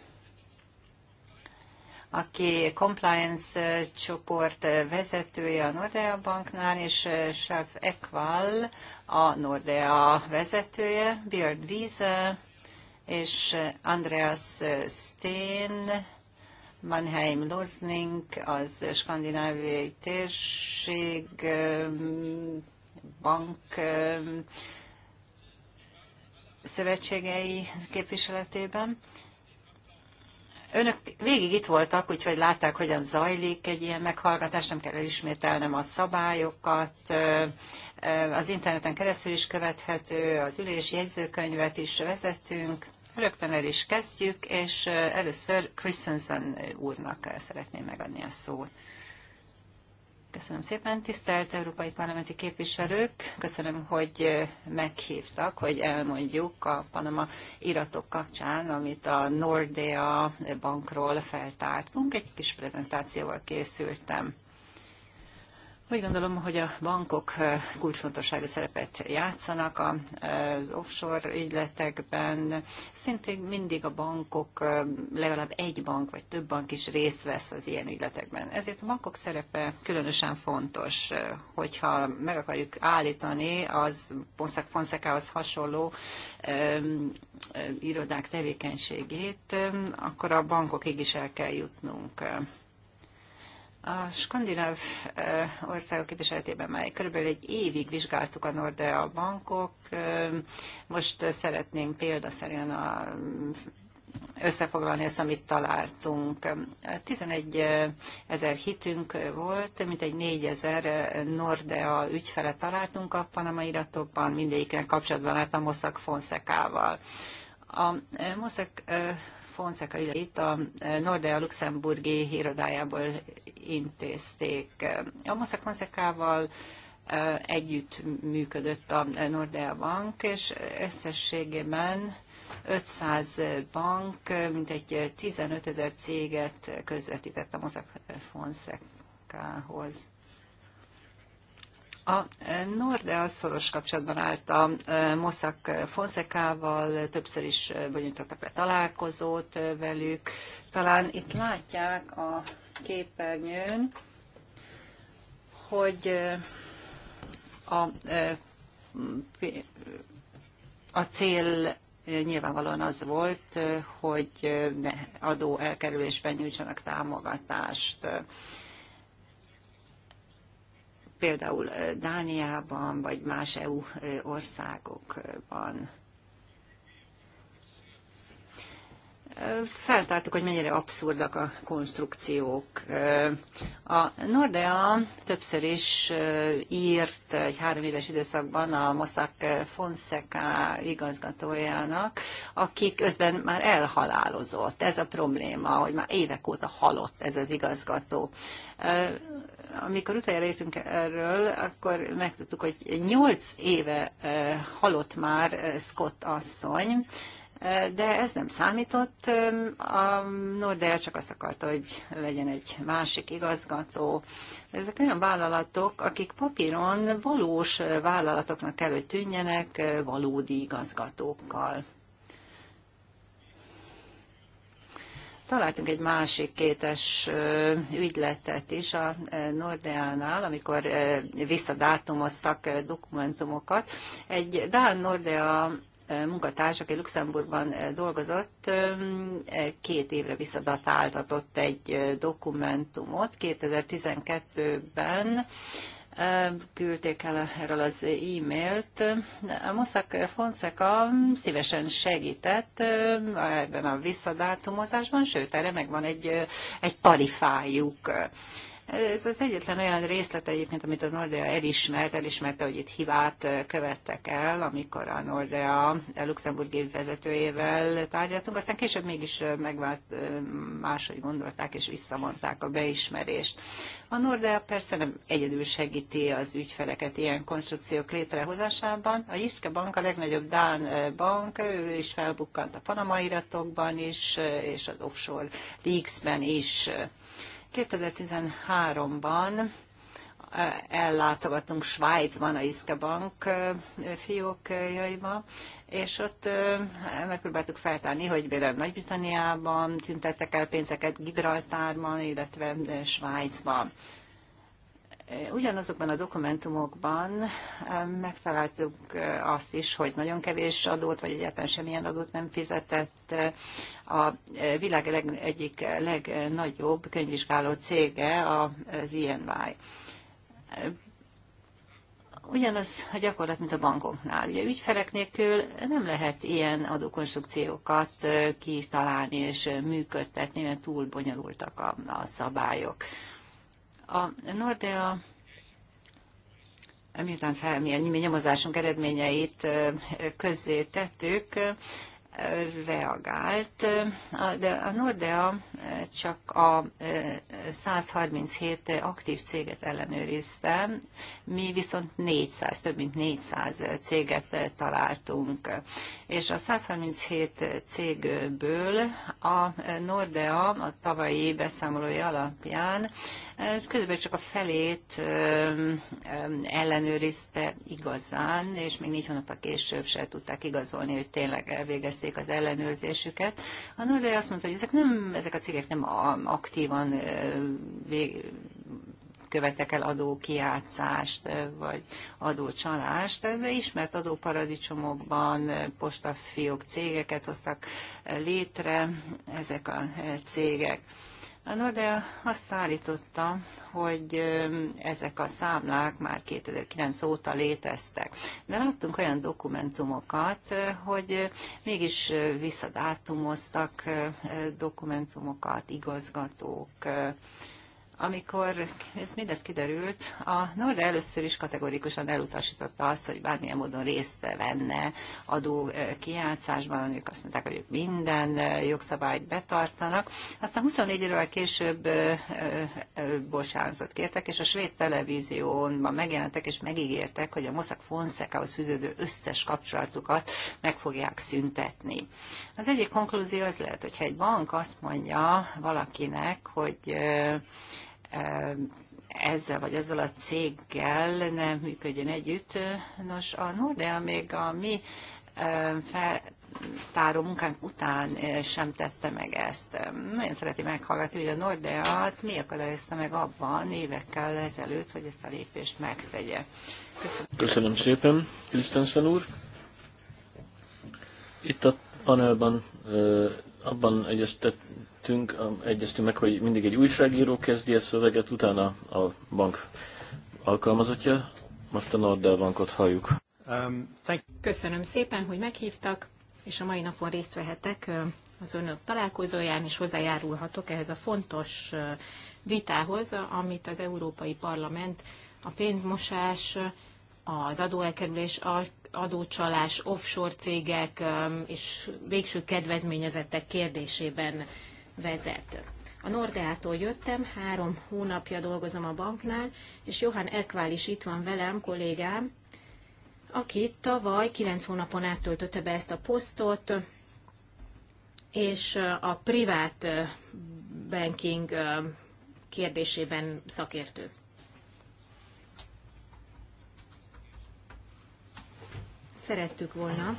Speaker 2: aki compliance csoport vezetője a Nordea Banknál, és Chef Ekval a Nordea vezetője, Björn Wiese, és eh, Andreas eh, Steen, Mannheim Lorsning, az skandináviai térség eh, bank szövetségei képviseletében. Önök végig itt voltak, úgyhogy látták, hogyan zajlik egy ilyen meghallgatás, nem kell elismételnem a szabályokat. Az interneten keresztül is követhető, az ülési jegyzőkönyvet is vezetünk. Rögtön el is kezdjük, és először Christensen úrnak szeretném megadni a szót. Köszönöm szépen, tisztelt európai parlamenti képviselők! Köszönöm, hogy meghívtak, hogy elmondjuk a Panama iratok kapcsán, amit a Nordea bankról feltártunk. Egy kis prezentációval készültem. Úgy gondolom, hogy a bankok kulcsfontosságú szerepet játszanak az offshore ügyletekben. Szintén mindig a bankok, legalább egy bank vagy több bank is részt vesz az ilyen ügyletekben. Ezért a bankok szerepe különösen fontos, hogyha meg akarjuk állítani az Fonszekához hasonló irodák tevékenységét, akkor a bankokig is el kell jutnunk. A skandináv országok képviseletében már körülbelül egy évig vizsgáltuk a Nordea bankok. Most szeretném példaszerűen a összefoglalni ezt, amit találtunk. 11 ezer hitünk volt, mint egy 4 ezer Nordea ügyfele találtunk a Panama iratokban, mindegyiknek kapcsolatban állt a Mossack Fonseca-val. A Mossack Fonseca itt a e, Nordea luxemburgi irodájából intézték. A Mossack Fonseca-val e, együtt működött a Nordea Bank, és összességében 500 bank, mintegy 15 ezer céget közvetített a Mossack Fonseca-hoz. A e, Nordea szoros kapcsolatban állt a e, Mossack fonsekával többször is e, bonyolítottak le találkozót velük. Talán itt látják a képernyőn, hogy a, a cél nyilvánvalóan az volt, hogy ne adó elkerülésben nyújtsanak támogatást például Dániában, vagy más EU országokban. feltártuk, hogy mennyire abszurdak a konstrukciók. A Nordea többször is írt egy három éves időszakban a Mossack Fonseca igazgatójának, aki közben már elhalálozott. Ez a probléma, hogy már évek óta halott ez az igazgató amikor utoljára értünk erről, akkor megtudtuk, hogy nyolc éve eh, halott már eh, Scott asszony, eh, de ez nem számított. A Nordea csak azt akarta, hogy legyen egy másik igazgató. Ezek olyan vállalatok, akik papíron valós vállalatoknak kell, hogy tűnjenek valódi igazgatókkal. Találtunk egy másik kétes ügyletet is a Nordeánál, amikor visszadátumoztak dokumentumokat. Egy Dán Nordea munkatárs, aki Luxemburgban dolgozott, két évre visszadatáltatott egy dokumentumot. 2012-ben küldték el erről az e-mailt. A Mossack Fonseca szívesen segített ebben a visszadátumozásban, sőt, erre megvan egy, egy tarifájuk. Ez az egyetlen olyan részlet egyébként, amit a Nordea elismert, elismerte, hogy itt hibát követtek el, amikor a Nordea a luxemburgi vezetőjével tárgyaltunk, aztán később mégis megvált, máshogy gondolták és visszavonták a beismerést. A Nordea persze nem egyedül segíti az ügyfeleket ilyen konstrukciók létrehozásában. A Iszke Bank a legnagyobb Dán bank, ő is felbukkant a Panama iratokban is, és az offshore leaks is. 2013-ban ellátogatunk Svájcban a Iszke Bank fiókjaiba, és ott megpróbáltuk feltárni, hogy például Nagy-Britanniában tüntettek el pénzeket, Gibraltárban, illetve Svájcban. Ugyanazokban a dokumentumokban megtaláltuk azt is, hogy nagyon kevés adót, vagy egyáltalán semmilyen adót nem fizetett a világ leg, egyik legnagyobb könyvvizsgáló cége, a VNY. Ugyanaz a gyakorlat, mint a bankoknál. Ugye ügyfelek nélkül nem lehet ilyen adókonstrukciókat kitalálni és működtetni, mert túl bonyolultak a, a szabályok. A Nordea miután felmérni mi nyomozásunk eredményeit közzé tettük, reagált, de a Nordea csak a 137 e, aktív céget ellenőrizte, mi viszont 400, több mint 400 céget találtunk. És a 137 cégből a Nordea a tavalyi beszámolója alapján e, kb. csak a felét e, ellenőrizte igazán, és még négy hónap később se tudták igazolni, hogy tényleg elvégezték végezzék az ellenőrzésüket. A Nordea azt mondta, hogy ezek, nem, ezek a cégek nem aktívan vég, követek el adókiátszást, vagy adócsalást, de ismert adóparadicsomokban postafiók cégeket hoztak létre ezek a cégek. A Nordea azt állította, hogy ezek a számlák már 2009 óta léteztek. De láttunk olyan dokumentumokat, hogy mégis visszadátumoztak dokumentumokat, igazgatók, amikor ez mindez kiderült, a Norda először is kategorikusan elutasította azt, hogy bármilyen módon részt venne adó kiátszásban, ők azt mondták, hogy ők minden jogszabályt betartanak. Aztán 24 évvel később bocsánatot kértek, és a svéd ma megjelentek, és megígértek, hogy a Mossack Fonsecahoz fűződő összes kapcsolatukat meg fogják szüntetni. Az egyik konklúzió az lehet, hogyha egy bank azt mondja valakinek, hogy ezzel vagy ezzel a céggel nem működjön együtt. Nos, a Nordea még a mi feltáró munkánk után sem tette meg ezt. Nagyon szereti meghallgatni, hogy a Nordeát mi akadályozta meg abban évekkel ezelőtt, hogy ezt a lépést megtegye. Köszönöm,
Speaker 1: Köszönöm szépen, Krisztensen úr. Itt a panelban abban egyeztettünk, döntöttünk, egyeztünk meg, hogy mindig egy újságíró kezdi a szöveget, utána a bank alkalmazottja. Most a Nordel bankot halljuk.
Speaker 3: Um, Köszönöm szépen, hogy meghívtak, és a mai napon részt vehetek az önök találkozóján, és hozzájárulhatok ehhez a fontos vitához, amit az Európai Parlament a pénzmosás, az adóelkerülés, adócsalás, offshore cégek és végső kedvezményezettek kérdésében vezet. A Nordeától jöttem, három hónapja dolgozom a banknál, és Johan Ekvál is itt van velem, kollégám, aki tavaly kilenc hónapon áttöltötte be ezt a posztot, és a privát banking kérdésében szakértő. Szerettük volna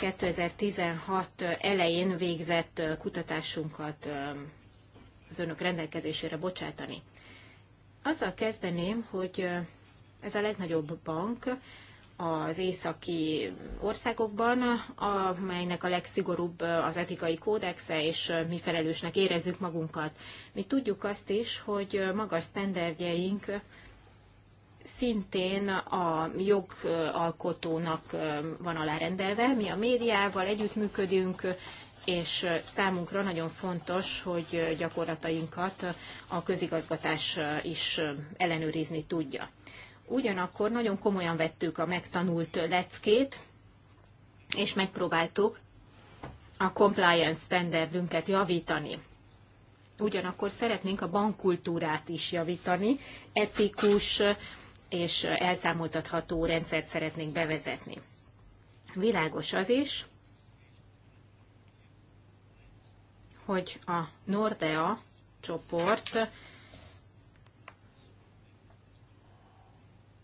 Speaker 3: 2016 elején végzett kutatásunkat az önök rendelkezésére bocsátani. Azzal kezdeném, hogy ez a legnagyobb bank az északi országokban, amelynek a legszigorúbb az etikai kódexe, és mi felelősnek érezzük magunkat. Mi tudjuk azt is, hogy magas standardjeink szintén a jogalkotónak van alárendelve. Mi a médiával együttműködünk, és számunkra nagyon fontos, hogy gyakorlatainkat a közigazgatás is ellenőrizni tudja. Ugyanakkor nagyon komolyan vettük a megtanult leckét, és megpróbáltuk a compliance standardünket javítani. Ugyanakkor szeretnénk a bankkultúrát is javítani, etikus, és elszámoltatható rendszert szeretnénk bevezetni. Világos az is, hogy a Nordea csoport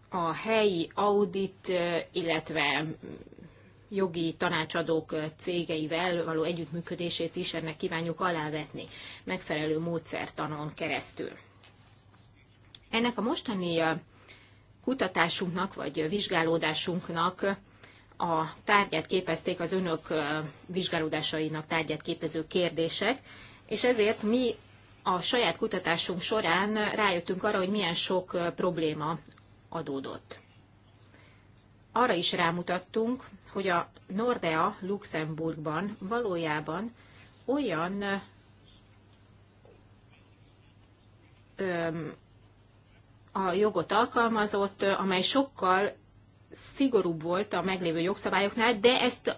Speaker 3: a helyi audit, illetve jogi tanácsadók cégeivel való együttműködését is ennek kívánjuk alávetni megfelelő módszertanon keresztül. Ennek a mostani kutatásunknak vagy vizsgálódásunknak a tárgyát képezték az önök vizsgálódásainak tárgyát képező kérdések, és ezért mi a saját kutatásunk során rájöttünk arra, hogy milyen sok probléma adódott. Arra is rámutattunk, hogy a Nordea Luxemburgban valójában olyan öm, a jogot alkalmazott, amely sokkal szigorúbb volt a meglévő jogszabályoknál, de ezt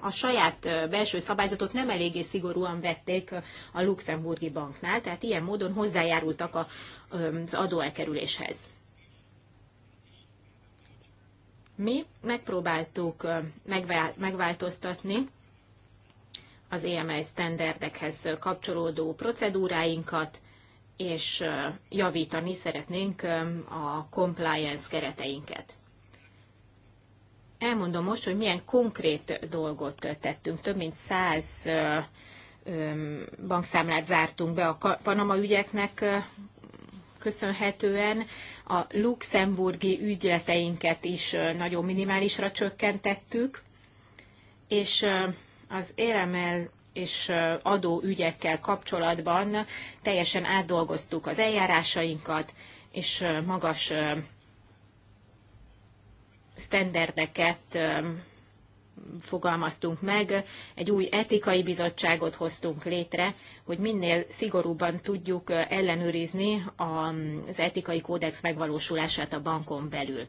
Speaker 3: a saját belső szabályzatot nem eléggé szigorúan vették a luxemburgi banknál, tehát ilyen módon hozzájárultak az adóelkerüléshez. Mi megpróbáltuk megváltoztatni az EMI standardekhez kapcsolódó procedúráinkat, és javítani szeretnénk a compliance kereteinket. Elmondom most, hogy milyen konkrét dolgot tettünk. Több mint száz bankszámlát zártunk be a Panama ügyeknek köszönhetően. A luxemburgi ügyleteinket is nagyon minimálisra csökkentettük, és az éremel és adóügyekkel kapcsolatban teljesen átdolgoztuk az eljárásainkat, és magas standardeket fogalmaztunk meg, egy új etikai bizottságot hoztunk létre, hogy minél szigorúbban tudjuk ellenőrizni az etikai kódex megvalósulását a bankon belül.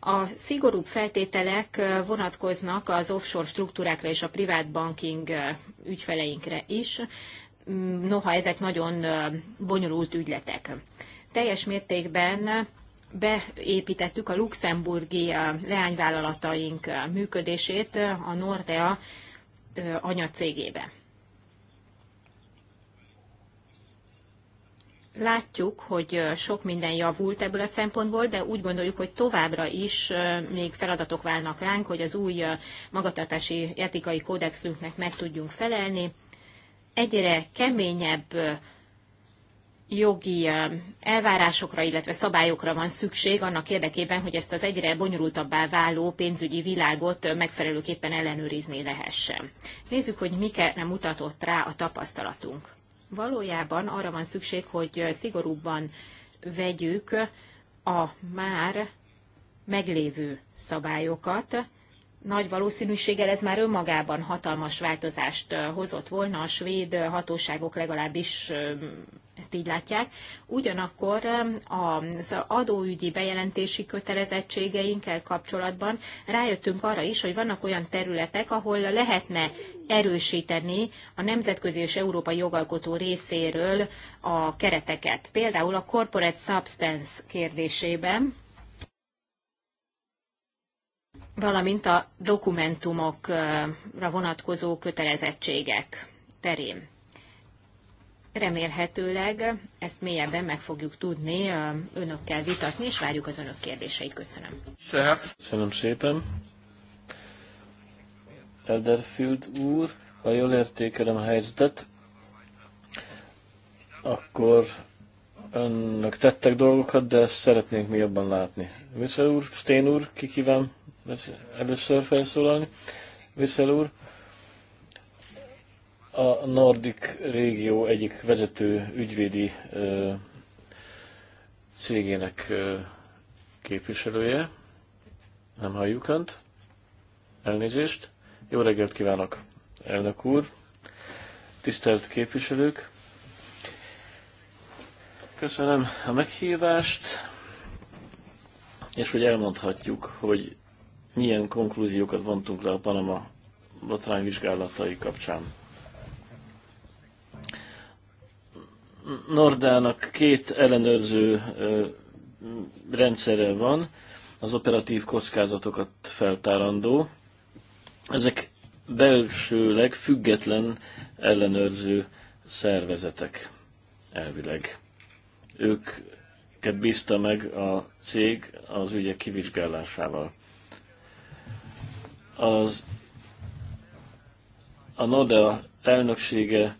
Speaker 3: A szigorúbb feltételek vonatkoznak az offshore struktúrákra és a privát banking ügyfeleinkre is, noha ezek nagyon bonyolult ügyletek. Teljes mértékben beépítettük a luxemburgi leányvállalataink működését a Nordea anyacégébe. Látjuk, hogy sok minden javult ebből a szempontból, de úgy gondoljuk, hogy továbbra is még feladatok válnak ránk, hogy az új magatartási etikai kódexünknek meg tudjunk felelni. Egyre keményebb jogi elvárásokra, illetve szabályokra van szükség annak érdekében, hogy ezt az egyre bonyolultabbá váló pénzügyi világot megfelelőképpen ellenőrizni lehessen. Nézzük, hogy mikre mutatott rá a tapasztalatunk. Valójában arra van szükség, hogy szigorúbban vegyük a már meglévő szabályokat, nagy valószínűséggel ez már önmagában hatalmas változást hozott volna, a svéd hatóságok legalábbis ezt így látják. Ugyanakkor az adóügyi bejelentési kötelezettségeinkkel kapcsolatban rájöttünk arra is, hogy vannak olyan területek, ahol lehetne erősíteni a nemzetközi és európai jogalkotó részéről a kereteket. Például a corporate substance kérdésében, valamint a dokumentumokra vonatkozó kötelezettségek terén. Remélhetőleg ezt mélyebben meg fogjuk tudni önökkel vitatni, és várjuk az önök kérdéseit. Köszönöm.
Speaker 1: Köszönöm szépen. Elderfield úr, ha jól értékelem a helyzetet, akkor önök tettek dolgokat, de ezt szeretnénk mi jobban látni. Vissza úr, Stén úr, ki kíván először felszólalni. Visszel úr, a Nordic régió egyik vezető ügyvédi ö, cégének ö, képviselője. Nem halljuk önt. Elnézést. Jó reggelt kívánok, elnök úr. Tisztelt képviselők. Köszönöm a meghívást, és hogy elmondhatjuk, hogy milyen konklúziókat vontunk le a Panama botrány vizsgálatai kapcsán. Nordának két ellenőrző rendszere van, az operatív kockázatokat feltárandó. Ezek belsőleg független ellenőrző szervezetek elvileg. Őket bízta meg a cég az ügyek kivizsgálásával az a NODA elnöksége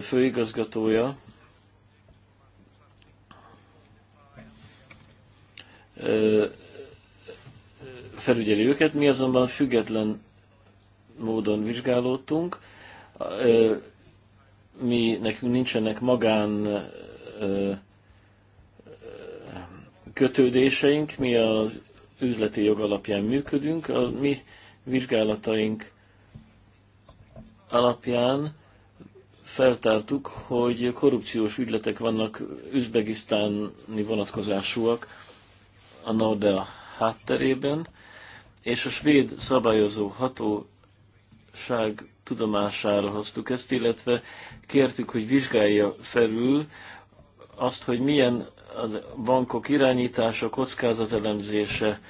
Speaker 1: főigazgatója felügyeli őket, mi azonban független módon vizsgálódtunk. Mi, nekünk nincsenek magán kötődéseink, mi az üzleti jog alapján működünk. A mi vizsgálataink alapján feltártuk, hogy korrupciós ügyletek vannak üzbegisztáni vonatkozásúak a Nordea hátterében, és a svéd szabályozó hatóság tudomására hoztuk ezt, illetve kértük, hogy vizsgálja felül azt, hogy milyen a bankok irányítása, kockázatelemzése,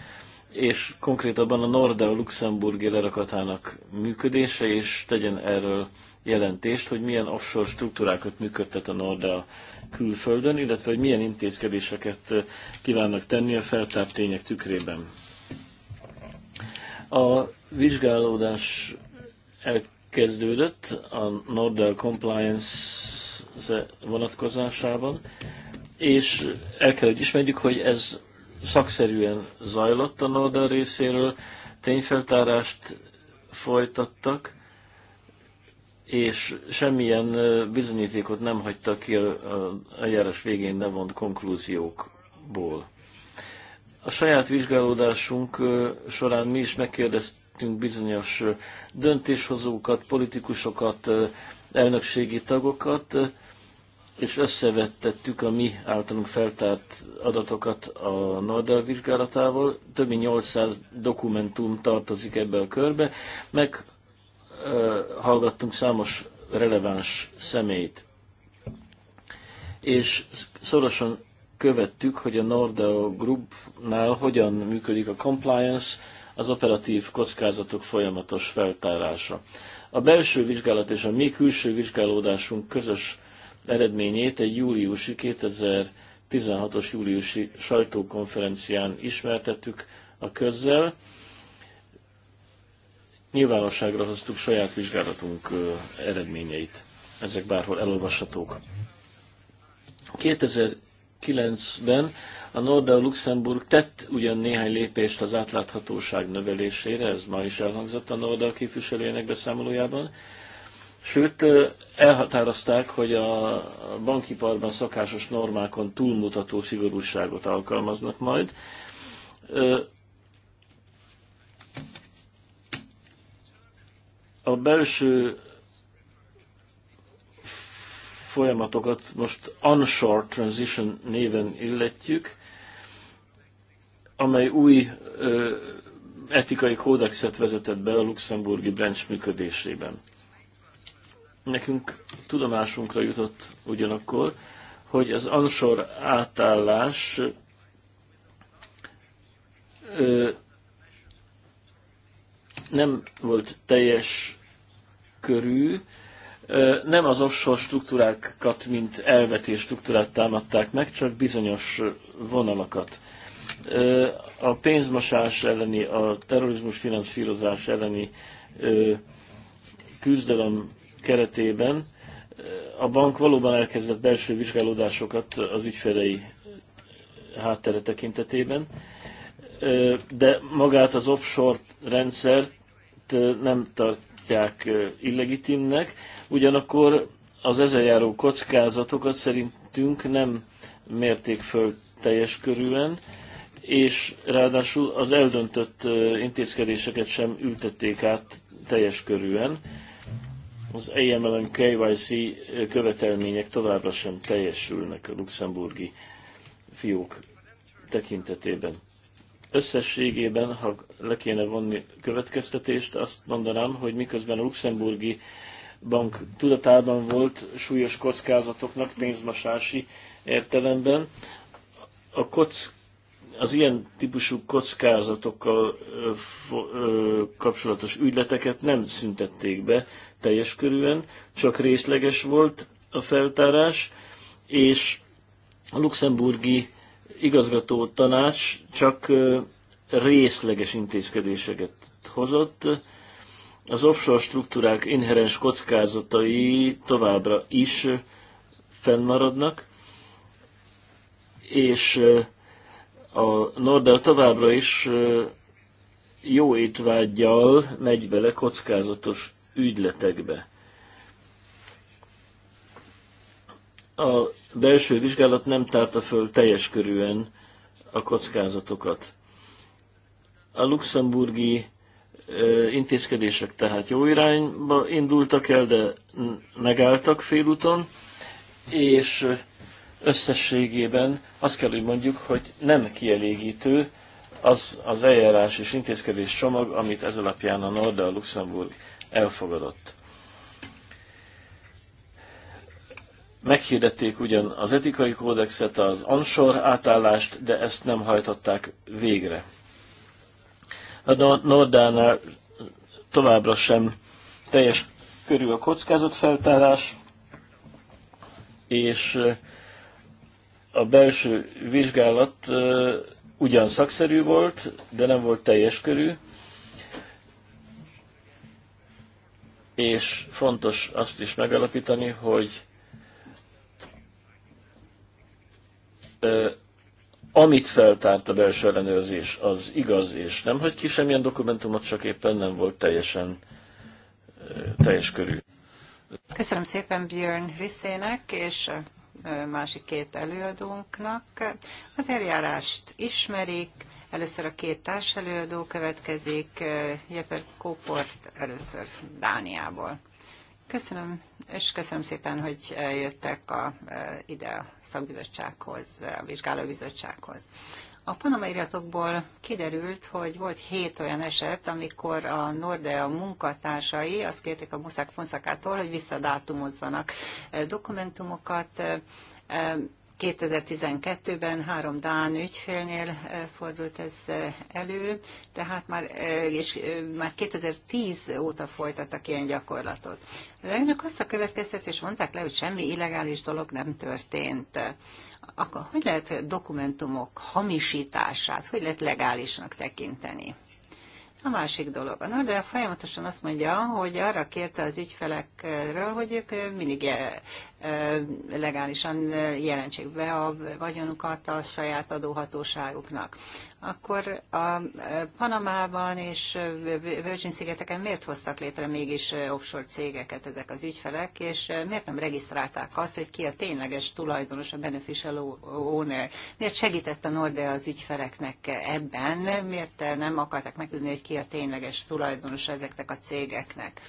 Speaker 1: és konkrétabban a Nordea luxemburgi lerakatának működése, és tegyen erről jelentést, hogy milyen offshore struktúrákat működtet a Nordea külföldön, illetve hogy milyen intézkedéseket kívánnak tenni a feltárt tények tükrében. A vizsgálódás elkezdődött a Nordea Compliance vonatkozásában, és el kell, hogy ismerjük, hogy ez szakszerűen zajlott a NODA részéről, tényfeltárást folytattak, és semmilyen bizonyítékot nem hagytak ki a eljárás végén levont konklúziókból. A saját vizsgálódásunk során mi is megkérdeztünk bizonyos döntéshozókat, politikusokat, elnökségi tagokat, és összevettettük a mi általunk feltárt adatokat a Nordel vizsgálatával. Több mint 800 dokumentum tartozik ebbe a körbe, meg hallgattunk számos releváns személyt. És szorosan követtük, hogy a Nordel Groupnál hogyan működik a compliance, az operatív kockázatok folyamatos feltárása. A belső vizsgálat és a mi külső vizsgálódásunk közös eredményét egy júliusi 2016-os júliusi sajtókonferencián ismertettük a közzel. Nyilvánosságra hoztuk saját vizsgálatunk eredményeit. Ezek bárhol elolvashatók. 2009-ben a Norda Luxemburg tett ugyan néhány lépést az átláthatóság növelésére, ez ma is elhangzott a Norda képviselőjének beszámolójában, Sőt, elhatározták, hogy a bankiparban szokásos normákon túlmutató szigorúságot alkalmaznak majd. A belső folyamatokat most onshore transition néven illetjük, amely új etikai kódexet vezetett be a luxemburgi branch működésében. Nekünk tudomásunkra jutott ugyanakkor, hogy az ansor átállás ö, nem volt teljes körű, ö, nem az offshore struktúrákat, mint elvetés struktúrát támadták meg, csak bizonyos vonalakat. Ö, a pénzmosás elleni, a terrorizmus finanszírozás elleni ö, küzdelem keretében a bank valóban elkezdett belső vizsgálódásokat az ügyfelei háttere tekintetében, de magát az offshore rendszert nem tartják illegitimnek, ugyanakkor az ezzel járó kockázatokat szerintünk nem mérték föl teljes körülön, és ráadásul az eldöntött intézkedéseket sem ültették át teljes körülön. Az AML KYC eh, követelmények továbbra sem teljesülnek a luxemburgi fiók tekintetében. Összességében, ha le kéne vonni következtetést, azt mondanám, hogy miközben a luxemburgi bank tudatában volt súlyos kockázatoknak pénzmasási értelemben, a kock, az ilyen típusú kockázatokkal eh, eh, kapcsolatos ügyleteket nem szüntették be teljes körűen, csak részleges volt a feltárás, és a luxemburgi igazgató tanács csak részleges intézkedéseket hozott. Az offshore struktúrák inherens kockázatai továbbra is fennmaradnak, és a Nordel továbbra is jó étvágyjal megy bele kockázatos ügyletekbe. A belső vizsgálat nem tárta föl teljes körűen a kockázatokat. A luxemburgi intézkedések tehát jó irányba indultak el, de megálltak félúton, és összességében azt kell, hogy mondjuk, hogy nem kielégítő az, az eljárás és intézkedés csomag, amit ez alapján a Norda a Luxemburg elfogadott. Meghirdették ugyan az etikai kódexet, az ansor átállást, de ezt nem hajtották végre. A Nordánál továbbra sem teljes körül a kockázatfeltárás, és eh, a belső vizsgálat eh, ugyan szakszerű volt, de nem volt teljes körű, és fontos azt is megalapítani, hogy ö, amit feltárt a belső ellenőrzés, az igaz, és nem hagy ki semmilyen dokumentumot, csak éppen nem volt teljesen ö, teljes körű.
Speaker 2: Köszönöm szépen Björn Riszének, és másik két előadónknak. Az eljárást ismerik, Először a két társelőadó következik, eh, Jeper Kóport először Dániából. Köszönöm, és köszönöm szépen, hogy jöttek a, eh, ide a szakbizottsághoz, a vizsgálóbizottsághoz. A panamai iratokból kiderült, hogy volt hét olyan eset, amikor a Nordea munkatársai azt kérték a Muszák Fonszakától, hogy visszadátumozzanak eh, dokumentumokat, 2012-ben három Dán ügyfélnél eh, fordult ez eh, elő, tehát már, eh, és már 2010 óta folytattak ilyen gyakorlatot. De önök azt a és mondták le, hogy semmi illegális dolog nem történt. Akkor hogy lehet hogy dokumentumok hamisítását, hogy lehet legálisnak tekinteni? A másik dolog. Na, de folyamatosan azt mondja, hogy arra kérte az ügyfelekről, hogy ők mindig legálisan jelentsék be a vagyonukat a saját adóhatóságuknak. Akkor a Panamában és Virgin szigeteken miért hoztak létre mégis offshore cégeket ezek az ügyfelek, és miért nem regisztrálták azt, hogy ki a tényleges tulajdonos, a beneficial owner? Miért segített a Nordea az ügyfeleknek ebben? Miért nem akarták megtudni, hogy ki a tényleges tulajdonos ezeknek a cégeknek?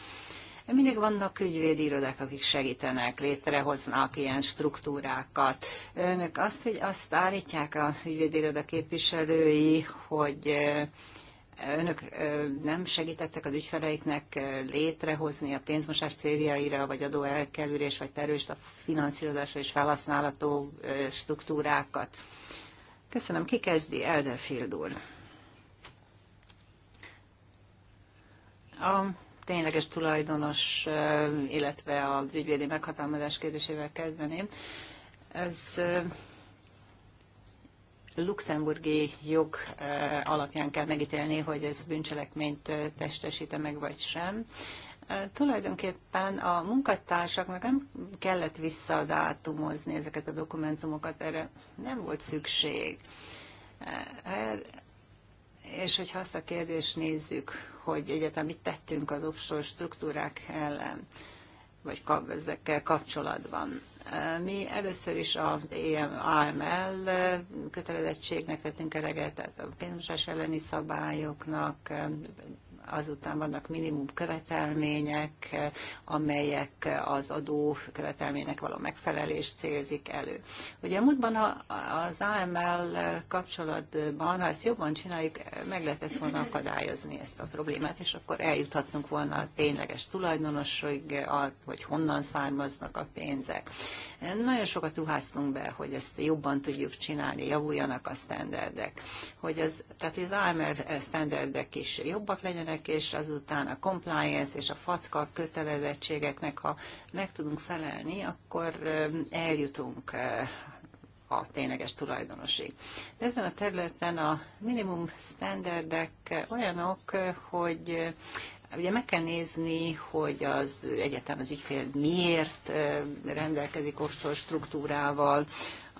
Speaker 2: Mindig vannak ügyvédi irodák, akik segítenek, létrehoznak ilyen struktúrákat. Önök azt, hogy azt állítják a ügyvédi iroda képviselői, hogy önök nem segítettek az ügyfeleiknek létrehozni a pénzmosás céljaira, vagy elkerülés, vagy a finanszírozásra és felhasználható struktúrákat? Köszönöm. Ki kezdi? Elderfield úr. A tényleges tulajdonos, eh, illetve a ügyvédi meghatalmazás kérdésével kezdeném. Ez eh, luxemburgi jog eh, alapján kell megítélni, hogy ez bűncselekményt testesíte meg vagy sem. Tulajdonképpen a munkatársaknak nem kellett visszadátumozni ezeket a dokumentumokat, erre nem volt szükség. Er, és hogyha azt a kérdést nézzük, hogy egyáltalán mit tettünk az offshore struktúrák ellen, vagy ezekkel kapcsolatban. Mi először is az AML kötelezettségnek tettünk eleget, tehát a pénzmosás elleni szabályoknak, azután vannak minimum követelmények, amelyek az adó követelménynek való megfelelést célzik elő. Ugye a múltban az AML kapcsolatban, ha ezt jobban csináljuk, meg lehetett volna akadályozni ezt a problémát, és akkor eljuthatnunk volna a tényleges tulajdonosig, hogy honnan származnak a pénzek. Nagyon sokat ruháztunk be, hogy ezt jobban tudjuk csinálni, javuljanak a sztenderdek. Hogy az, tehát az AML sztenderdek is jobbak legyenek, ügyeknek, és azután a compliance és a fatka kötelezettségeknek, ha meg tudunk felelni, akkor eljutunk a tényleges tulajdonosig. De ezen a területen a minimum standardek olyanok, hogy Ugye meg kell nézni, hogy az egyetem az ügyfél miért rendelkezik offshore struktúrával,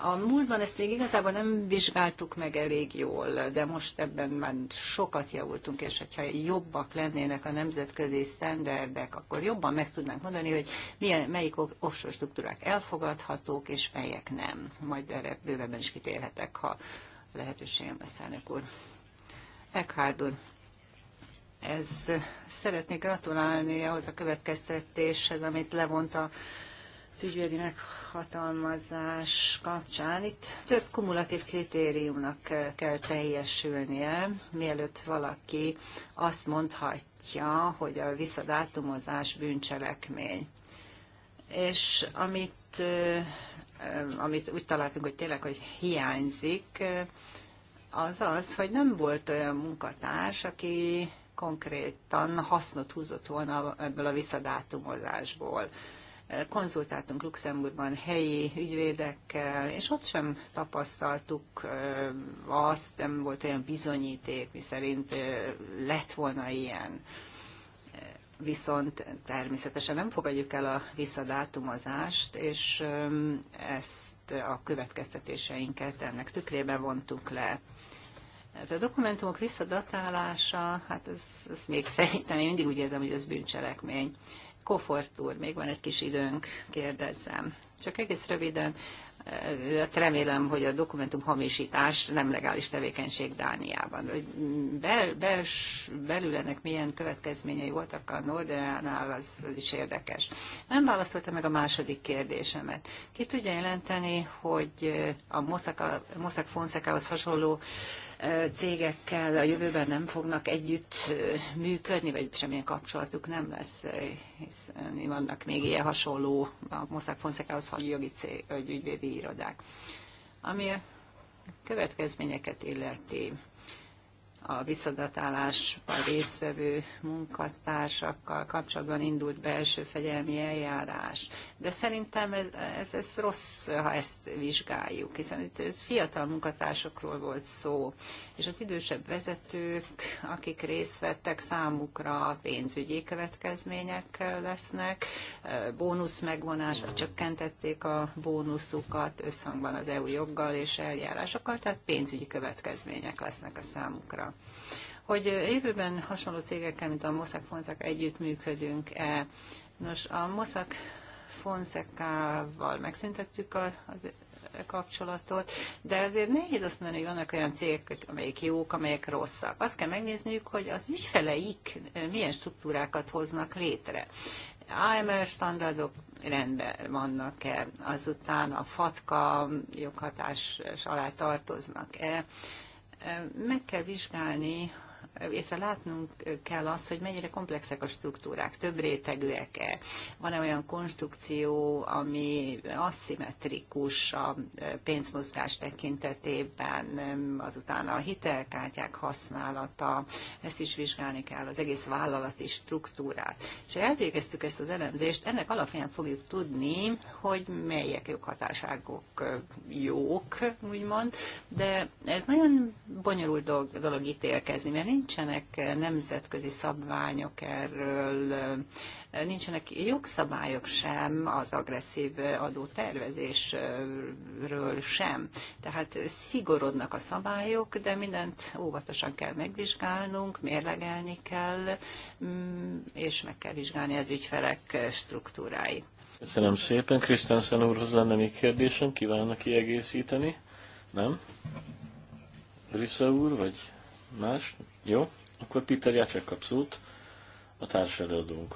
Speaker 2: a múltban ezt még igazából nem vizsgáltuk meg elég jól, de most ebben már sokat javultunk, és hogyha jobbak lennének a nemzetközi sztenderdek, akkor jobban meg tudnánk mondani, hogy milyen, melyik offshore struktúrák elfogadhatók, és melyek nem. Majd erre bővebben is kitérhetek, ha lehetőségem lesz, elnök úr. Eckhard úr, ez, szeretnék gratulálni ahhoz a következtetéshez, amit levont a az ügyvédi meghatalmazás kapcsán itt több kumulatív kritériumnak kell teljesülnie, mielőtt valaki azt mondhatja, hogy a visszadátumozás bűncselekmény. És amit, amit úgy találtunk, hogy tényleg, hogy hiányzik, az az, hogy nem volt olyan munkatárs, aki konkrétan hasznot húzott volna ebből a visszadátumozásból konzultáltunk Luxemburgban helyi ügyvédekkel, és ott sem tapasztaltuk azt, nem volt olyan bizonyíték, miszerint lett volna ilyen viszont természetesen nem fogadjuk el a visszadátumozást, és ezt a következtetéseinket ennek tükrébe vontuk le. Hát a dokumentumok visszadatálása, hát ez, ez még szerintem én mindig úgy érzem, hogy ez bűncselekmény. Kofort úr, még van egy kis időnk, kérdezzem. Csak egész röviden, hát remélem, hogy a dokumentum hamisítás nem legális tevékenység Dániában. Hogy bel, bels, ennek milyen következményei voltak a Nordeánál, az, az is érdekes. Nem válaszolta meg a második kérdésemet. Ki tudja jelenteni, hogy a Mossack, Mossack Fonsecahoz hasonló cégekkel a jövőben nem fognak együtt működni, vagy semmilyen kapcsolatuk nem lesz, hiszen vannak még ilyen hasonló a Mossack hogy jogi cég, vagy ügyvédi irodák. Ami a következményeket illeti, a visszadatálásban résztvevő munkatársakkal kapcsolatban indult belső fegyelmi eljárás. De szerintem ez, ez, ez rossz, ha ezt vizsgáljuk, hiszen itt ez fiatal munkatársakról volt szó, és az idősebb vezetők, akik részt vettek, számukra pénzügyi következmények lesznek, bónusz megvonás, vagy csökkentették a bónuszukat összhangban az EU joggal és eljárásokkal, tehát pénzügyi következmények lesznek a számukra hogy jövőben hasonló cégekkel, mint a Mossack együtt együttműködünk-e. Nos, a Mossack Fonseca-val megszüntettük a, kapcsolatot, de azért nehéz azt mondani, hogy vannak olyan cégek, amelyek jók, amelyek rosszak. Azt kell megnézniük, hogy az ügyfeleik milyen struktúrákat hoznak létre. AML standardok rendben vannak-e, azután a FATKA joghatás alá tartoznak-e. Meg kell vizsgálni illetve látnunk kell azt, hogy mennyire komplexek a struktúrák, több rétegűek-e, van-e olyan konstrukció, ami aszimmetrikus a pénzmozgás tekintetében, azután a hitelkártyák használata, ezt is vizsgálni kell, az egész vállalati struktúrát. És elvégeztük ezt az elemzést, ennek alapján fogjuk tudni, hogy melyek hatáságok jók, úgymond, de ez nagyon bonyolult dolog, dolog ítélkezni, mert nincs nincsenek nemzetközi szabványok erről, nincsenek jogszabályok sem az agresszív adótervezésről sem. Tehát szigorodnak a szabályok, de mindent óvatosan kell megvizsgálnunk, mérlegelni kell, mm, és meg kell vizsgálni az ügyfelek struktúráit.
Speaker 1: Köszönöm szépen. Krisztánszán úrhoz lenne még kérdésem, kívánna kiegészíteni? Nem? Brissa úr, vagy más? Jó, akkor Peter Jacek kap szót, a előadónk.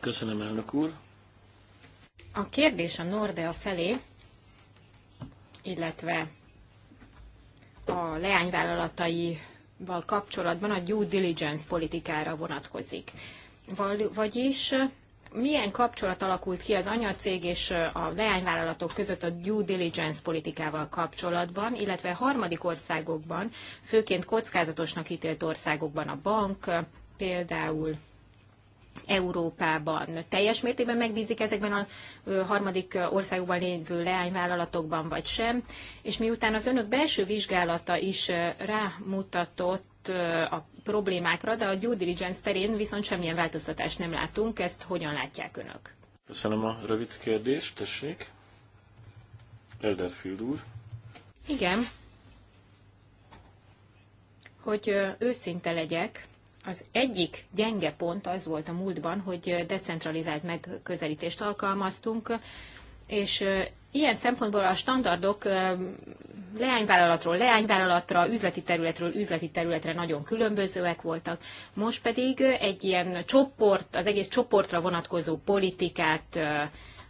Speaker 1: Köszönöm, elnök úr.
Speaker 3: A kérdés a Nordea felé, illetve a leányvállalataival kapcsolatban a due diligence politikára vonatkozik. Val vagyis milyen kapcsolat alakult ki az anyacég és a leányvállalatok között a due diligence politikával kapcsolatban, illetve harmadik országokban, főként kockázatosnak ítélt országokban a bank, például Európában teljes mértékben megbízik ezekben a harmadik országokban lévő leányvállalatokban, vagy sem. És miután az önök belső vizsgálata is rámutatott rámutott a problémákra, de a due diligence terén viszont semmilyen változtatást nem látunk. Ezt hogyan látják önök?
Speaker 1: Köszönöm a rövid kérdést, tessék. Elderfield úr.
Speaker 3: Igen. Hogy őszinte legyek, az egyik gyenge pont az volt a múltban, hogy decentralizált megközelítést alkalmaztunk, és ilyen szempontból a standardok leányvállalatról leányvállalatra, üzleti területről üzleti területre nagyon különbözőek voltak. Most pedig egy ilyen csoport, az egész csoportra vonatkozó politikát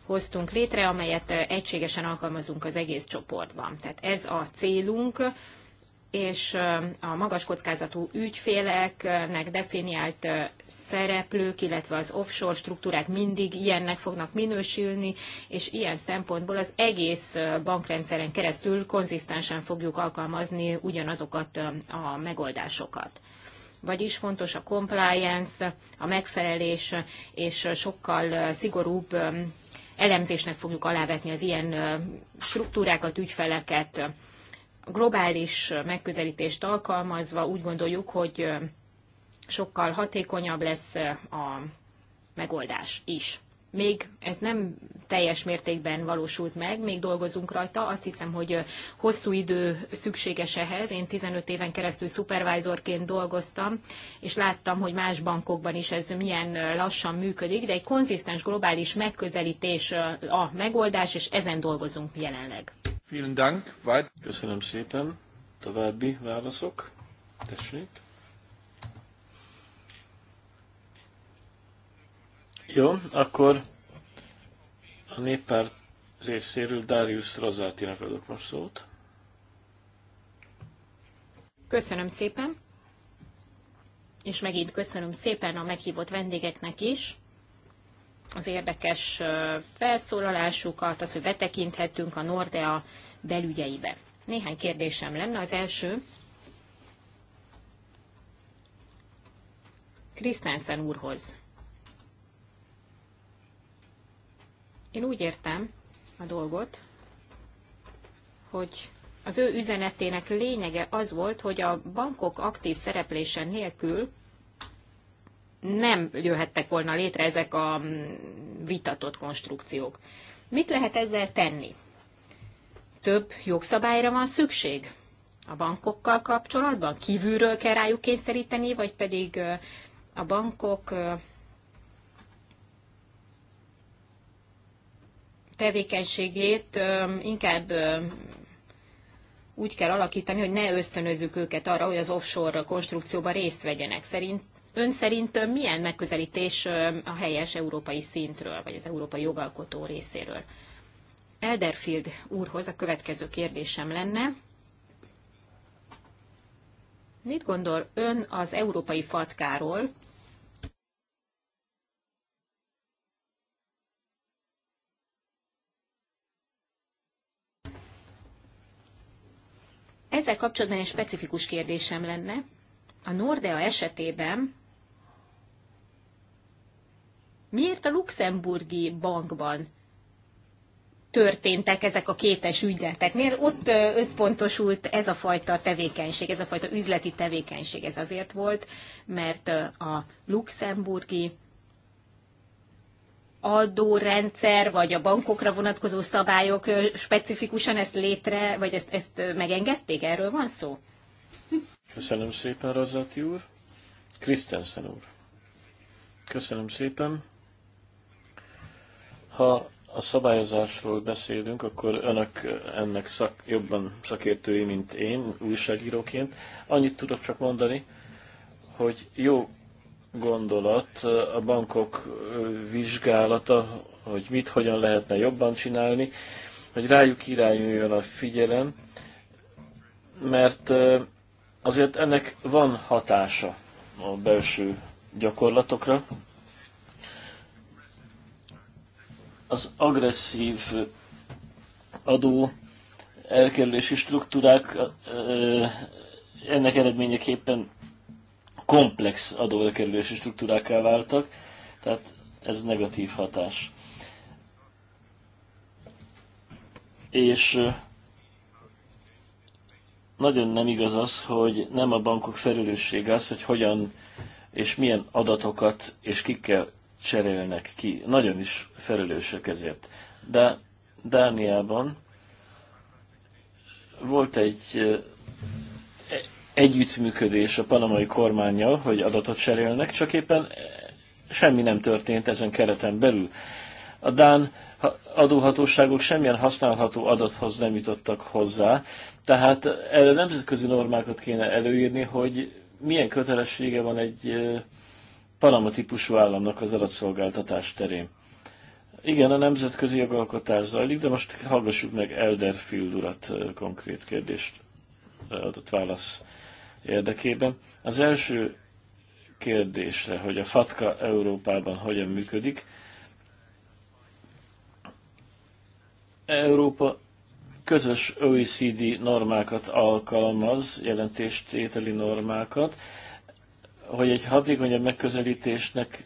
Speaker 3: hoztunk létre, amelyet egységesen alkalmazunk az egész csoportban. Tehát ez a célunk, és a magas kockázatú ügyféleknek definiált szereplők, illetve az offshore struktúrák mindig ilyennek fognak minősülni, és ilyen szempontból az egész bankrendszeren keresztül konzisztensen fogjuk alkalmazni ugyanazokat a megoldásokat. Vagyis fontos a compliance, a megfelelés, és sokkal szigorúbb elemzésnek fogjuk alávetni az ilyen struktúrákat, ügyfeleket, globális megközelítést alkalmazva úgy gondoljuk, hogy sokkal hatékonyabb lesz a megoldás is. Még ez nem teljes mértékben valósult meg, még dolgozunk rajta. Azt hiszem, hogy hosszú idő szükséges ehhez. Én 15 éven keresztül szupervájzorként dolgoztam, és láttam, hogy más bankokban is ez milyen lassan működik, de egy konzisztens globális megközelítés a megoldás, és ezen dolgozunk jelenleg.
Speaker 1: Vielen Dank. Köszönöm szépen. További válaszok. Tessék. Jó, akkor a néppárt részéről Darius Rozátinak adok most szót.
Speaker 3: Köszönöm szépen, és megint köszönöm szépen a meghívott vendégeknek is az érdekes felszólalásukat, az, hogy betekinthetünk a Nordea belügyeibe. Néhány kérdésem lenne. Az első, Krisztánszen úrhoz. Én úgy értem a dolgot, hogy az ő üzenetének lényege az volt, hogy a bankok aktív szereplése nélkül nem jöhettek volna létre ezek a vitatott konstrukciók. Mit lehet ezzel tenni? Több jogszabályra van szükség a bankokkal kapcsolatban? Kívülről kell rájuk kényszeríteni, vagy pedig a bankok tevékenységét inkább úgy kell alakítani, hogy ne ösztönözzük őket arra, hogy az offshore konstrukcióban részt vegyenek. Szerint Ön szerint milyen megközelítés a helyes európai szintről, vagy az európai jogalkotó részéről? Elderfield úrhoz a következő kérdésem lenne. Mit gondol ön az európai fatkáról? Ezzel kapcsolatban egy specifikus kérdésem lenne. A Nordea esetében Miért a luxemburgi bankban történtek ezek a kétes ügyletek? Miért ott összpontosult ez a fajta tevékenység, ez a fajta üzleti tevékenység? Ez azért volt, mert a luxemburgi adórendszer, vagy a bankokra vonatkozó szabályok specifikusan ezt létre, vagy ezt, ezt megengedték? Erről van szó?
Speaker 1: Köszönöm szépen, Razati úr. Krisztensen úr. Köszönöm szépen. Ha a szabályozásról beszélünk, akkor önök ennek szak, jobban szakértői, mint én, újságíróként. Annyit tudok csak mondani, hogy jó gondolat a bankok vizsgálata, hogy mit, hogyan lehetne jobban csinálni, hogy rájuk irányuljon a figyelem, mert azért ennek van hatása a belső gyakorlatokra, az agresszív adó elkerülési struktúrák ennek eredményeképpen komplex adóelkerülési struktúrákká váltak, tehát ez negatív hatás. És nagyon nem igaz az, hogy nem a bankok felelőssége az, hogy hogyan és milyen adatokat és kikkel cserélnek ki. Nagyon is felelősök ezért. De Dániában volt egy eh, együttműködés a panamai kormányjal, hogy adatot cserélnek, csak éppen eh, semmi nem történt ezen kereten belül. A Dán adóhatóságok semmilyen használható adathoz nem jutottak hozzá, tehát erre nemzetközi normákat kéne előírni, hogy milyen kötelessége van egy eh, Panama típusú államnak az adatszolgáltatás terén. Igen, a nemzetközi jogalkotás zajlik, de most hallgassuk meg Elderfield urat konkrét kérdést adott válasz érdekében. Az első kérdésre, hogy a FATKA Európában hogyan működik, Európa közös OECD normákat alkalmaz, jelentéstételi normákat, hogy egy hatékonyabb megközelítésnek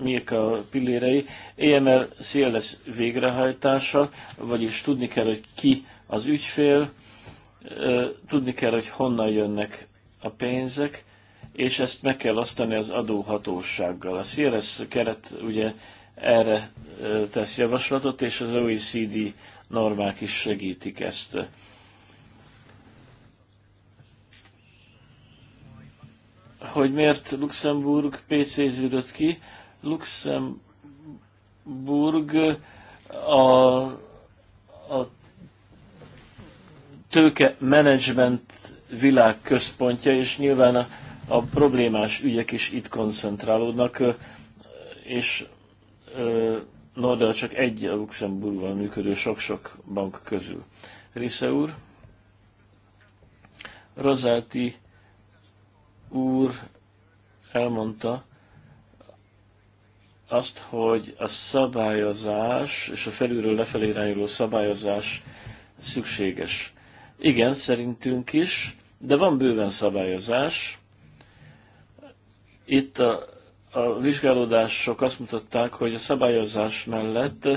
Speaker 1: mik a pillérei. EML CLS végrehajtása, vagyis tudni kell, hogy ki az ügyfél, tudni kell, hogy honnan jönnek a pénzek, és ezt meg kell osztani az adóhatósággal. A CLS keret ugye erre tesz javaslatot, és az OECD normák is segítik ezt. hogy miért Luxemburg PC-ződött ki. Luxemburg a, a tőke management világ központja, és nyilván a, a problémás ügyek is itt koncentrálódnak, és Nordal csak egy a Luxemburgban működő sok-sok bank közül. Risze úr, Rozáti úr elmondta azt, hogy a szabályozás és a felülről lefelé irányuló szabályozás szükséges. Igen, szerintünk is, de van bőven szabályozás. Itt a, a vizsgálódások azt mutatták, hogy a szabályozás mellett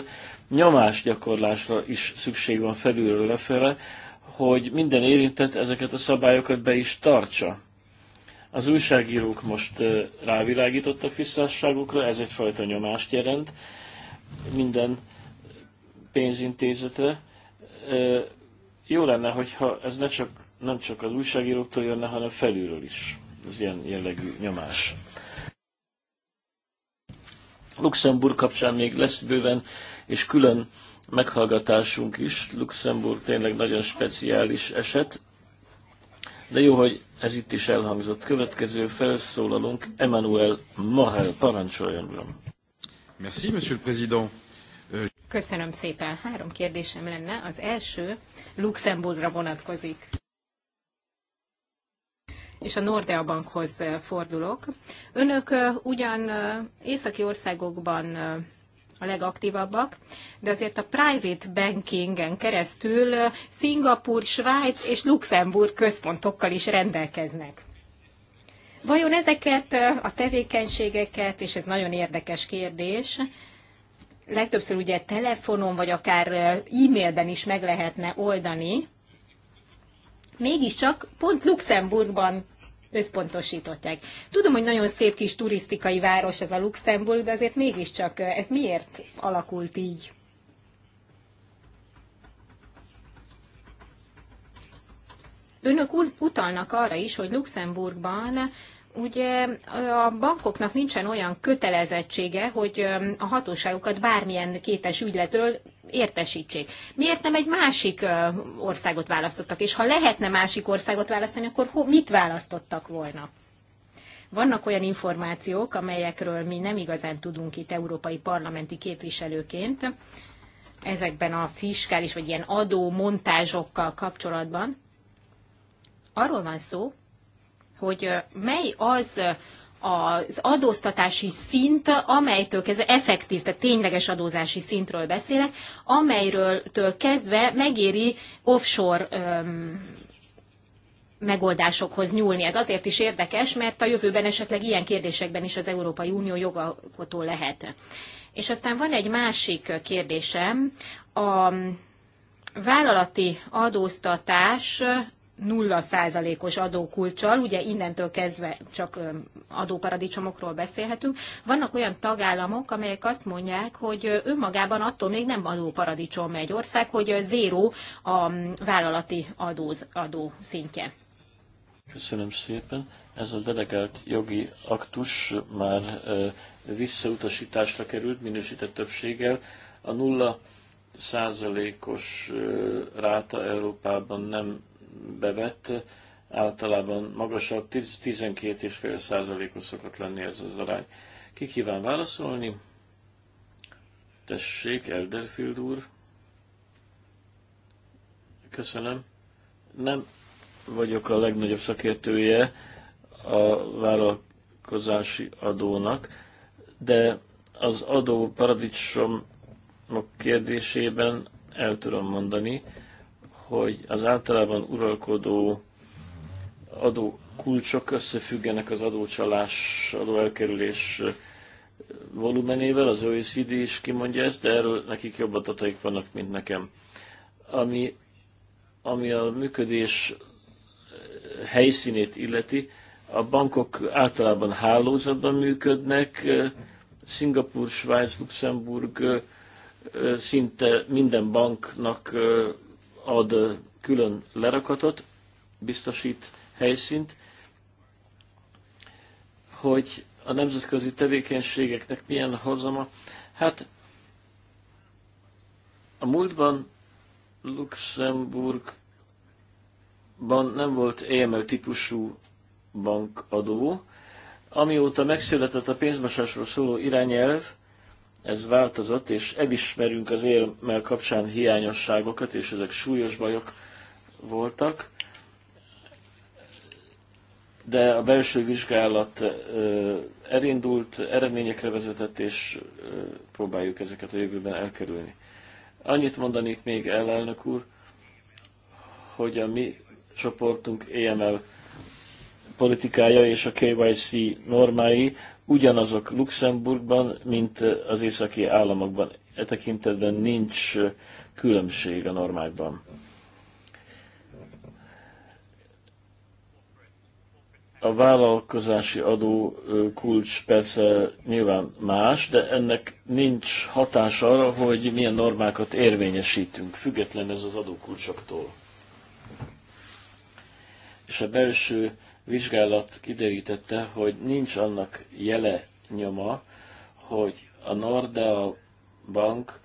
Speaker 1: nyomásgyakorlásra is szükség van felülről lefele, hogy minden érintett ezeket a szabályokat be is tartsa. Az újságírók most rávilágítottak visszásságukra, ez egyfajta nyomást jelent minden pénzintézetre. Jó lenne, hogyha ez ne csak, nem csak az újságíróktól jönne, hanem felülről is. Ez ilyen jellegű nyomás. Luxemburg kapcsán még lesz bőven, és külön meghallgatásunk is. Luxemburg tényleg nagyon speciális eset, de jó, hogy ez itt is elhangzott. Következő felszólalunk Emmanuel Morel, parancsoljon Merci,
Speaker 3: monsieur le président. Euh, Köszönöm szépen. Három kérdésem lenne. Az első Luxemburgra vonatkozik. És a Nordea Bankhoz eh, fordulok. Önök eh, ugyan eh, északi országokban a legaktívabbak, de azért a private bankingen keresztül Szingapur, Svájc és Luxemburg központokkal is rendelkeznek. Vajon ezeket a tevékenységeket, és ez nagyon érdekes kérdés, legtöbbször ugye telefonon vagy akár e-mailben is meg lehetne oldani, mégiscsak pont Luxemburgban összpontosították. Tudom, hogy nagyon szép kis turisztikai város ez a Luxemburg, de azért mégiscsak eh, ez miért alakult így? Önök utalnak arra is, hogy Luxemburgban ugye a bankoknak nincsen olyan kötelezettsége, hogy a hatóságokat bármilyen kétes ügyletről értesítsék. Miért nem egy másik országot választottak? És ha lehetne másik országot választani, akkor mit választottak volna? Vannak olyan információk, amelyekről mi nem igazán tudunk itt európai parlamenti képviselőként, ezekben a fiskális vagy ilyen adó montázsokkal kapcsolatban. Arról van szó, hogy mely az az adóztatási szint, amelytől kezdve effektív, tehát tényleges adózási szintről beszélek, amelyről től kezdve megéri offshore öm, megoldásokhoz nyúlni. Ez azért is érdekes, mert a jövőben esetleg ilyen kérdésekben is az Európai Unió jogalkotó lehet. És aztán van egy másik kérdésem. A vállalati adóztatás nulla százalékos adókulcsal, ugye innentől kezdve csak adóparadicsomokról beszélhetünk. Vannak olyan tagállamok, amelyek azt mondják, hogy önmagában attól még nem adóparadicsom egy ország, hogy zéró a vállalati adóz, adó szintje.
Speaker 1: Köszönöm szépen. Ez a delegált jogi aktus már visszautasításra került minősített többséggel. A nulla százalékos ráta Európában nem bevett, általában magasabb, 12,5 százalékos szokott lenni ez az arány. Ki kíván válaszolni? Tessék, Elderfield úr. Köszönöm. Nem vagyok a legnagyobb szakértője a vállalkozási adónak, de az adó paradicsom kérdésében el tudom mondani, hogy az általában uralkodó adó kulcsok összefüggenek az adócsalás, adóelkerülés volumenével, az OECD is kimondja ezt, de erről nekik jobb adataik vannak, mint nekem. Ami, ami a működés helyszínét illeti, a bankok általában hálózatban működnek, Szingapur, Svájc, Luxemburg, szinte minden banknak ad külön lerakatot, biztosít helyszínt, hogy a nemzetközi tevékenységeknek milyen hozama. Hát a múltban Luxemburgban nem volt EML típusú bankadó. Amióta megszületett a pénzmosásról szóló irányelv, ez változott, és elismerünk az érmel kapcsán hiányosságokat, és ezek súlyos bajok voltak, de a belső vizsgálat elindult, eredményekre vezetett, és próbáljuk ezeket a jövőben elkerülni. Annyit mondanék még el, elnök úr, hogy a mi csoportunk EML politikája és a KYC normái ugyanazok Luxemburgban, mint az északi államokban. E tekintetben nincs különbség a normákban. A vállalkozási adó kulcs persze nyilván más, de ennek nincs hatása arra, hogy milyen normákat érvényesítünk, független ez az adókulcsoktól. És a belső vizsgálat kiderítette, hogy nincs annak jele nyoma, hogy a Nordea Bank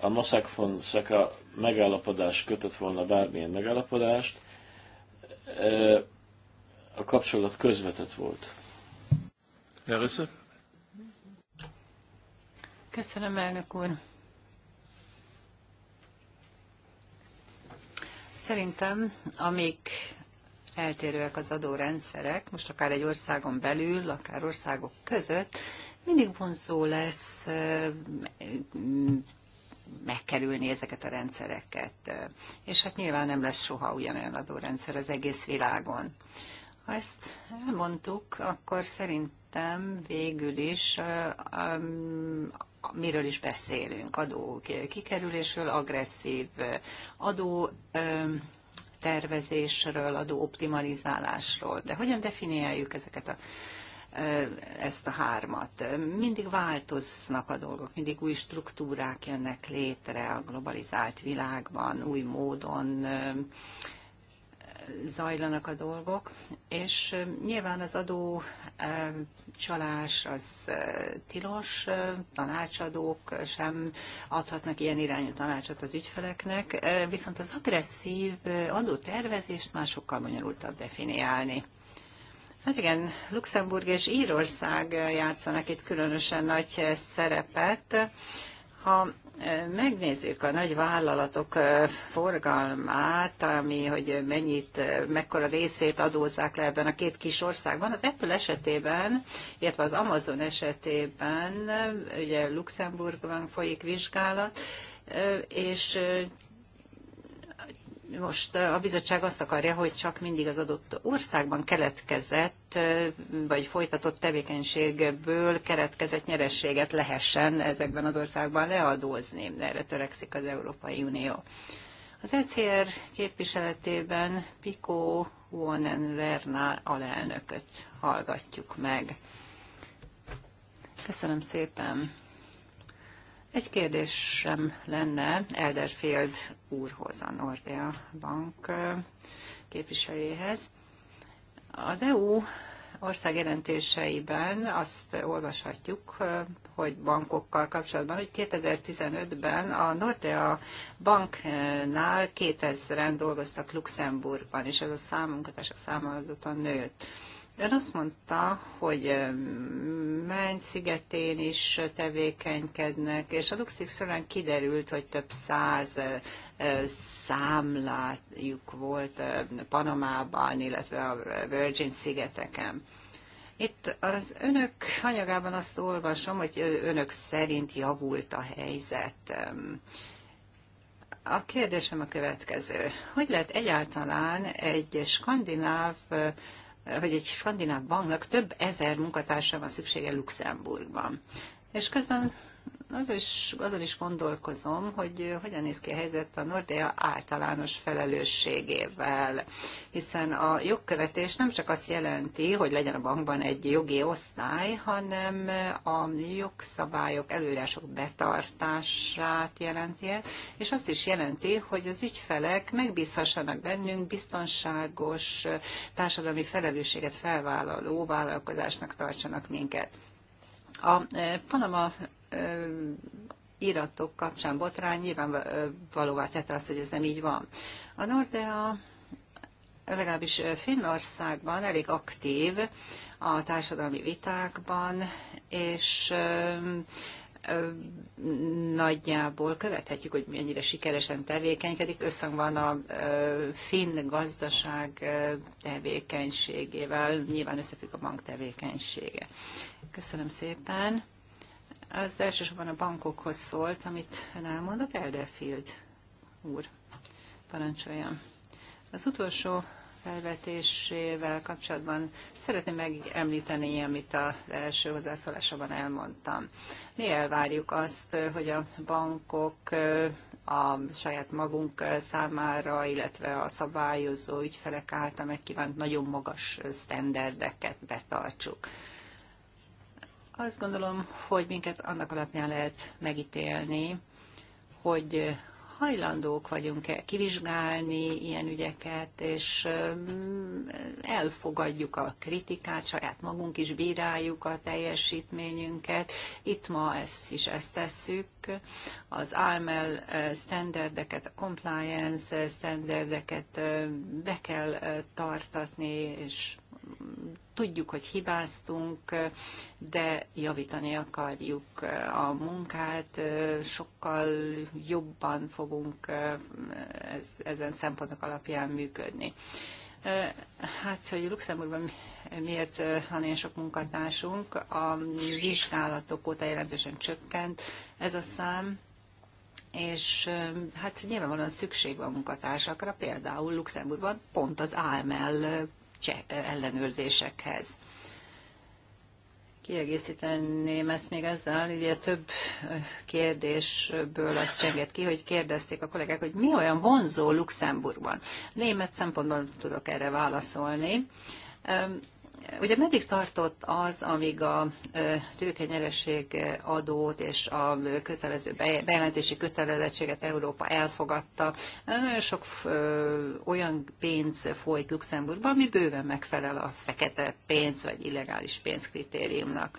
Speaker 1: a Mossack Fonseca megállapodás kötött volna bármilyen megállapodást, a kapcsolat közvetett volt. Először?
Speaker 2: Köszönöm, elnök úr. Szerintem, amik eltérőek az adórendszerek, most akár egy országon belül, akár országok között, mindig vonzó lesz megkerülni ezeket a rendszereket. És hát nyilván nem lesz soha ugyanolyan adórendszer az egész világon. Ha ezt elmondtuk, akkor szerintem végül is miről is beszélünk, adó kikerülésről, agresszív adó tervezésről, adóoptimalizálásról. De hogyan definiáljuk ezeket a ezt a hármat. Mindig változnak a dolgok, mindig új struktúrák jönnek létre a globalizált világban, új módon zajlanak a dolgok, és nyilván az adó csalás az tilos, tanácsadók sem adhatnak ilyen irányú tanácsot az ügyfeleknek, viszont az agresszív adótervezést már sokkal bonyolultabb definiálni. Hát igen, Luxemburg és Írország játszanak itt különösen nagy szerepet. Ha megnézzük a nagy vállalatok forgalmát, ami, hogy mennyit, mekkora részét adózzák le ebben a két kis országban, az Apple esetében, illetve az Amazon esetében, ugye Luxemburgban folyik vizsgálat, és most a bizottság azt akarja, hogy csak mindig az adott országban keletkezett, vagy folytatott tevékenységből keletkezett nyerességet lehessen ezekben az országban leadózni. Erre törekszik az Európai Unió. Az ECR képviseletében Pico Uonen Verna alelnököt hallgatjuk meg. Köszönöm szépen! Egy kérdésem lenne Elderfield úrhoz, a Nordea Bank képviselőjéhez. Az EU ország jelentéseiben azt olvashatjuk, hogy bankokkal kapcsolatban, hogy 2015-ben a Nordea banknál 2000-en dolgoztak Luxemburgban, és ez a számunkatás a számadaton nőtt. Ön azt mondta, hogy Menny szigetén is tevékenykednek, és a Luxik során kiderült, hogy több száz számlájuk volt Panamában, illetve a Virgin szigeteken. Itt az önök anyagában azt olvasom, hogy önök szerint javult a helyzet. A kérdésem a következő. Hogy lehet egyáltalán egy skandináv hogy egy skandináv banknak több ezer munkatársa van szüksége Luxemburgban. És közben az is, azon is gondolkozom, hogy hogyan néz ki a helyzet a Nordea általános felelősségével, hiszen a jogkövetés nem csak azt jelenti, hogy legyen a bankban egy jogi osztály, hanem a jogszabályok, előírások betartását jelenti ez, és azt is jelenti, hogy az ügyfelek megbízhassanak bennünk biztonságos társadalmi felelősséget felvállaló vállalkozásnak tartsanak minket. A eh, Panama iratok kapcsán botrány nyilvánvalóvá tette azt, hogy ez nem így van. A Nordea legalábbis Finnországban elég aktív a társadalmi vitákban, és nagyjából követhetjük, hogy mennyire sikeresen tevékenykedik, összhangban a finn gazdaság tevékenységével, nyilván összefügg a bank tevékenysége. Köszönöm szépen. Az elsősorban a bankokhoz szólt, amit ön elmondott, Elderfield úr. Parancsoljon. Az utolsó felvetésével kapcsolatban szeretném megemlíteni, amit az első hozzászólásában elmondtam. Mi elvárjuk azt, hogy a bankok a saját magunk számára, illetve a szabályozó ügyfelek által megkívánt nagyon magas sztenderdeket betartsuk. Azt gondolom, hogy minket annak alapján lehet megítélni, hogy hajlandók vagyunk-e kivizsgálni ilyen ügyeket, és elfogadjuk a kritikát, saját magunk is bíráljuk a teljesítményünket. Itt ma ezt is ezt tesszük. Az AML standardeket, a compliance standardeket be kell tartatni, és tudjuk, hogy hibáztunk, de javítani akarjuk a munkát, sokkal jobban fogunk eh, ezen szempontok alapján működni. Eh, hát, hogy Luxemburgban miért eh, van ilyen sok munkatársunk, a vizsgálatok óta jelentősen csökkent ez a szám, és hát nyilvánvalóan szükség van munkatársakra, például Luxemburgban pont az álmel ellenőrzésekhez. Kiegészíteném ezt még ezzel, ugye több kérdésből azt csengett ki, hogy kérdezték a kollégák, hogy mi olyan vonzó Luxemburgban. Német szempontból tudok erre válaszolni. Ugye meddig tartott az, amíg a tőkenyereség adót és a kötelező bejelentési kötelezettséget Európa elfogadta? Nagyon sok olyan pénz folyt Luxemburgban, ami bőven megfelel a fekete pénz vagy illegális pénz kritériumnak.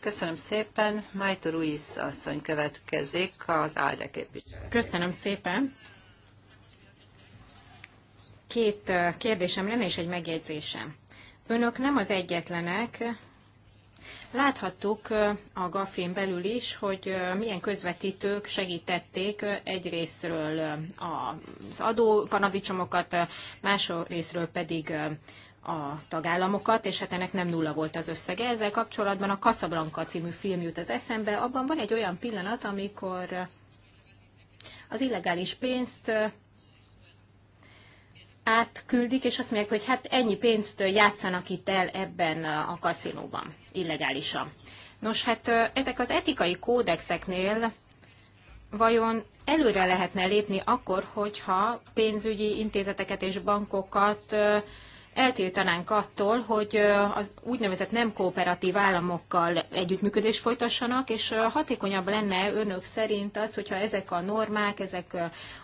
Speaker 2: Köszönöm szépen. Májtó Ruiz asszony
Speaker 3: következik az ALDE képviselő. Köszönöm szépen. Két kérdésem lenne és egy megjegyzésem. Önök nem az egyetlenek. Láthattuk a GAFIN belül is, hogy milyen közvetítők segítették egyrésztről az adóparadicsomokat, másrésztről pedig a tagállamokat, és hát ennek nem nulla volt az összege. Ezzel kapcsolatban a Casablanca című film jut az eszembe. Abban van egy olyan pillanat, amikor az illegális pénzt átküldik, és azt mondják, hogy hát ennyi pénzt játszanak itt el ebben a kaszinóban, illegálisan. Nos, hát ezek az etikai kódexeknél vajon előre lehetne lépni akkor, hogyha pénzügyi intézeteket és bankokat eltiltanánk attól, hogy az úgynevezett nem kooperatív államokkal együttműködés folytassanak, és hatékonyabb lenne önök szerint az, hogyha ezek a normák, ezek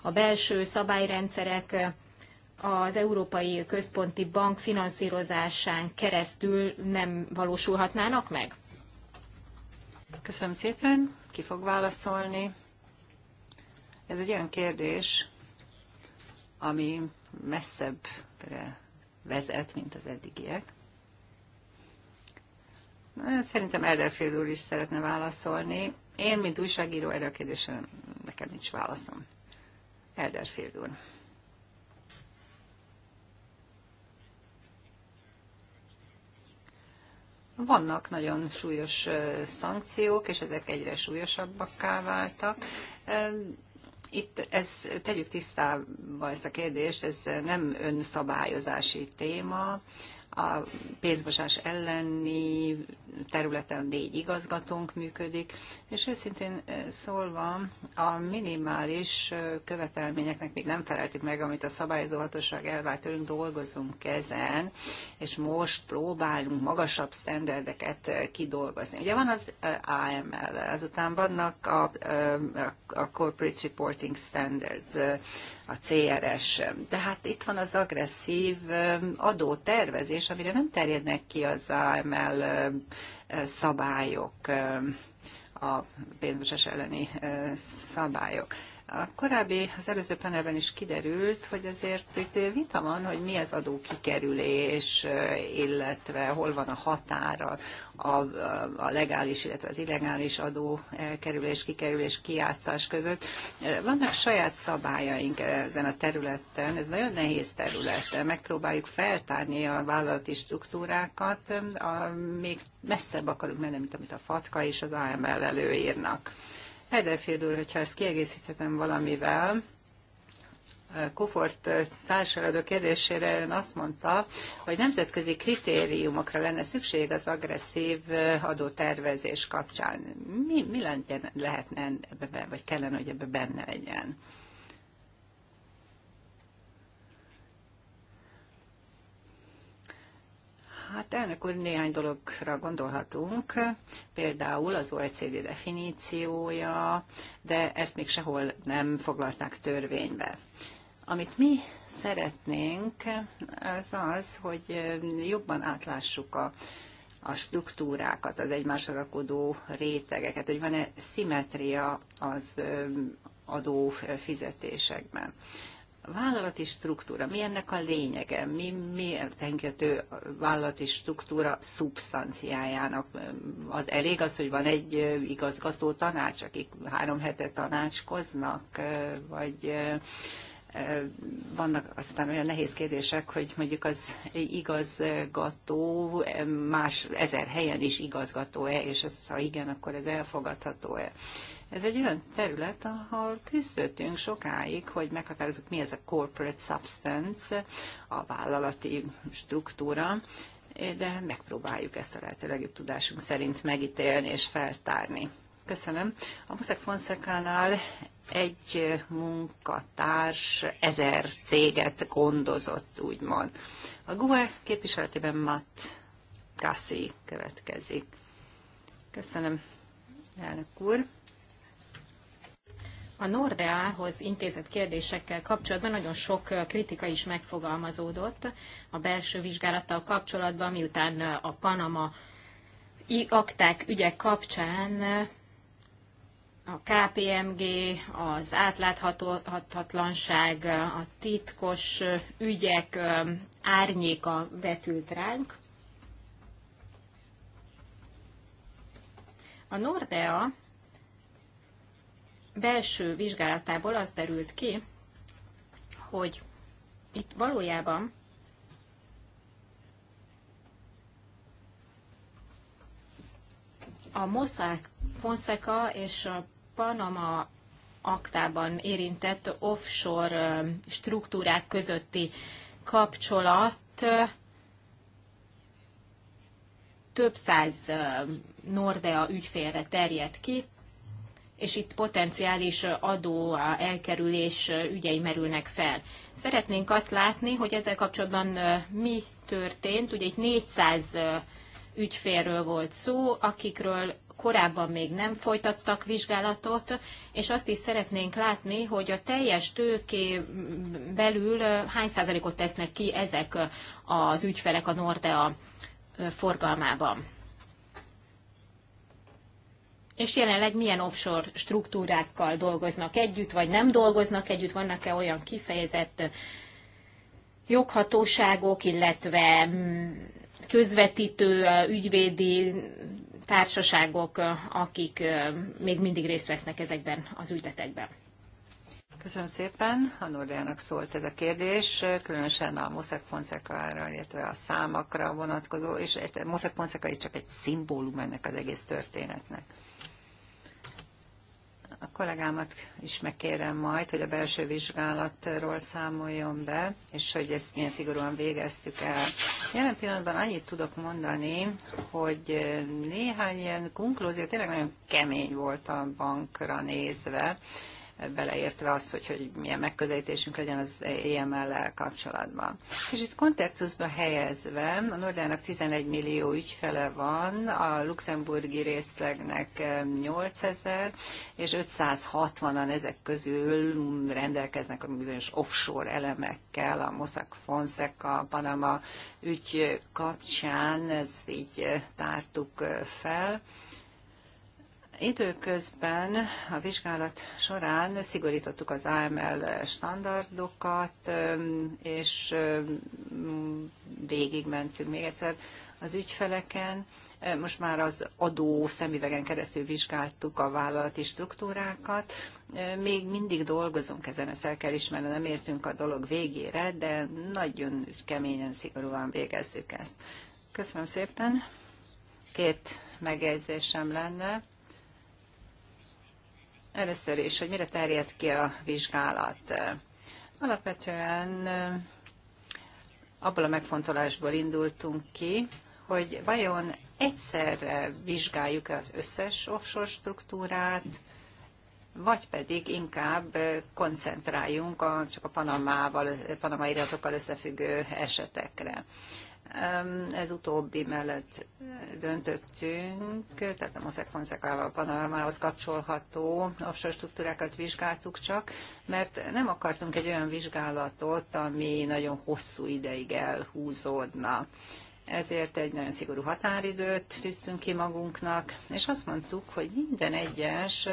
Speaker 3: a belső szabályrendszerek az Európai Központi Bank finanszírozásán keresztül nem valósulhatnának meg? Köszönöm szépen. Ki fog válaszolni?
Speaker 2: Ez egy olyan kérdés, ami messzebbre vezet, mint az eddigiek. Szerintem Erdelfield úr is szeretne válaszolni. Én, mint újságíró, erre a kérdésre nekem nincs válaszom. Erdelfield úr. vannak nagyon súlyos szankciók, és ezek egyre súlyosabbakká váltak. Itt ez, tegyük tisztába ezt a kérdést, ez nem önszabályozási téma, a pénzmosás elleni területen négy igazgatónk működik, és őszintén eh, szólva a minimális eh, követelményeknek még nem feleltük meg, amit a szabályozóhatóság elvált tőlünk, dolgozunk ezen, és most próbálunk magasabb sztenderdeket eh, kidolgozni. Ugye van az AML, azután vannak a, a Corporate Reporting Standards, a CRS. hát itt van az agresszív um, adótervezés, amire nem terjednek ki az AML um, szabályok, um, a pénzmosás elleni uh, szabályok. A korábbi, az előző panelben is kiderült, hogy azért itt vita van, hogy mi az adókikerülés, illetve hol van a határa a, a legális, illetve az illegális adó elkerülés, kikerülés, kiátszás között. Vannak saját szabályaink ezen a területen, ez nagyon nehéz terület. Megpróbáljuk feltárni a vállalati struktúrákat, a, még messzebb akarunk menni, mint amit a FATKA és az AML előírnak. Ederfield úr, hogyha ezt kiegészíthetem valamivel, Kofort társadalmi kérdésére ön azt mondta, hogy nemzetközi kritériumokra lenne szükség az agresszív adótervezés kapcsán. Mi, mi lehetne ebbe, vagy kellene, hogy ebbe benne legyen? Hát elnök úr, néhány dologra gondolhatunk, például az OECD definíciója, de ezt még sehol nem foglalták törvénybe. Amit mi szeretnénk, az az, hogy jobban átlássuk a a struktúrákat, az egymásra rakodó rétegeket, hogy van-e szimetria az adó fizetésekben vállalati struktúra, mi ennek a lényege, mi miért engedő a vállalati struktúra szubstanciájának? Az elég az, hogy van egy igazgató tanács, akik három hete tanácskoznak, vagy vannak aztán olyan nehéz kérdések, hogy mondjuk az igazgató más ezer helyen is igazgató-e, és az ha igen, akkor ez elfogadható-e. Ez egy olyan terület, ahol küzdöttünk sokáig, hogy meghatározunk, mi ez a corporate substance, a vállalati struktúra, de megpróbáljuk ezt a lehető legjobb tudásunk szerint megítélni és feltárni. Köszönöm. A Muszek Fonszekánál egy munkatárs ezer céget gondozott, úgymond. A GUE képviseletében Matt Kassi következik.
Speaker 3: Köszönöm, elnök úr. A Nordeához intézett kérdésekkel kapcsolatban nagyon sok kritika is megfogalmazódott a belső vizsgálattal kapcsolatban, miután a Panama akták ügyek kapcsán a KPMG, az átláthatatlanság, a titkos ügyek árnyéka vetült ránk. A Nordea belső vizsgálatából az derült ki, hogy itt valójában a Mossack Fonseca és a Panama aktában érintett offshore struktúrák közötti kapcsolat több száz Nordea ügyfélre terjed ki, és itt potenciális adó elkerülés ügyei merülnek fel. Szeretnénk azt látni, hogy ezzel kapcsolatban mi történt. Ugye itt 400 ügyférről volt szó, akikről korábban még nem folytattak vizsgálatot, és azt is szeretnénk látni, hogy a teljes tőké belül hány százalékot tesznek ki ezek az ügyfelek a Nordea forgalmában és jelenleg milyen offshore struktúrákkal dolgoznak együtt, vagy nem dolgoznak együtt, vannak-e olyan kifejezett joghatóságok, illetve mm, közvetítő ügyvédi társaságok, akik még mindig részt vesznek ezekben az ügyletekben.
Speaker 2: Köszönöm szépen. A Nordeának szólt ez a kérdés, különösen a Moszek Fonszekára, illetve a számakra vonatkozó, és Moszek Fonseca is csak egy szimbólum ennek az egész történetnek. A kollégámat is megkérem majd, hogy a belső vizsgálatról számoljon be, és hogy ezt milyen szigorúan végeztük el. Jelen pillanatban annyit tudok mondani, hogy néhány ilyen konklúzió tényleg nagyon kemény volt a bankra nézve, beleértve azt, hogy, hogy milyen megközelítésünk legyen az EML-lel kapcsolatban. És itt kontextusba helyezve, a Nordának 11 millió ügyfele van, a luxemburgi részlegnek 8000, és 560-an ezek közül rendelkeznek a bizonyos offshore elemekkel, a Mossack Fonseca, Panama ügy kapcsán, ezt így eh, tártuk eh, fel. Időközben a vizsgálat során szigorítottuk az AML standardokat, és végigmentünk még egyszer az ügyfeleken. Most már az adó szemüvegen keresztül vizsgáltuk a vállalati struktúrákat. Még mindig dolgozunk ezen, ezt el kell ismerni, nem értünk a dolog végére, de nagyon keményen, szigorúan végezzük ezt. Köszönöm szépen! két megjegyzésem lenne. Először is, hogy mire terjed ki a vizsgálat. Alapvetően abból a megfontolásból indultunk ki, hogy vajon egyszerre vizsgáljuk az összes offshore struktúrát, vagy pedig inkább koncentráljunk a, csak a Panamával, panamai iratokkal összefüggő esetekre. Ez utóbbi mellett eh, döntöttünk, tehát a Mossack Fonszekával, Panamához kapcsolható offshore struktúrákat vizsgáltuk csak, mert nem akartunk egy olyan vizsgálatot, ami nagyon hosszú ideig elhúzódna ezért egy nagyon szigorú határidőt tűztünk ki magunknak, és azt mondtuk, hogy minden egyes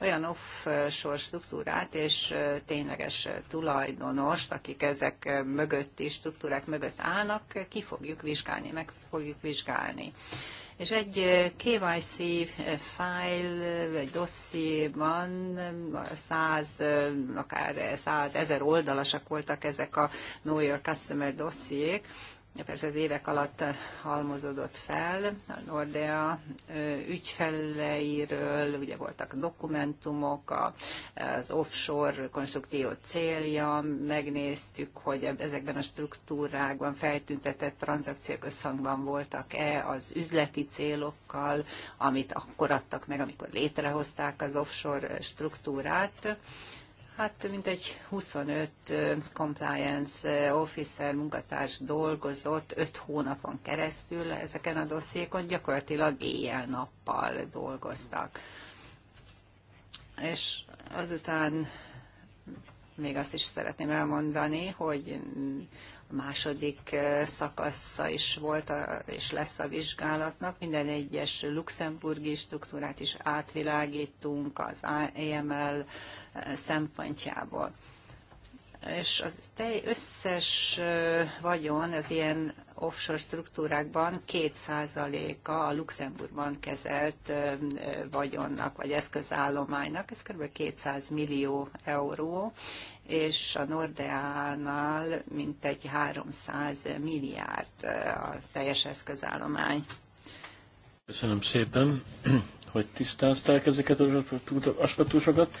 Speaker 2: olyan offshore struktúrát és tényleges tulajdonost, akik ezek mögötti struktúrák mögött állnak, ki fogjuk vizsgálni, meg fogjuk vizsgálni. És egy KYC file, vagy dossziéban száz, akár száz ezer oldalasak voltak ezek a Know Your Customer dossziék, persze az évek alatt halmozódott fel. A Nordea ügyfeleiről ugye voltak dokumentumok, az offshore konstrukció célja, megnéztük, hogy ezekben a struktúrákban feltüntetett tranzakciók összhangban voltak-e az üzleti célokkal, amit akkor adtak meg, amikor létrehozták az offshore struktúrát. Hát mintegy 25 compliance officer munkatárs dolgozott 5 hónapon keresztül ezeken a dossziékon, gyakorlatilag éjjel-nappal dolgoztak. És azután még azt is szeretném elmondani, hogy a második szakasza is volt a, és lesz a vizsgálatnak. Minden egyes luxemburgi struktúrát is átvilágítunk, az AML szempontjából. És az tej összes vagyon az ilyen offshore struktúrákban 2%-a a Luxemburgban kezelt vagyonnak, vagy eszközállománynak, ez kb. 200 millió euró, és a Nordeánál mintegy 300 milliárd a teljes eszközállomány.
Speaker 1: Köszönöm szépen, *clears throat* hogy tisztázták ezeket az aspektusokat.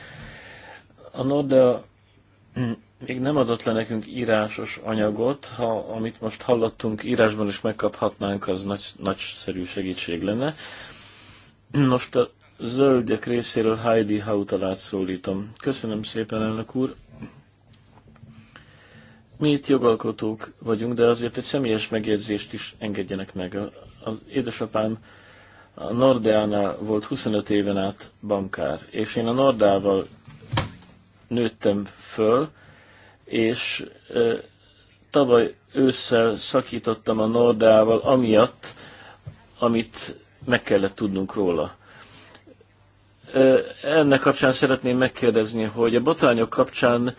Speaker 1: A Nordea még nem adott le nekünk írásos anyagot, ha amit most hallottunk írásban is megkaphatnánk, az nagy, nagyszerű segítség lenne. Most a zöldek részéről Heidi Hautalát szólítom. Köszönöm szépen, elnök úr. Mi itt jogalkotók vagyunk, de azért egy személyes megjegyzést is engedjenek meg. Az édesapám a Nordeánál volt 25 éven át bankár, és én a Nordával nőttem föl, és tavaly ősszel szakítottam a Nordával, amiatt, amit meg kellett tudnunk róla. Ennek kapcsán szeretném megkérdezni, hogy a botrányok kapcsán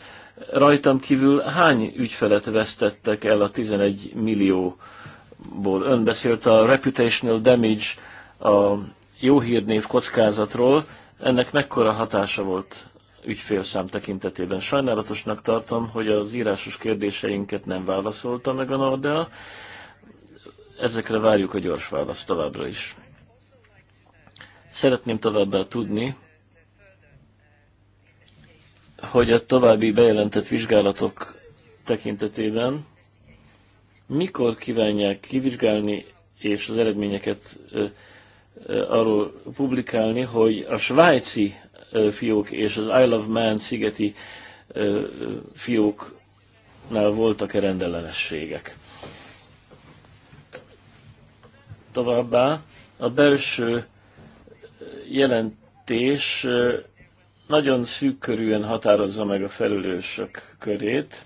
Speaker 1: rajtam kívül hány ügyfelet vesztettek el a 11 millióból? Ön beszélt a reputational damage, a jó hírnév kockázatról. Ennek mekkora hatása volt ügyfélszám tekintetében. Sajnálatosnak tartom, hogy az írásos kérdéseinket nem válaszolta meg a Nordea. Ezekre várjuk a gyors választ továbbra is. Szeretném továbbá tudni, hogy a további bejelentett vizsgálatok tekintetében mikor kívánják kivizsgálni és az eredményeket arról publikálni, hogy a svájci fiók és az Isle of Man szigeti fióknál voltak-e rendellenességek. Továbbá a belső jelentés nagyon szűkkörűen határozza meg a felülősök körét.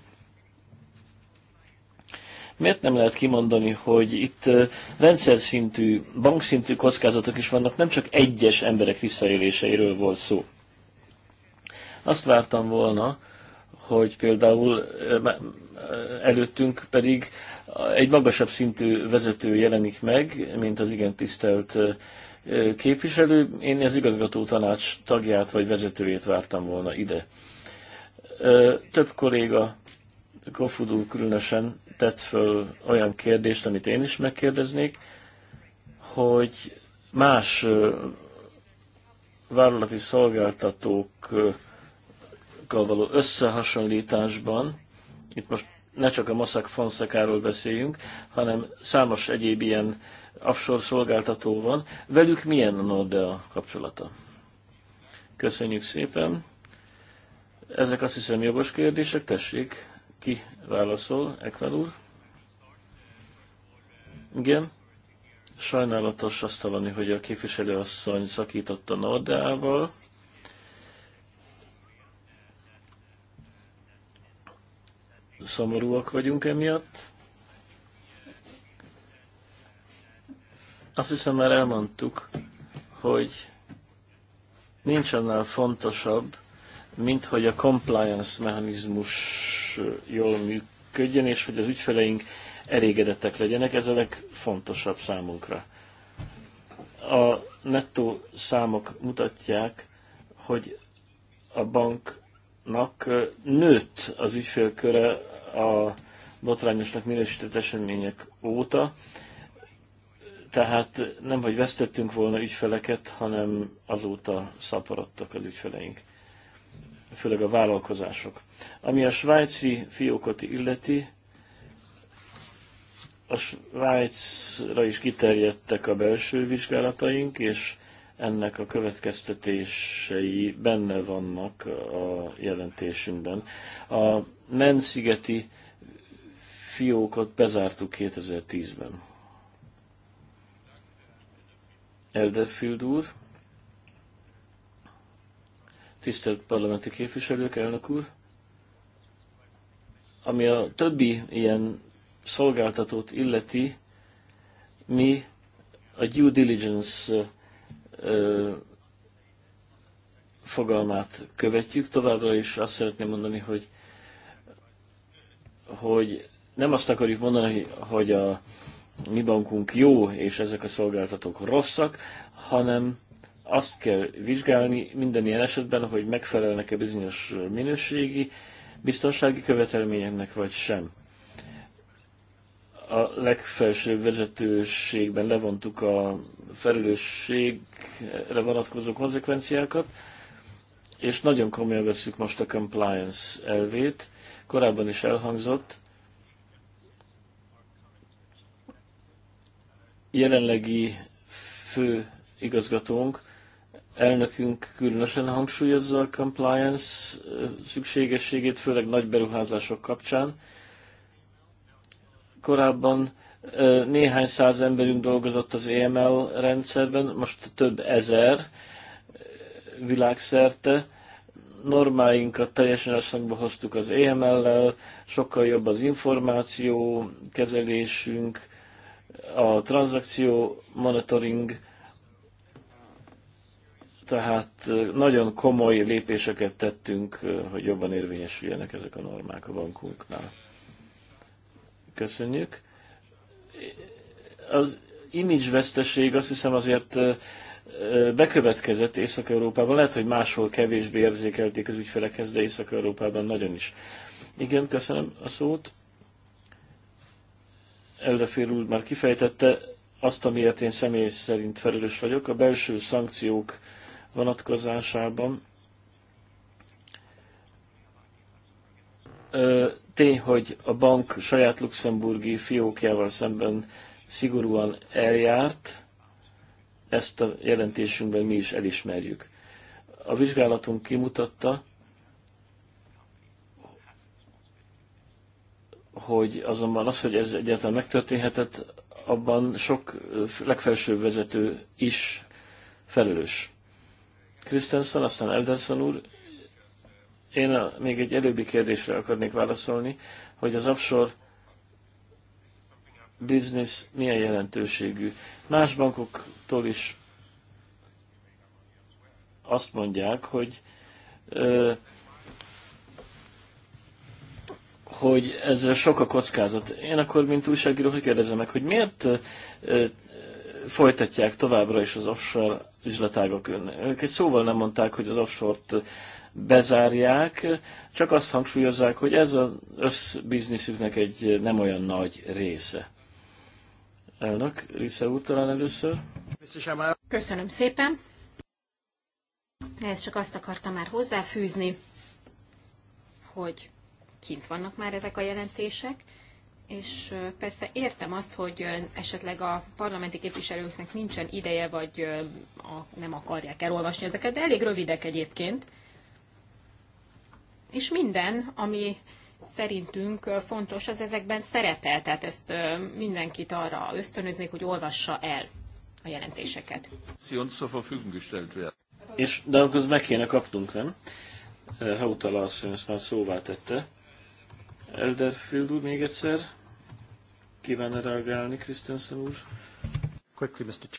Speaker 1: Miért nem lehet kimondani, hogy itt rendszer szintű, bankszintű kockázatok is vannak, nem csak egyes emberek visszaéléseiről volt szó. Azt vártam volna, hogy például eh, eh, előttünk pedig egy magasabb szintű vezető jelenik meg, mint az igen tisztelt eh, képviselő. Én az igazgató tanács tagját vagy vezetőjét vártam volna ide. Több kolléga, Kofudú különösen tett föl olyan kérdést, amit én is megkérdeznék, hogy más vállalati szolgáltatók másikkal való összehasonlításban, itt most ne csak a Mossack Fonszekáról beszéljünk, hanem számos egyéb ilyen offshore szolgáltató van. Velük milyen a Nordea kapcsolata? Köszönjük szépen. Ezek azt hiszem jogos kérdések. Tessék, ki válaszol, Ekvel úr? Igen. Sajnálatos azt hallani, hogy a képviselőasszony szakított a Nordeával. szomorúak vagyunk emiatt. Azt hiszem már elmondtuk, hogy nincs annál fontosabb, mint hogy a compliance mechanizmus jól működjön, és hogy az ügyfeleink elégedettek legyenek, ez a legfontosabb számunkra. A nettó számok mutatják, hogy a bank nak nőtt az ügyfélköre a botrányosnak minősített események óta, tehát nem hogy vesztettünk volna ügyfeleket, hanem azóta szaporodtak az ügyfeleink, főleg a vállalkozások. Ami a svájci fiókot illeti, a Svájcra is kiterjedtek a belső vizsgálataink, és ennek a következtetései benne vannak a jelentésünkben. A Menszigeti fiókot bezártuk 2010-ben. Elderfield úr, tisztelt parlamenti képviselők, elnök úr, ami a többi ilyen szolgáltatót illeti, mi a due diligence ö, fogalmát követjük. Továbbra is azt szeretném mondani, hogy, hogy nem azt akarjuk mondani, hogy a mi bankunk jó, és ezek a szolgáltatók rosszak, hanem azt kell vizsgálni minden ilyen esetben, hogy megfelelnek-e bizonyos minőségi, biztonsági követelményeknek, vagy sem a legfelsőbb vezetőségben levontuk a felelősségre vonatkozó konzekvenciákat, és nagyon komolyan veszük most a compliance elvét. Korábban is elhangzott, jelenlegi fő igazgatónk, elnökünk különösen hangsúlyozza a compliance szükségességét, főleg nagy beruházások kapcsán, Korábban néhány száz emberünk dolgozott az EML rendszerben, most több ezer világszerte. Normáinkat teljesen összhangba hoztuk az EML-lel, sokkal jobb az információ kezelésünk, a tranzakció monitoring, tehát nagyon komoly lépéseket tettünk, hogy jobban érvényesüljenek ezek a normák a bankunknál. Köszönjük. Az imidzsveszteség azt hiszem azért bekövetkezett Észak-Európában, lehet, hogy máshol kevésbé érzékelték az ügyfelekhez, de Észak-Európában nagyon is. Igen, köszönöm a szót. Eldefér úr már kifejtette azt, amiért én személy szerint felelős vagyok. A belső szankciók vonatkozásában tény, hogy a bank saját luxemburgi fiókjával szemben szigorúan eljárt, ezt a jelentésünkben mi is elismerjük. A vizsgálatunk kimutatta, hogy azonban az, hogy ez egyáltalán megtörténhetett, abban sok legfelsőbb vezető is felelős. Christensen, aztán Elderson úr én a, még egy előbbi kérdésre akarnék válaszolni, hogy az offshore business milyen jelentőségű. Más bankoktól is azt mondják, hogy ö, hogy ezzel sok a kockázat. Én akkor, mint újságíró, hogy kérdezem meg, hogy miért ö, folytatják továbbra is az offshore üzletágok önnek? Ők egy szóval nem mondták, hogy az offshore-t bezárják, csak azt hangsúlyozzák, hogy ez az összbizniszüknek egy nem olyan nagy része. Elnök, Lisze úr talán először.
Speaker 3: Köszönöm szépen. Ez csak azt akartam már hozzáfűzni, hogy kint vannak már ezek a jelentések, és persze értem azt, hogy esetleg a parlamenti képviselőknek nincsen ideje, vagy a, nem akarják elolvasni ezeket, de elég rövidek egyébként és minden, ami szerintünk fontos, az ezekben szerepel, tehát ezt mindenkit arra ösztönöznék, hogy olvassa el a jelentéseket.
Speaker 1: És de akkor meg kéne kaptunk nem? Hautala asszony ezt már szóvá tette. Elderfield úr még egyszer. Kívánna reagálni, Christensen úr? Quickly, Mr.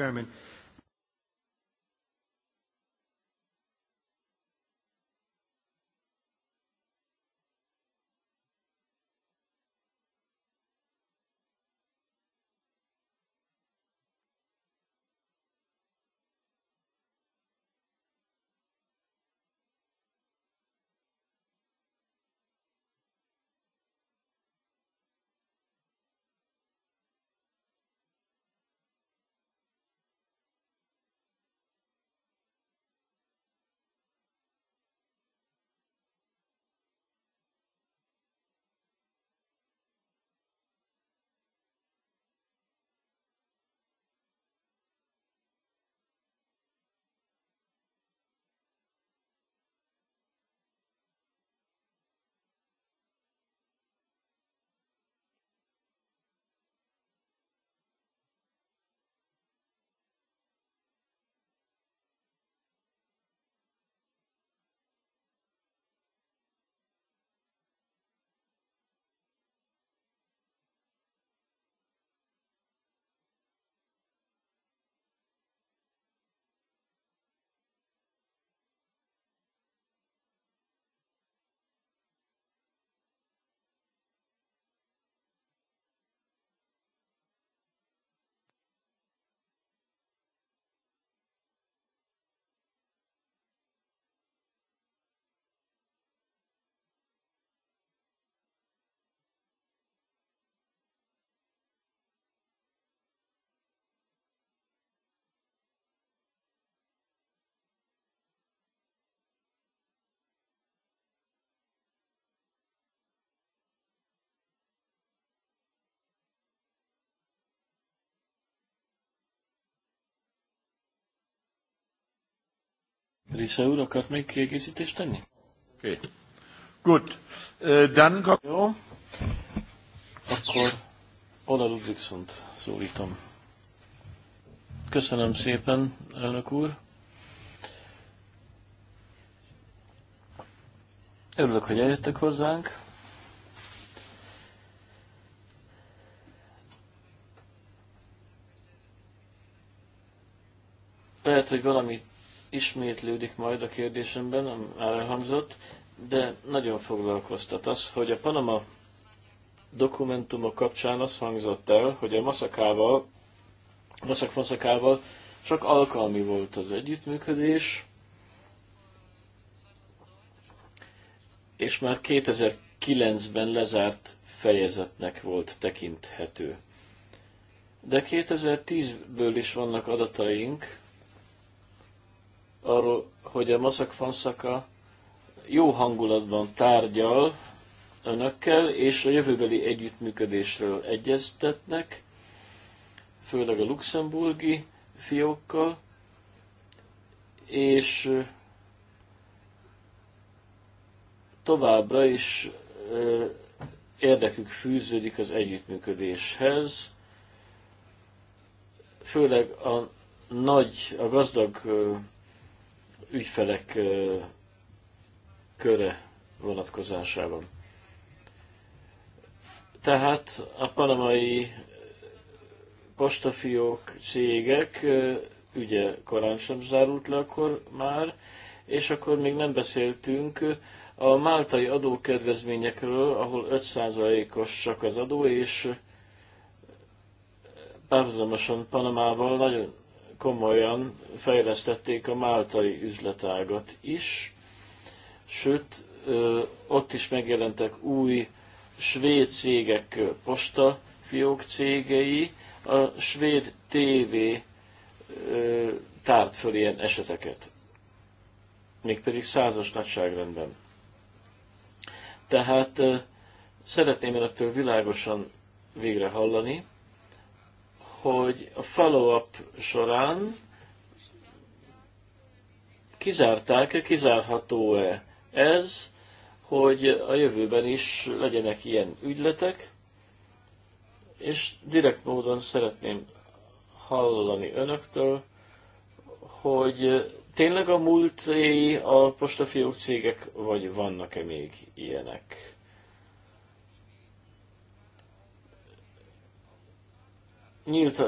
Speaker 1: Chairman. Lisa úr, akart még kiegészítést tenni? Oké. Okay. Good. Uh, then... Jó. Akkor Ola Ludvigszont szólítom. Köszönöm szépen, elnök úr. Örülök, hogy eljöttek hozzánk. Lehet, hogy valamit ismétlődik majd a kérdésemben, már elhangzott, de nagyon foglalkoztat az, hogy a Panama dokumentumok kapcsán az hangzott el, hogy a maszakával, maszak maszakával csak alkalmi volt az együttműködés, és már 2009-ben lezárt fejezetnek volt tekinthető. De 2010-ből is vannak adataink, arról, hogy a Maszak Fanszaka jó hangulatban tárgyal önökkel, és a jövőbeli együttműködésről egyeztetnek, főleg a luxemburgi fiókkal, és továbbra is érdekük fűződik az együttműködéshez, főleg a nagy, a gazdag ügyfelek köre vonatkozásában. Tehát a panamai postafiók, cégek ugye korán sem zárult le akkor már, és akkor még nem beszéltünk a máltai adókedvezményekről, ahol 5%-osak az adó, és párhuzamosan Panamával nagyon komolyan fejlesztették a máltai üzletágat is, sőt, ott is megjelentek új svéd cégek, posta fiók cégei, a svéd TV tárt föl ilyen eseteket. Mégpedig százas nagyságrendben. Tehát szeretném önöktől világosan végre hallani, hogy a follow-up során kizárták-e, kizárható-e ez, hogy a jövőben is legyenek ilyen ügyletek, és direkt módon szeretném hallani önöktől, hogy tényleg a múlt a postafiók cégek, vagy vannak-e még ilyenek? nyílt,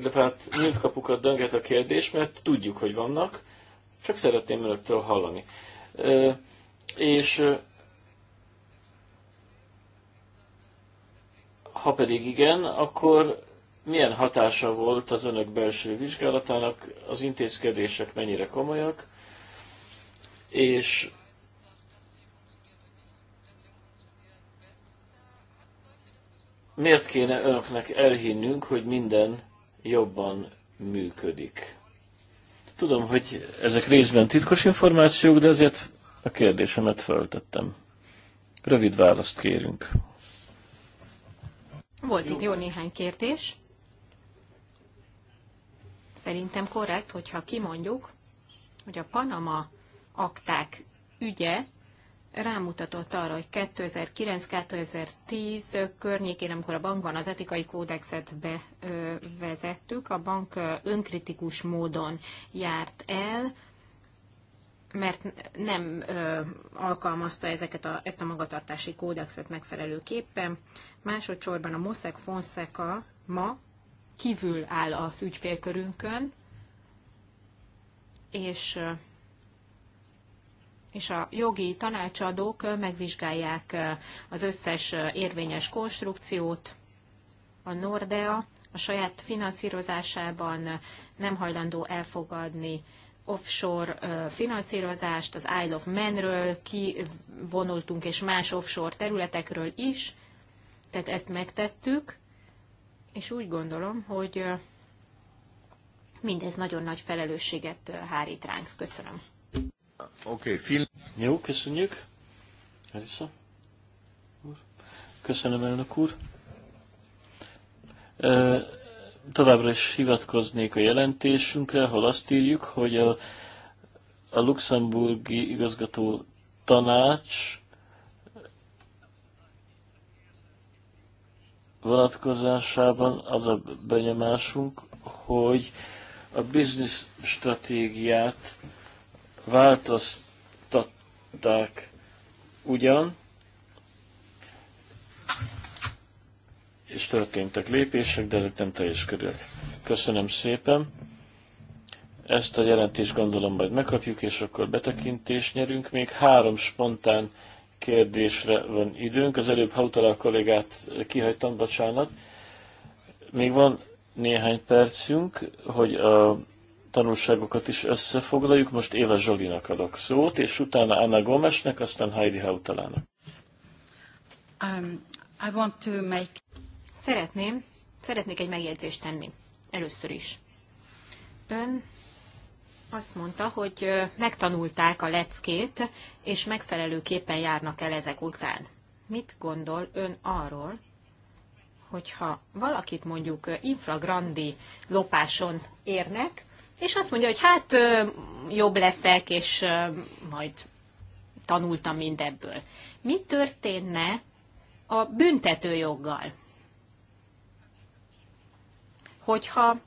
Speaker 1: illetve hát nyílt kapukat dönget a kérdés, mert tudjuk, hogy vannak, csak szeretném önöktől hallani. És ha pedig igen, akkor milyen hatása volt az önök belső vizsgálatának, az intézkedések mennyire komolyak, és miért kéne önöknek elhinnünk, hogy minden jobban működik? Tudom, hogy ezek részben titkos információk, de azért a kérdésemet feltettem. Rövid választ kérünk.
Speaker 3: Volt itt jó néhány kérdés. Szerintem korrekt, hogyha kimondjuk, hogy a Panama akták ügye rámutatott arra, hogy 2009-2010 környékén, amikor a bankban az etikai kódexet bevezettük, a bank önkritikus módon járt el, mert nem ö, alkalmazta ezeket a, ezt a magatartási kódexet megfelelőképpen. Másodszorban a Mossack Fonseca ma kívül áll az ügyfélkörünkön, és és a jogi tanácsadók megvizsgálják az összes érvényes konstrukciót. A Nordea a saját finanszírozásában nem hajlandó elfogadni offshore finanszírozást, az Isle of Manről kivonultunk, és más offshore területekről is, tehát ezt megtettük, és úgy gondolom, hogy mindez nagyon nagy felelősséget hárít ránk. Köszönöm.
Speaker 1: Oké, okay, Jó, köszönjük. Elisza, Köszönöm, elnök úr. Továbbra is hivatkoznék a jelentésünkre, ahol azt írjuk, hogy a, a luxemburgi igazgató tanács vonatkozásában az a benyomásunk, hogy a biznisz stratégiát változtatták ugyan, és történtek lépések, de ezek nem teljes körülök. Köszönöm szépen. Ezt a jelentést gondolom majd megkapjuk, és akkor betekintést nyerünk. Még három spontán kérdésre van időnk. Az előbb Hautala kollégát kihagytam, bocsánat. Még van néhány percünk, hogy a tanulságokat is összefoglaljuk. Most Éva Zsolinak adok szót, és utána Anna Gomesnek, aztán Heidi Hautalának.
Speaker 3: Um, I want to make... Szeretném, szeretnék egy megjegyzést tenni. Először is. Ön azt mondta, hogy megtanulták a leckét, és megfelelőképpen járnak el ezek után. Mit gondol ön arról, hogyha valakit mondjuk infragrandi lopáson érnek, és azt mondja, hogy hát jobb leszek, és majd tanultam mindebből. Mi történne a büntetőjoggal? Hogyha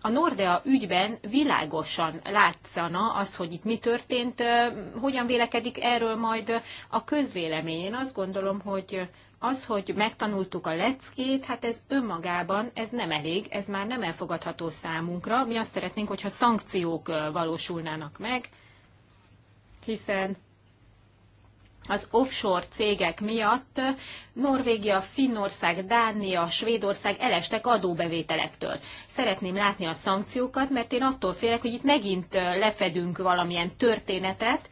Speaker 3: a Nordea ügyben világosan látszana az, hogy itt mi történt, hogyan vélekedik erről majd a közvélemény. Én azt gondolom, hogy az, hogy megtanultuk a leckét, hát ez önmagában ez nem elég, ez már nem elfogadható számunkra. Mi azt szeretnénk, hogyha szankciók valósulnának meg, hiszen az offshore cégek miatt Norvégia, Finnország, Dánia, Svédország elestek adóbevételektől. Szeretném látni a szankciókat, mert én attól félek, hogy itt megint lefedünk valamilyen történetet,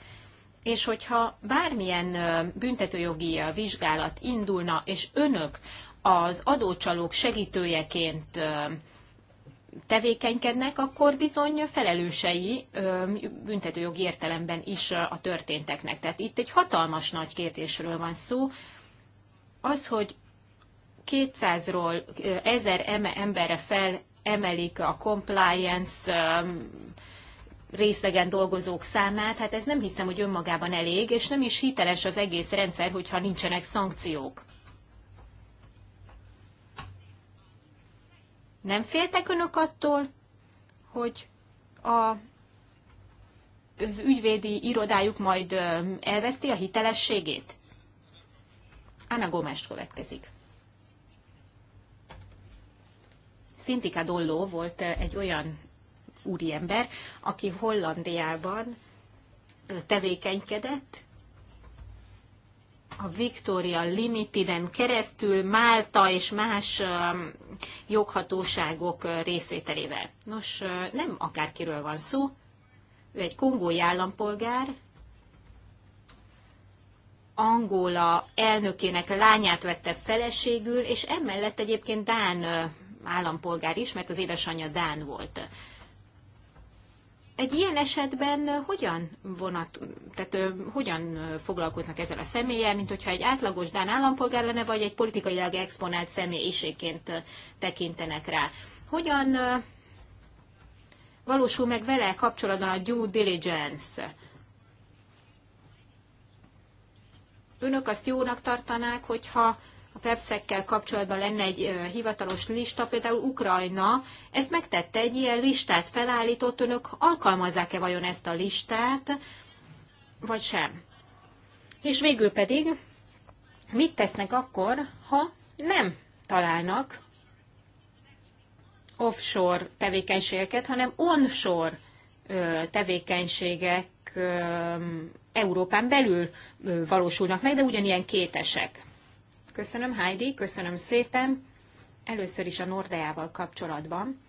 Speaker 3: és hogyha bármilyen büntetőjogi vizsgálat indulna, és önök az adócsalók segítőjeként tevékenykednek, akkor bizony felelősei büntetőjogi értelemben is a történteknek. Tehát itt egy hatalmas nagy kérdésről van szó. Az, hogy 200-ról 1000 emberre fel emelik a compliance részlegen dolgozók számát, hát ez nem hiszem, hogy önmagában elég, és nem is hiteles az egész rendszer, hogyha nincsenek szankciók. Nem féltek önök attól, hogy a, az ügyvédi irodájuk majd elveszti a hitelességét? Anna Gómez következik. Szintika Dolló volt egy olyan úriember, aki Hollandiában tevékenykedett, a Victoria Limiteden keresztül Málta és más joghatóságok részvételével. Nos, nem akárkiről van szó, ő egy kongói állampolgár, Angola elnökének lányát vette feleségül, és emellett egyébként Dán állampolgár is, mert az édesanyja Dán volt egy ilyen esetben hogyan vonat, tehát hogyan foglalkoznak ezzel a személlyel, mint hogyha egy átlagos Dán állampolgár lenne, vagy egy politikailag exponált személyiségként tekintenek rá. Hogyan valósul meg vele kapcsolatban a due diligence? Önök azt jónak tartanák, hogyha a PEPSZ-ekkel kapcsolatban lenne egy hivatalos lista, például Ukrajna ezt megtette, egy ilyen listát felállított, önök alkalmazzák-e vajon ezt a listát, vagy sem? És végül pedig, mit tesznek akkor, ha nem találnak offshore tevékenységeket, hanem onshore tevékenységek Európán belül valósulnak meg, de ugyanilyen kétesek. Köszönöm, Heidi, köszönöm szépen. Először is a Nordeával kapcsolatban.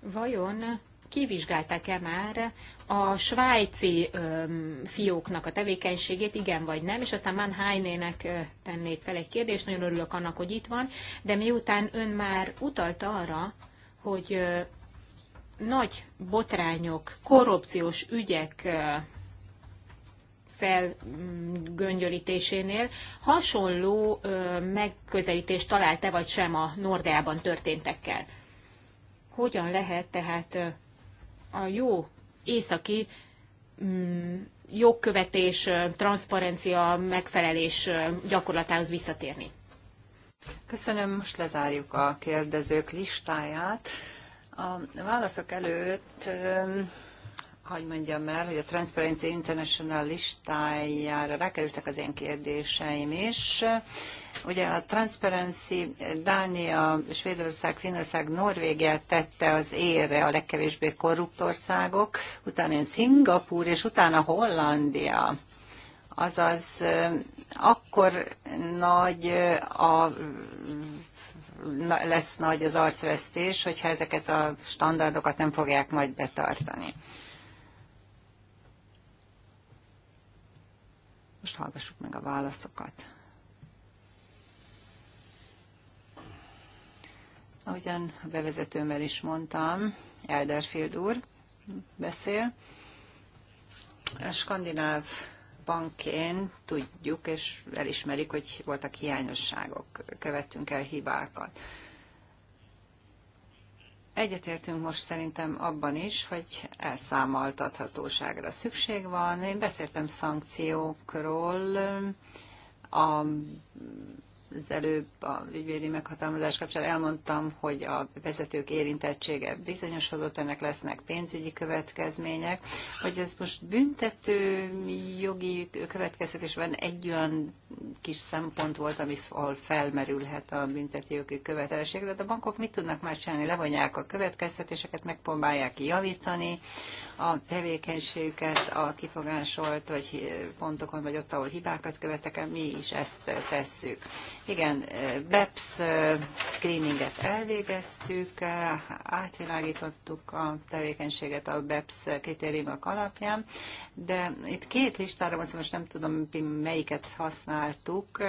Speaker 3: Vajon kivizsgálták-e már a svájci öm, fióknak a tevékenységét, igen vagy nem, és aztán Mannheimének tennék fel egy kérdést, nagyon örülök annak, hogy itt van, de miután ön már utalta arra, hogy ö, nagy botrányok, korrupciós ügyek felgöngyölítésénél hasonló megközelítést talált-e vagy sem a Nordeában történtekkel? Hogyan lehet tehát a jó északi mm, jogkövetés, transzparencia, megfelelés gyakorlatához visszatérni?
Speaker 2: Köszönöm, most lezárjuk a kérdezők listáját. A válaszok előtt hogy mondjam el, hogy a Transparency International listájára rákerültek az én kérdéseim is. Ugye a Transparency Dánia, Svédország, Finnország, Norvégia tette az érre a legkevésbé korrupt országok, utána jön Szingapúr, és utána Hollandia. Azaz eh, akkor nagy eh, a lesz nagy az arcvesztés, hogyha ezeket a standardokat nem fogják majd betartani. Most hallgassuk meg a válaszokat. Ahogyan a bevezetőmmel is mondtam, Elderfield úr beszél. A skandináv bankén tudjuk és elismerik, hogy voltak hiányosságok, követtünk el hibákat. Egyetértünk most szerintem abban is, hogy elszámoltathatóságra szükség van. Én beszéltem szankciókról, a az előbb a ügyvédi meghatalmazás kapcsán elmondtam, hogy a vezetők érintettsége bizonyosodott, ennek lesznek pénzügyi következmények, hogy ez most büntető jogi van egy olyan kis szempont volt, ahol felmerülhet a büntető jogi követelések, de a bankok mit tudnak már csinálni? Levonják a következtetéseket, megpróbálják javítani, a tevékenységüket, a kifogásolt vagy pontokon, vagy ott, ahol hibákat követek el, mi is ezt tesszük. Igen, BEPS screeninget elvégeztük, átvilágítottuk a tevékenységet a BEPS kritériumok alapján, de itt két listára most, szóval most nem tudom, melyiket használtuk.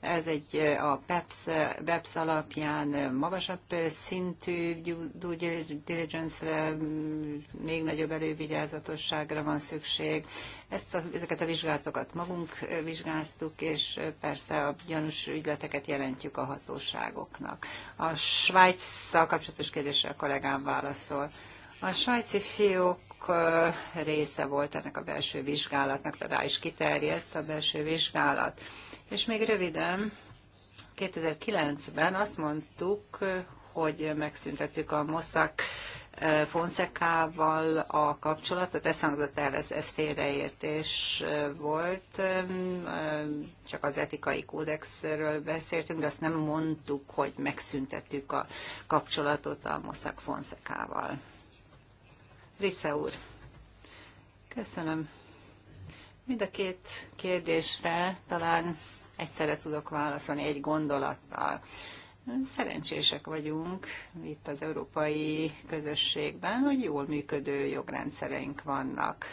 Speaker 2: Ez egy a PEPS, BEPS alapján magasabb szintű due diligence-re, még nagyobb megfelelő vigyázatosságra van szükség. Ezt a, ezeket a vizsgálatokat magunk vizsgáztuk, és persze a gyanús ügyleteket jelentjük a hatóságoknak. A Svájc-szal kapcsolatos kérdésre a kollégám válaszol. A svájci fiók része volt ennek a belső vizsgálatnak, rá is kiterjedt a belső vizsgálat. És még röviden, 2009-ben azt mondtuk, hogy megszüntettük a Mossack Fonszekával a kapcsolatot, ezt hangzott el, ez, ez félreértés volt, csak az etikai kódexről beszéltünk, de azt nem mondtuk, hogy megszüntettük a kapcsolatot a Moszak Fonszekával. Risse úr, köszönöm. Mind a két kérdésre talán egyszerre tudok válaszolni egy gondolattal. Szerencsések vagyunk itt az európai közösségben, hogy jól működő jogrendszereink vannak.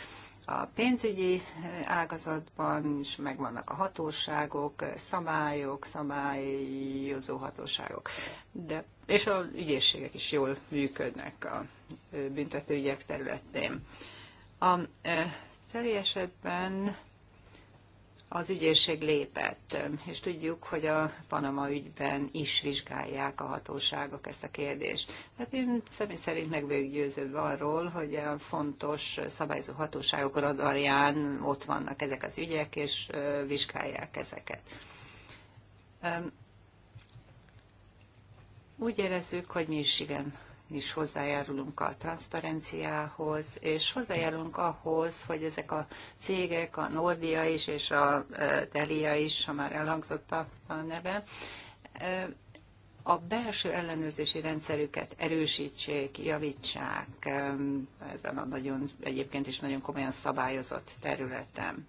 Speaker 2: A pénzügyi eh, ágazatban is megvannak a hatóságok, szabályok, szabályozó hatóságok, de, és a ügyészségek is jól működnek a eh, büntetőügyek területén. A eh, teljesetben az ügyészség lépett, és tudjuk, hogy a Panama ügyben is vizsgálják a hatóságok ezt a kérdést. Tehát én személy szerint meg vagyok győződve arról, hogy a fontos szabályozó hatóságok radarján ott vannak ezek az ügyek, és vizsgálják ezeket. Úgy érezzük, hogy mi is igen is hozzájárulunk a transzparenciához, és hozzájárulunk ahhoz, hogy ezek a cégek, a Nordia is, és a e, Telia is, ha már elhangzott a, a neve, e, a belső ellenőrzési rendszerüket erősítsék, javítsák e, ezen a nagyon, egyébként is nagyon komolyan szabályozott területen.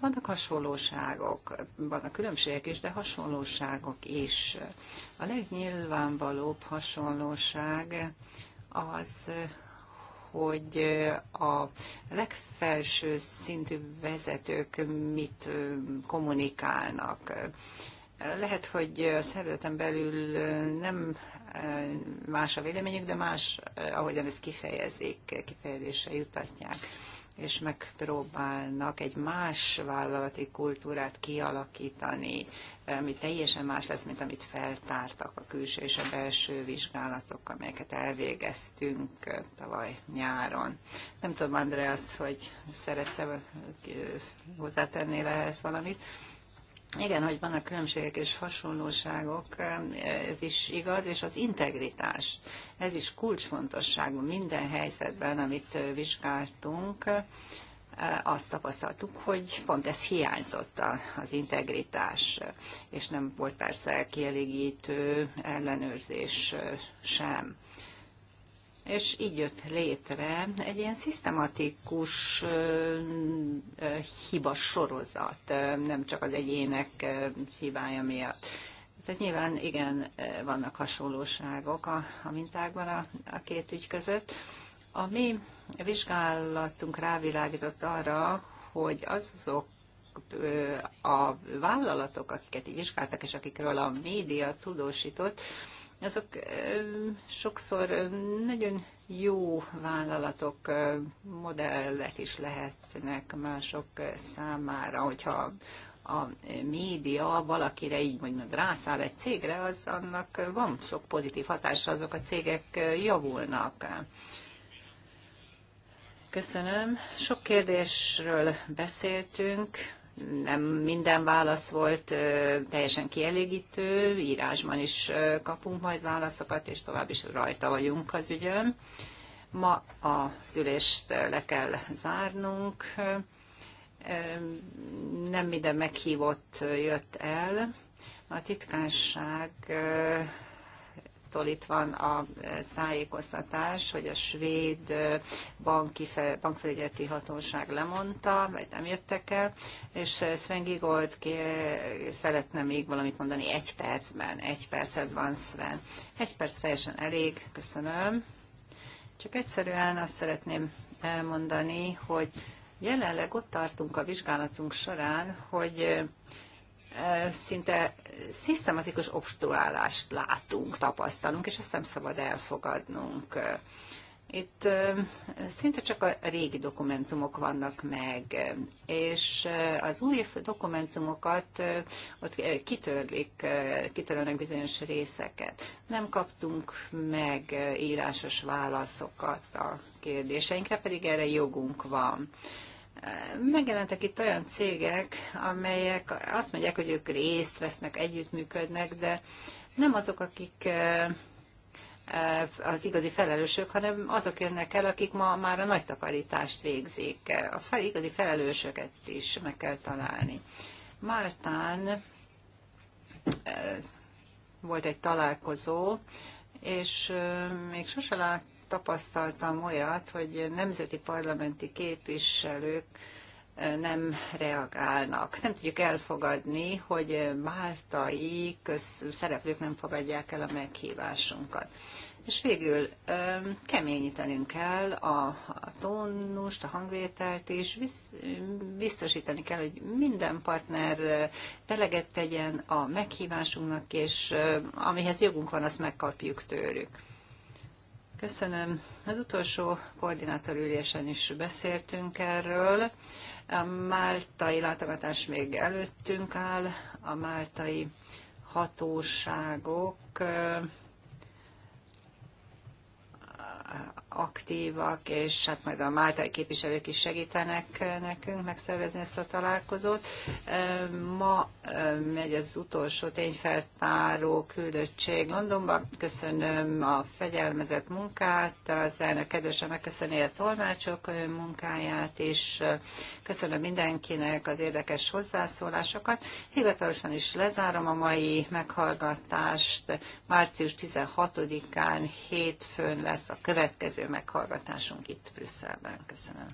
Speaker 2: Vannak hasonlóságok, vannak különbségek is, de hasonlóságok is. A legnyilvánvalóbb hasonlóság az, hogy a legfelső szintű vezetők mit kommunikálnak. Lehet, hogy a szervezeten belül nem más a véleményük, de más, ahogyan ezt kifejezik, kifejezésre jutatják és megpróbálnak egy más vállalati kultúrát kialakítani, eh, ami teljesen más lesz, mint amit feltártak a külső és a belső vizsgálatok, amelyeket elvégeztünk eh, tavaly nyáron. Nem tudom, Andreas, hogy szeretsz -e eh, hozzátennél ehhez valamit? Igen, hogy vannak különbségek és hasonlóságok, ez is igaz, és az integritás, ez is kulcsfontosságú minden helyzetben, amit vizsgáltunk, azt tapasztaltuk, hogy pont ez hiányzott az integritás, és nem volt persze kielégítő ellenőrzés sem és így jött létre egy ilyen szisztematikus hiba sorozat, nem csak az egyének hibája miatt. Tehát nyilván igen, vannak hasonlóságok a, a mintákban a, a két ügy között. A mi vizsgálatunk rávilágított arra, hogy azok a vállalatok, akiket így vizsgáltak, és akikről a média tudósított, azok sokszor nagyon jó vállalatok, modellek is lehetnek mások számára, hogyha a média valakire így mondjuk rászáll egy cégre, az annak van sok pozitív hatása, azok a cégek javulnak. Köszönöm. Sok kérdésről beszéltünk nem minden válasz volt teljesen kielégítő, írásban is kapunk majd válaszokat, és tovább is rajta vagyunk az ügyön. Ma a ülést le kell zárnunk. Nem minden meghívott jött el. A titkárság Attól itt van a e, tájékoztatás, hogy a svéd e, banki, bankfelügyeleti hatóság lemondta, vagy nem jöttek el, és e, Sven Gigold szeretne még valamit mondani egy percben. Egy percet van, Sven. Egy perc teljesen elég, köszönöm. Csak egyszerűen azt szeretném elmondani, hogy jelenleg ott tartunk a vizsgálatunk során, hogy szinte szisztematikus obstruálást látunk, tapasztalunk, és ezt nem szabad elfogadnunk. Itt szinte csak a régi dokumentumok vannak meg, és az új dokumentumokat ott kitörlik, kitörlenek bizonyos részeket. Nem kaptunk meg írásos válaszokat a kérdéseinkre, pedig erre jogunk van megjelentek itt olyan cégek, amelyek azt mondják, hogy ők részt vesznek, együttműködnek, de nem azok, akik az igazi felelősök, hanem azok jönnek el, akik ma már a nagy takarítást végzik. A fel, igazi felelősöket is meg kell találni. Mártán volt egy találkozó, és még sose lát, tapasztaltam olyat, hogy nemzeti parlamenti képviselők eh, nem reagálnak. Nem tudjuk elfogadni, hogy máltai szereplők nem fogadják el a meghívásunkat. És végül eh, keményítenünk kell a, a tónust, a hangvételt, és biztosítani kell, hogy minden partner teleget eh, tegyen a meghívásunknak, és amihez jogunk van, azt megkapjuk tőlük. Köszönöm. Az utolsó koordinátorülésen is beszéltünk erről. A máltai látogatás még előttünk áll. A máltai hatóságok aktívak, és hát majd a máltai képviselők is segítenek nekünk megszervezni ezt a találkozót. Ma megy az utolsó tényfeltáró küldöttség Londonba. Köszönöm a fegyelmezett munkát, az elnök kedvesen megköszöni a tolmácsok munkáját, és köszönöm mindenkinek az érdekes hozzászólásokat. Hivatalosan is lezárom a mai meghallgatást. Március 16-án hétfőn lesz a következő következő meghallgatásunk itt Brüsszelben. Köszönöm.